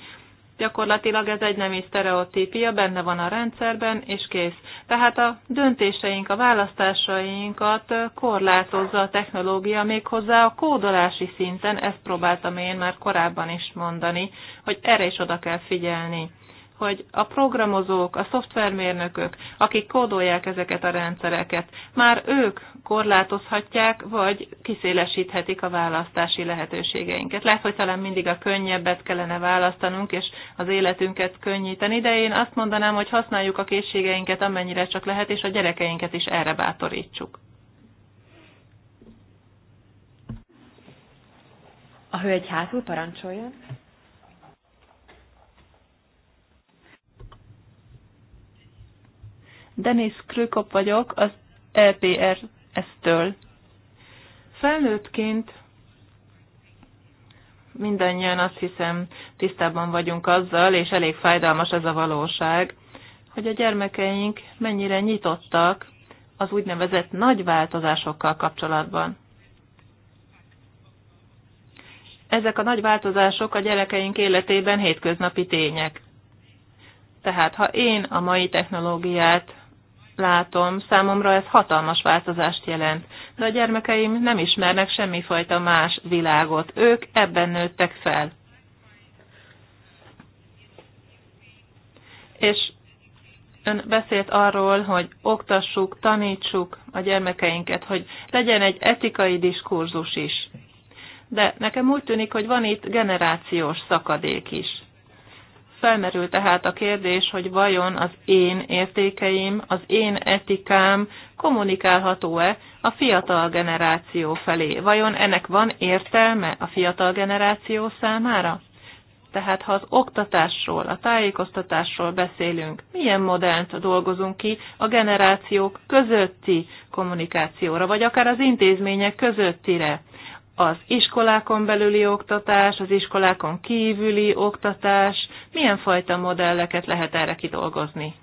Gyakorlatilag ez egy nemi sztereotípia, benne van a rendszerben, és kész. Tehát a döntéseink, a választásainkat korlátozza a technológia méghozzá a kódolási szinten, ezt próbáltam én már korábban is mondani, hogy erre is oda kell figyelni hogy a programozók, a szoftvermérnökök, akik kódolják ezeket a rendszereket, már ők korlátozhatják, vagy kiszélesíthetik a választási lehetőségeinket. Lehet, hogy talán mindig a könnyebbet kellene választanunk, és az életünket könnyíteni, de én azt mondanám, hogy használjuk a készségeinket amennyire csak lehet, és a gyerekeinket is erre bátorítsuk. A hölgy hátul parancsoljon. Denis Krükop vagyok, az LPRS-től. E Felnőttként mindannyian azt hiszem tisztában vagyunk azzal, és elég fájdalmas ez a valóság, hogy a gyermekeink mennyire nyitottak az úgynevezett nagy változásokkal kapcsolatban. Ezek a nagy változások a gyerekeink életében hétköznapi tények. Tehát ha én a mai technológiát látom, számomra ez hatalmas változást jelent. De a gyermekeim nem ismernek semmifajta más világot. Ők ebben nőttek fel. És ön beszélt arról, hogy oktassuk, tanítsuk a gyermekeinket, hogy legyen egy etikai diskurzus is. De nekem úgy tűnik, hogy van itt generációs szakadék is. Felmerül tehát a kérdés, hogy vajon az én értékeim, az én etikám kommunikálható-e a fiatal generáció felé? Vajon ennek van értelme a fiatal generáció számára? Tehát ha az oktatásról, a tájékoztatásról beszélünk, milyen modellt dolgozunk ki a generációk közötti kommunikációra, vagy akár az intézmények közöttire? Az iskolákon belüli oktatás, az iskolákon kívüli oktatás, milyen fajta modelleket lehet erre kidolgozni?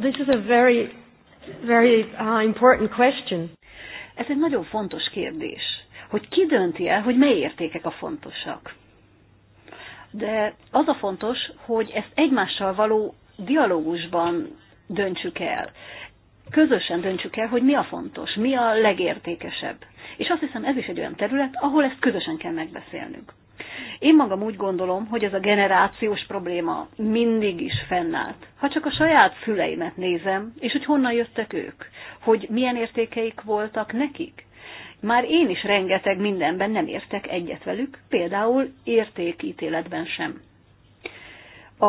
This is a very, very uh, important question. Ez egy nagyon fontos kérdés, hogy ki dönti el, hogy mely értékek a fontosak. De az a fontos, hogy ezt egymással való dialógusban döntsük el közösen döntsük el, hogy mi a fontos, mi a legértékesebb. És azt hiszem, ez is egy olyan terület, ahol ezt közösen kell megbeszélnünk. Én magam úgy gondolom, hogy ez a generációs probléma mindig is fennállt. Ha csak a saját szüleimet nézem, és hogy honnan jöttek ők, hogy milyen értékeik voltak nekik. Már én is rengeteg mindenben nem értek egyet velük, például értékítéletben sem.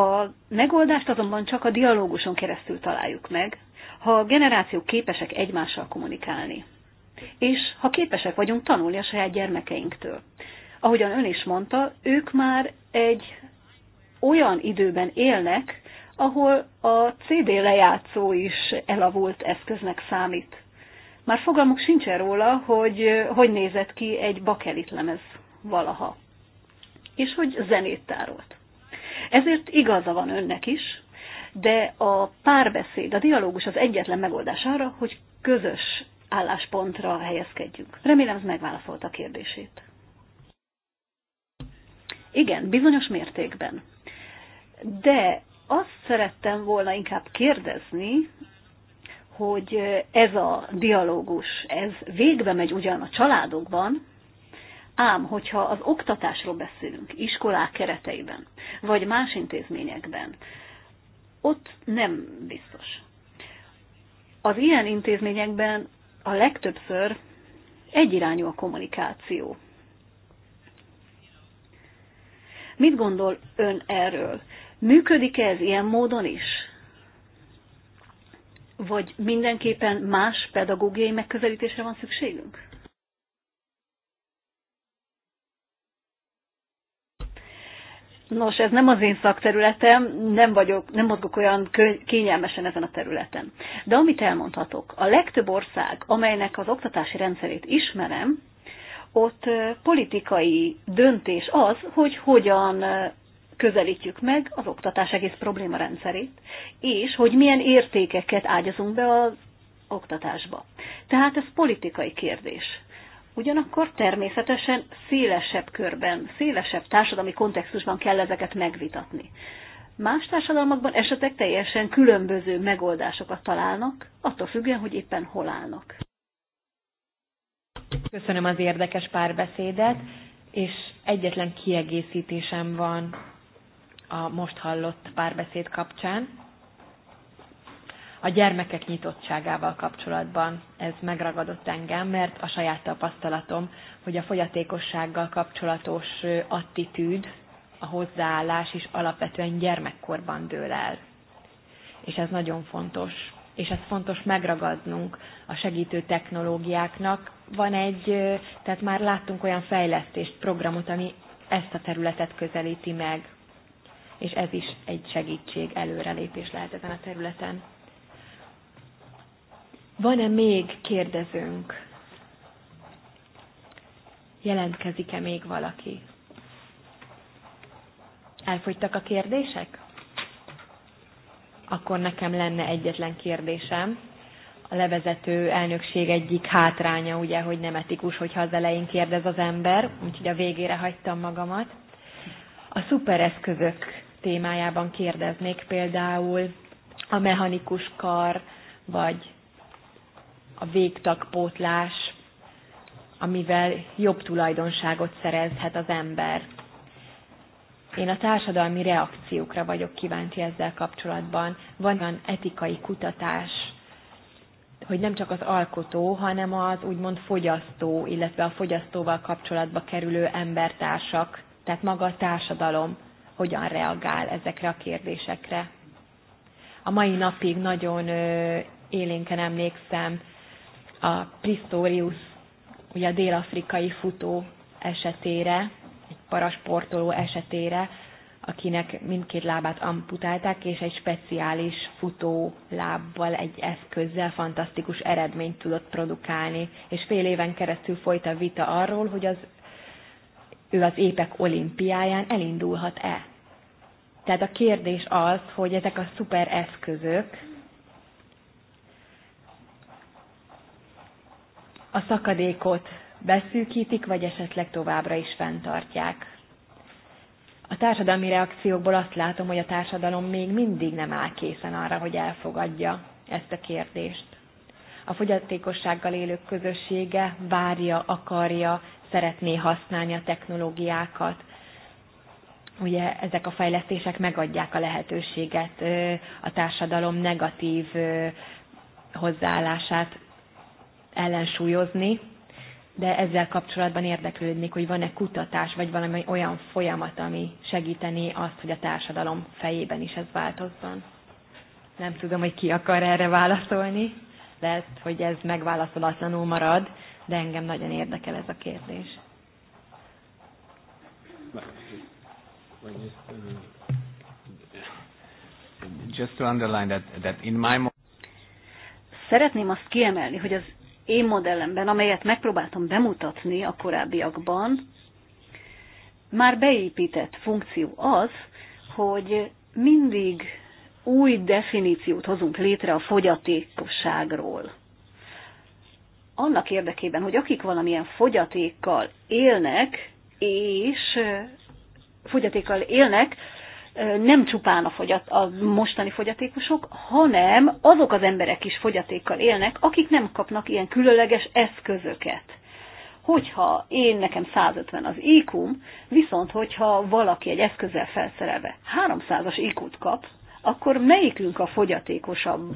A megoldást azonban csak a dialóguson keresztül találjuk meg, ha a generációk képesek egymással kommunikálni, és ha képesek vagyunk tanulni a saját gyermekeinktől. Ahogyan ön is mondta, ők már egy olyan időben élnek, ahol a CD lejátszó is elavult eszköznek számít. Már fogalmuk sincs róla, hogy hogy nézett ki egy bakelit lemez valaha, és hogy zenét tárolt. Ezért igaza van önnek is, de a párbeszéd, a dialógus az egyetlen megoldás arra, hogy közös álláspontra helyezkedjünk. Remélem ez megválaszolta a kérdését. Igen, bizonyos mértékben. De azt szerettem volna inkább kérdezni, hogy ez a dialógus, ez végbe megy ugyan a családokban, ám hogyha az oktatásról beszélünk, iskolák kereteiben, vagy más intézményekben, ott nem biztos. Az ilyen intézményekben a legtöbbször egyirányú a kommunikáció. Mit gondol ön erről? Működik-e ez ilyen módon is? Vagy mindenképpen más pedagógiai megközelítésre van szükségünk? Nos, ez nem az én szakterületem, nem vagyok, nem mozgok olyan kényelmesen ezen a területen. De amit elmondhatok, a legtöbb ország, amelynek az oktatási rendszerét ismerem, ott politikai döntés az, hogy hogyan közelítjük meg az oktatás egész probléma rendszerét, és hogy milyen értékeket ágyazunk be az oktatásba. Tehát ez politikai kérdés. Ugyanakkor természetesen szélesebb körben, szélesebb társadalmi kontextusban kell ezeket megvitatni. Más társadalmakban esetek teljesen különböző megoldásokat találnak, attól függően, hogy éppen hol állnak. Köszönöm az érdekes párbeszédet, és egyetlen kiegészítésem van a most hallott párbeszéd kapcsán a gyermekek nyitottságával kapcsolatban ez megragadott engem, mert a saját tapasztalatom, hogy a fogyatékossággal kapcsolatos attitűd, a hozzáállás is alapvetően gyermekkorban dől el. És ez nagyon fontos. És ez fontos megragadnunk a segítő technológiáknak. Van egy, tehát már láttunk olyan fejlesztést, programot, ami ezt a területet közelíti meg. És ez is egy segítség, előrelépés lehet ezen a területen. Van-e még kérdezőnk? Jelentkezik-e még valaki? Elfogytak a kérdések? Akkor nekem lenne egyetlen kérdésem. A levezető elnökség egyik hátránya, ugye, hogy nem etikus, hogyha az elején kérdez az ember, úgyhogy a végére hagytam magamat. A szupereszközök témájában kérdeznék például a mechanikus kar, vagy a végtagpótlás, amivel jobb tulajdonságot szerezhet az ember. Én a társadalmi reakciókra vagyok kíváncsi ezzel kapcsolatban. Van olyan etikai kutatás, hogy nem csak az alkotó, hanem az úgymond fogyasztó, illetve a fogyasztóval kapcsolatba kerülő embertársak, tehát maga a társadalom hogyan reagál ezekre a kérdésekre. A mai napig nagyon élénken emlékszem a Pistorius, ugye a dél-afrikai futó esetére, egy parasportoló esetére, akinek mindkét lábát amputálták, és egy speciális futó lábbal, egy eszközzel fantasztikus eredményt tudott produkálni. És fél éven keresztül folyt a vita arról, hogy az, ő az épek olimpiáján elindulhat-e. Tehát a kérdés az, hogy ezek a szuper eszközök, a szakadékot beszűkítik, vagy esetleg továbbra is fenntartják. A társadalmi reakciókból azt látom, hogy a társadalom még mindig nem áll készen arra, hogy elfogadja ezt a kérdést. A fogyatékossággal élők közössége várja, akarja, szeretné használni a technológiákat. Ugye ezek a fejlesztések megadják a lehetőséget a társadalom negatív hozzáállását ellensúlyozni, de ezzel kapcsolatban érdeklődnék, hogy van-e kutatás, vagy valami olyan folyamat, ami segíteni azt, hogy a társadalom fejében is ez változzon. Nem tudom, hogy ki akar erre válaszolni. Lehet, hogy ez megválaszolatlanul marad, de engem nagyon érdekel ez a kérdés. Just to underline that, that in my Szeretném azt kiemelni, hogy az én modellemben, amelyet megpróbáltam bemutatni a korábbiakban, már beépített funkció az, hogy mindig új definíciót hozunk létre a fogyatékosságról. Annak érdekében, hogy akik valamilyen fogyatékkal élnek, és fogyatékkal élnek, nem csupán a, fogyat, a mostani fogyatékosok, hanem azok az emberek is fogyatékkal élnek, akik nem kapnak ilyen különleges eszközöket. Hogyha én nekem 150 az iq viszont hogyha valaki egy eszközzel felszerelve 300-as iq kap, akkor melyikünk a fogyatékosabb?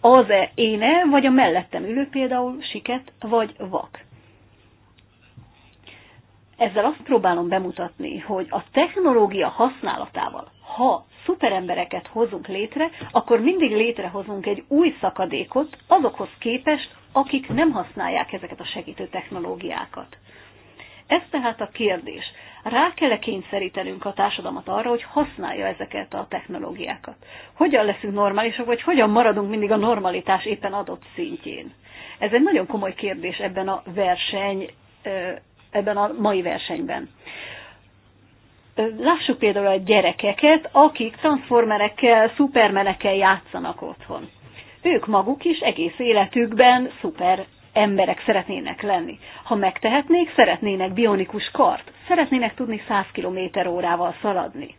Az-e éne, vagy a mellettem ülő például siket, vagy vak? Ezzel azt próbálom bemutatni, hogy a technológia használatával ha szuperembereket hozunk létre, akkor mindig létrehozunk egy új szakadékot azokhoz képest, akik nem használják ezeket a segítő technológiákat. Ez tehát a kérdés. Rá kell -e kényszerítenünk a társadalmat arra, hogy használja ezeket a technológiákat? Hogyan leszünk normálisak, vagy hogyan maradunk mindig a normalitás éppen adott szintjén? Ez egy nagyon komoly kérdés ebben a verseny, ebben a mai versenyben. Lássuk például a gyerekeket, akik transformerekkel, szupermenekkel játszanak otthon. Ők maguk is egész életükben szuper emberek szeretnének lenni. Ha megtehetnék, szeretnének bionikus kart, szeretnének tudni 100 km órával szaladni.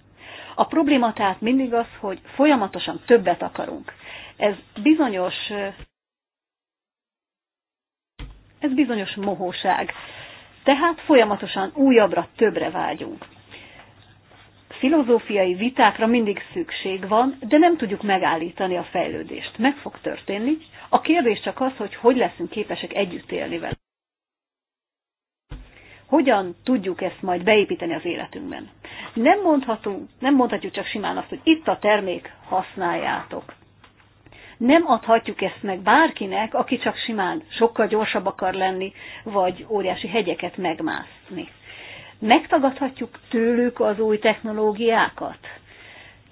A probléma tehát mindig az, hogy folyamatosan többet akarunk. Ez bizonyos, ez bizonyos mohóság. Tehát folyamatosan újabbra, többre vágyunk filozófiai vitákra mindig szükség van, de nem tudjuk megállítani a fejlődést. Meg fog történni. A kérdés csak az, hogy hogy leszünk képesek együtt élni vele. Hogyan tudjuk ezt majd beépíteni az életünkben? Nem, nem mondhatjuk csak simán azt, hogy itt a termék, használjátok. Nem adhatjuk ezt meg bárkinek, aki csak simán sokkal gyorsabb akar lenni, vagy óriási hegyeket megmászni megtagadhatjuk tőlük az új technológiákat.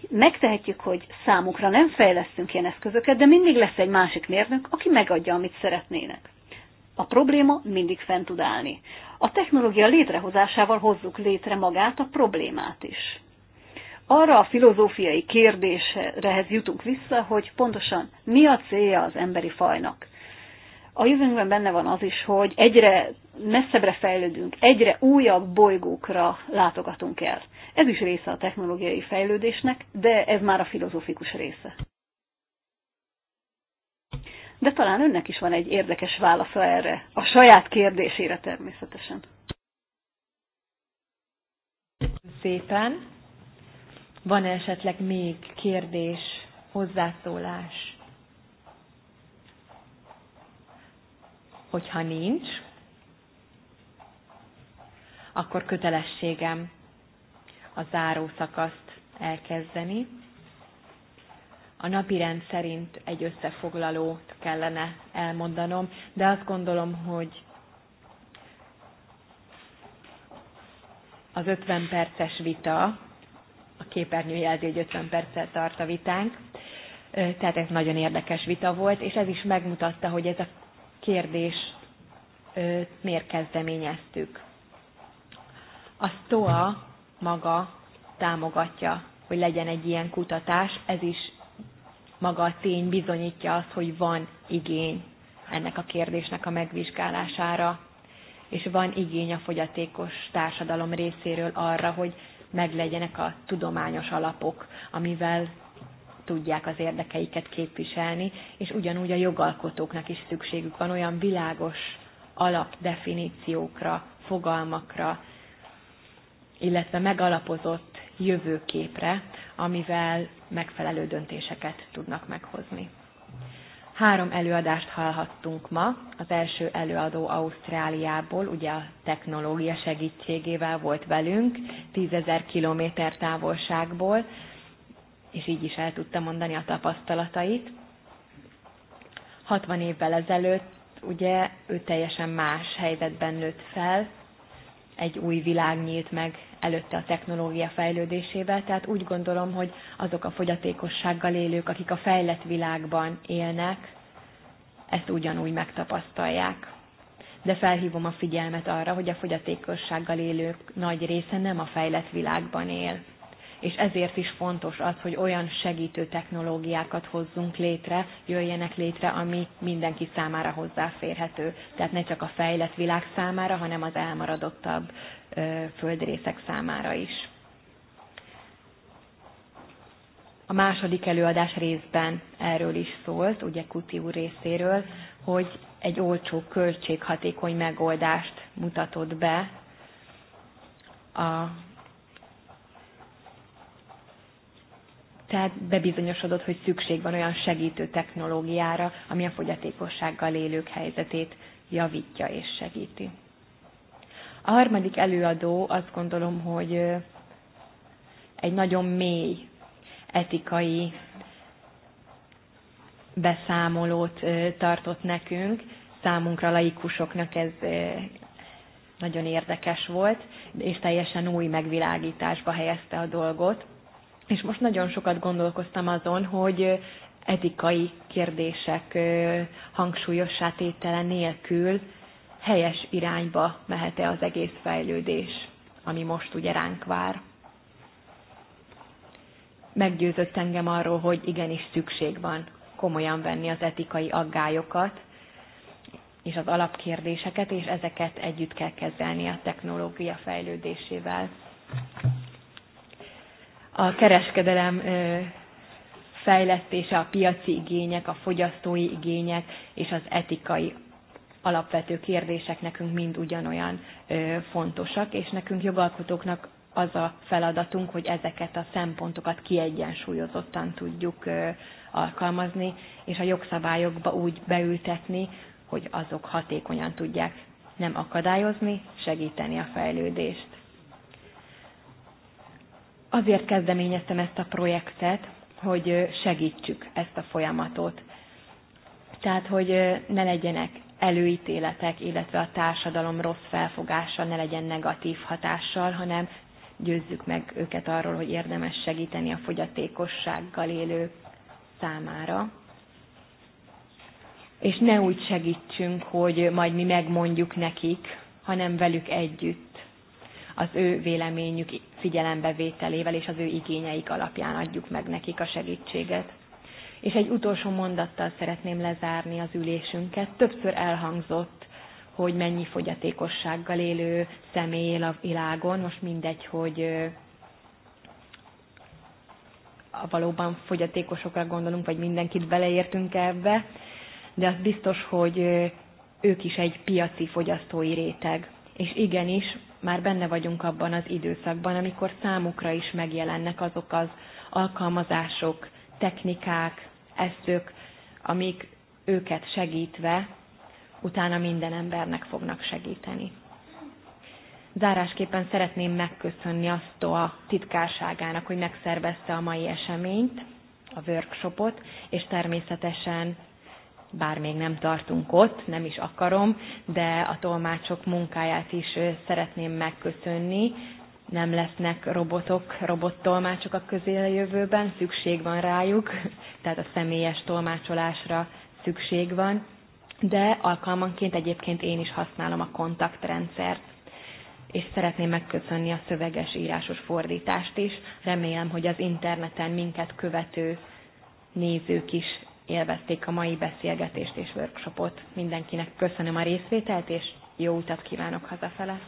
Megtehetjük, hogy számukra nem fejlesztünk ilyen eszközöket, de mindig lesz egy másik mérnök, aki megadja, amit szeretnének. A probléma mindig fent tud állni. A technológia létrehozásával hozzuk létre magát a problémát is. Arra a filozófiai kérdésrehez jutunk vissza, hogy pontosan mi a célja az emberi fajnak a jövőnkben benne van az is, hogy egyre messzebbre fejlődünk, egyre újabb bolygókra látogatunk el. Ez is része a technológiai fejlődésnek, de ez már a filozófikus része. De talán önnek is van egy érdekes válasza erre, a saját kérdésére természetesen. Szépen. Van -e esetleg még kérdés, hozzászólás? Hogyha nincs, akkor kötelességem a záró szakaszt elkezdeni. A napi rend szerint egy összefoglalót kellene elmondanom, de azt gondolom, hogy az 50 perces vita, a képernyő jelzi, hogy 50 perccel tart a vitánk, tehát ez nagyon érdekes vita volt, és ez is megmutatta, hogy ez a kérdés, miért kezdeményeztük. A STOA maga támogatja, hogy legyen egy ilyen kutatás, ez is maga a tény bizonyítja azt, hogy van igény ennek a kérdésnek a megvizsgálására, és van igény a fogyatékos társadalom részéről arra, hogy meglegyenek a tudományos alapok, amivel tudják az érdekeiket képviselni, és ugyanúgy a jogalkotóknak is szükségük van olyan világos alapdefiníciókra, fogalmakra, illetve megalapozott jövőképre, amivel megfelelő döntéseket tudnak meghozni. Három előadást hallhattunk ma. Az első előadó Ausztráliából, ugye a technológia segítségével volt velünk, tízezer kilométer távolságból, és így is el tudta mondani a tapasztalatait. 60 évvel ezelőtt ugye ő teljesen más helyzetben nőtt fel, egy új világ nyílt meg előtte a technológia fejlődésével, tehát úgy gondolom, hogy azok a fogyatékossággal élők, akik a fejlett világban élnek, ezt ugyanúgy megtapasztalják. De felhívom a figyelmet arra, hogy a fogyatékossággal élők nagy része nem a fejlett világban él és ezért is fontos az, hogy olyan segítő technológiákat hozzunk létre, jöjjenek létre, ami mindenki számára hozzáférhető. Tehát ne csak a fejlett világ számára, hanem az elmaradottabb földrészek számára is. A második előadás részben erről is szólt, ugye Kuti úr részéről, hogy egy olcsó, költséghatékony megoldást mutatott be a tehát bebizonyosodott, hogy szükség van olyan segítő technológiára, ami a fogyatékossággal élők helyzetét javítja és segíti. A harmadik előadó azt gondolom, hogy egy nagyon mély etikai beszámolót tartott nekünk, számunkra laikusoknak ez nagyon érdekes volt, és teljesen új megvilágításba helyezte a dolgot. És most nagyon sokat gondolkoztam azon, hogy etikai kérdések hangsúlyos tétele nélkül helyes irányba mehet-e az egész fejlődés, ami most ugye ránk vár. Meggyőzött engem arról, hogy igenis szükség van komolyan venni az etikai aggályokat és az alapkérdéseket, és ezeket együtt kell kezelni a technológia fejlődésével a kereskedelem fejlesztése, a piaci igények, a fogyasztói igények és az etikai alapvető kérdések nekünk mind ugyanolyan fontosak, és nekünk jogalkotóknak az a feladatunk, hogy ezeket a szempontokat kiegyensúlyozottan tudjuk alkalmazni, és a jogszabályokba úgy beültetni, hogy azok hatékonyan tudják nem akadályozni, segíteni a fejlődést azért kezdeményeztem ezt a projektet, hogy segítsük ezt a folyamatot. Tehát, hogy ne legyenek előítéletek, illetve a társadalom rossz felfogása ne legyen negatív hatással, hanem győzzük meg őket arról, hogy érdemes segíteni a fogyatékossággal élő számára. És ne úgy segítsünk, hogy majd mi megmondjuk nekik, hanem velük együtt az ő véleményük figyelembevételével és az ő igényeik alapján adjuk meg nekik a segítséget. És egy utolsó mondattal szeretném lezárni az ülésünket. Többször elhangzott, hogy mennyi fogyatékossággal élő személy él a világon. Most mindegy, hogy valóban fogyatékosokra gondolunk, vagy mindenkit beleértünk ebbe, de az biztos, hogy ők is egy piaci fogyasztói réteg. És igenis, már benne vagyunk abban az időszakban, amikor számukra is megjelennek azok az alkalmazások, technikák, eszök, amik őket segítve utána minden embernek fognak segíteni. Zárásképpen szeretném megköszönni azt a titkárságának, hogy megszervezte a mai eseményt, a workshopot, és természetesen bár még nem tartunk ott, nem is akarom, de a tolmácsok munkáját is szeretném megköszönni. Nem lesznek robotok, robottolmácsok a közeljövőben, szükség van rájuk, tehát a személyes tolmácsolásra szükség van, de alkalmanként egyébként én is használom a kontaktrendszert és szeretném megköszönni a szöveges írásos fordítást is. Remélem, hogy az interneten minket követő nézők is élvezték a mai beszélgetést és workshopot. Mindenkinek köszönöm a részvételt, és jó utat kívánok hazafele!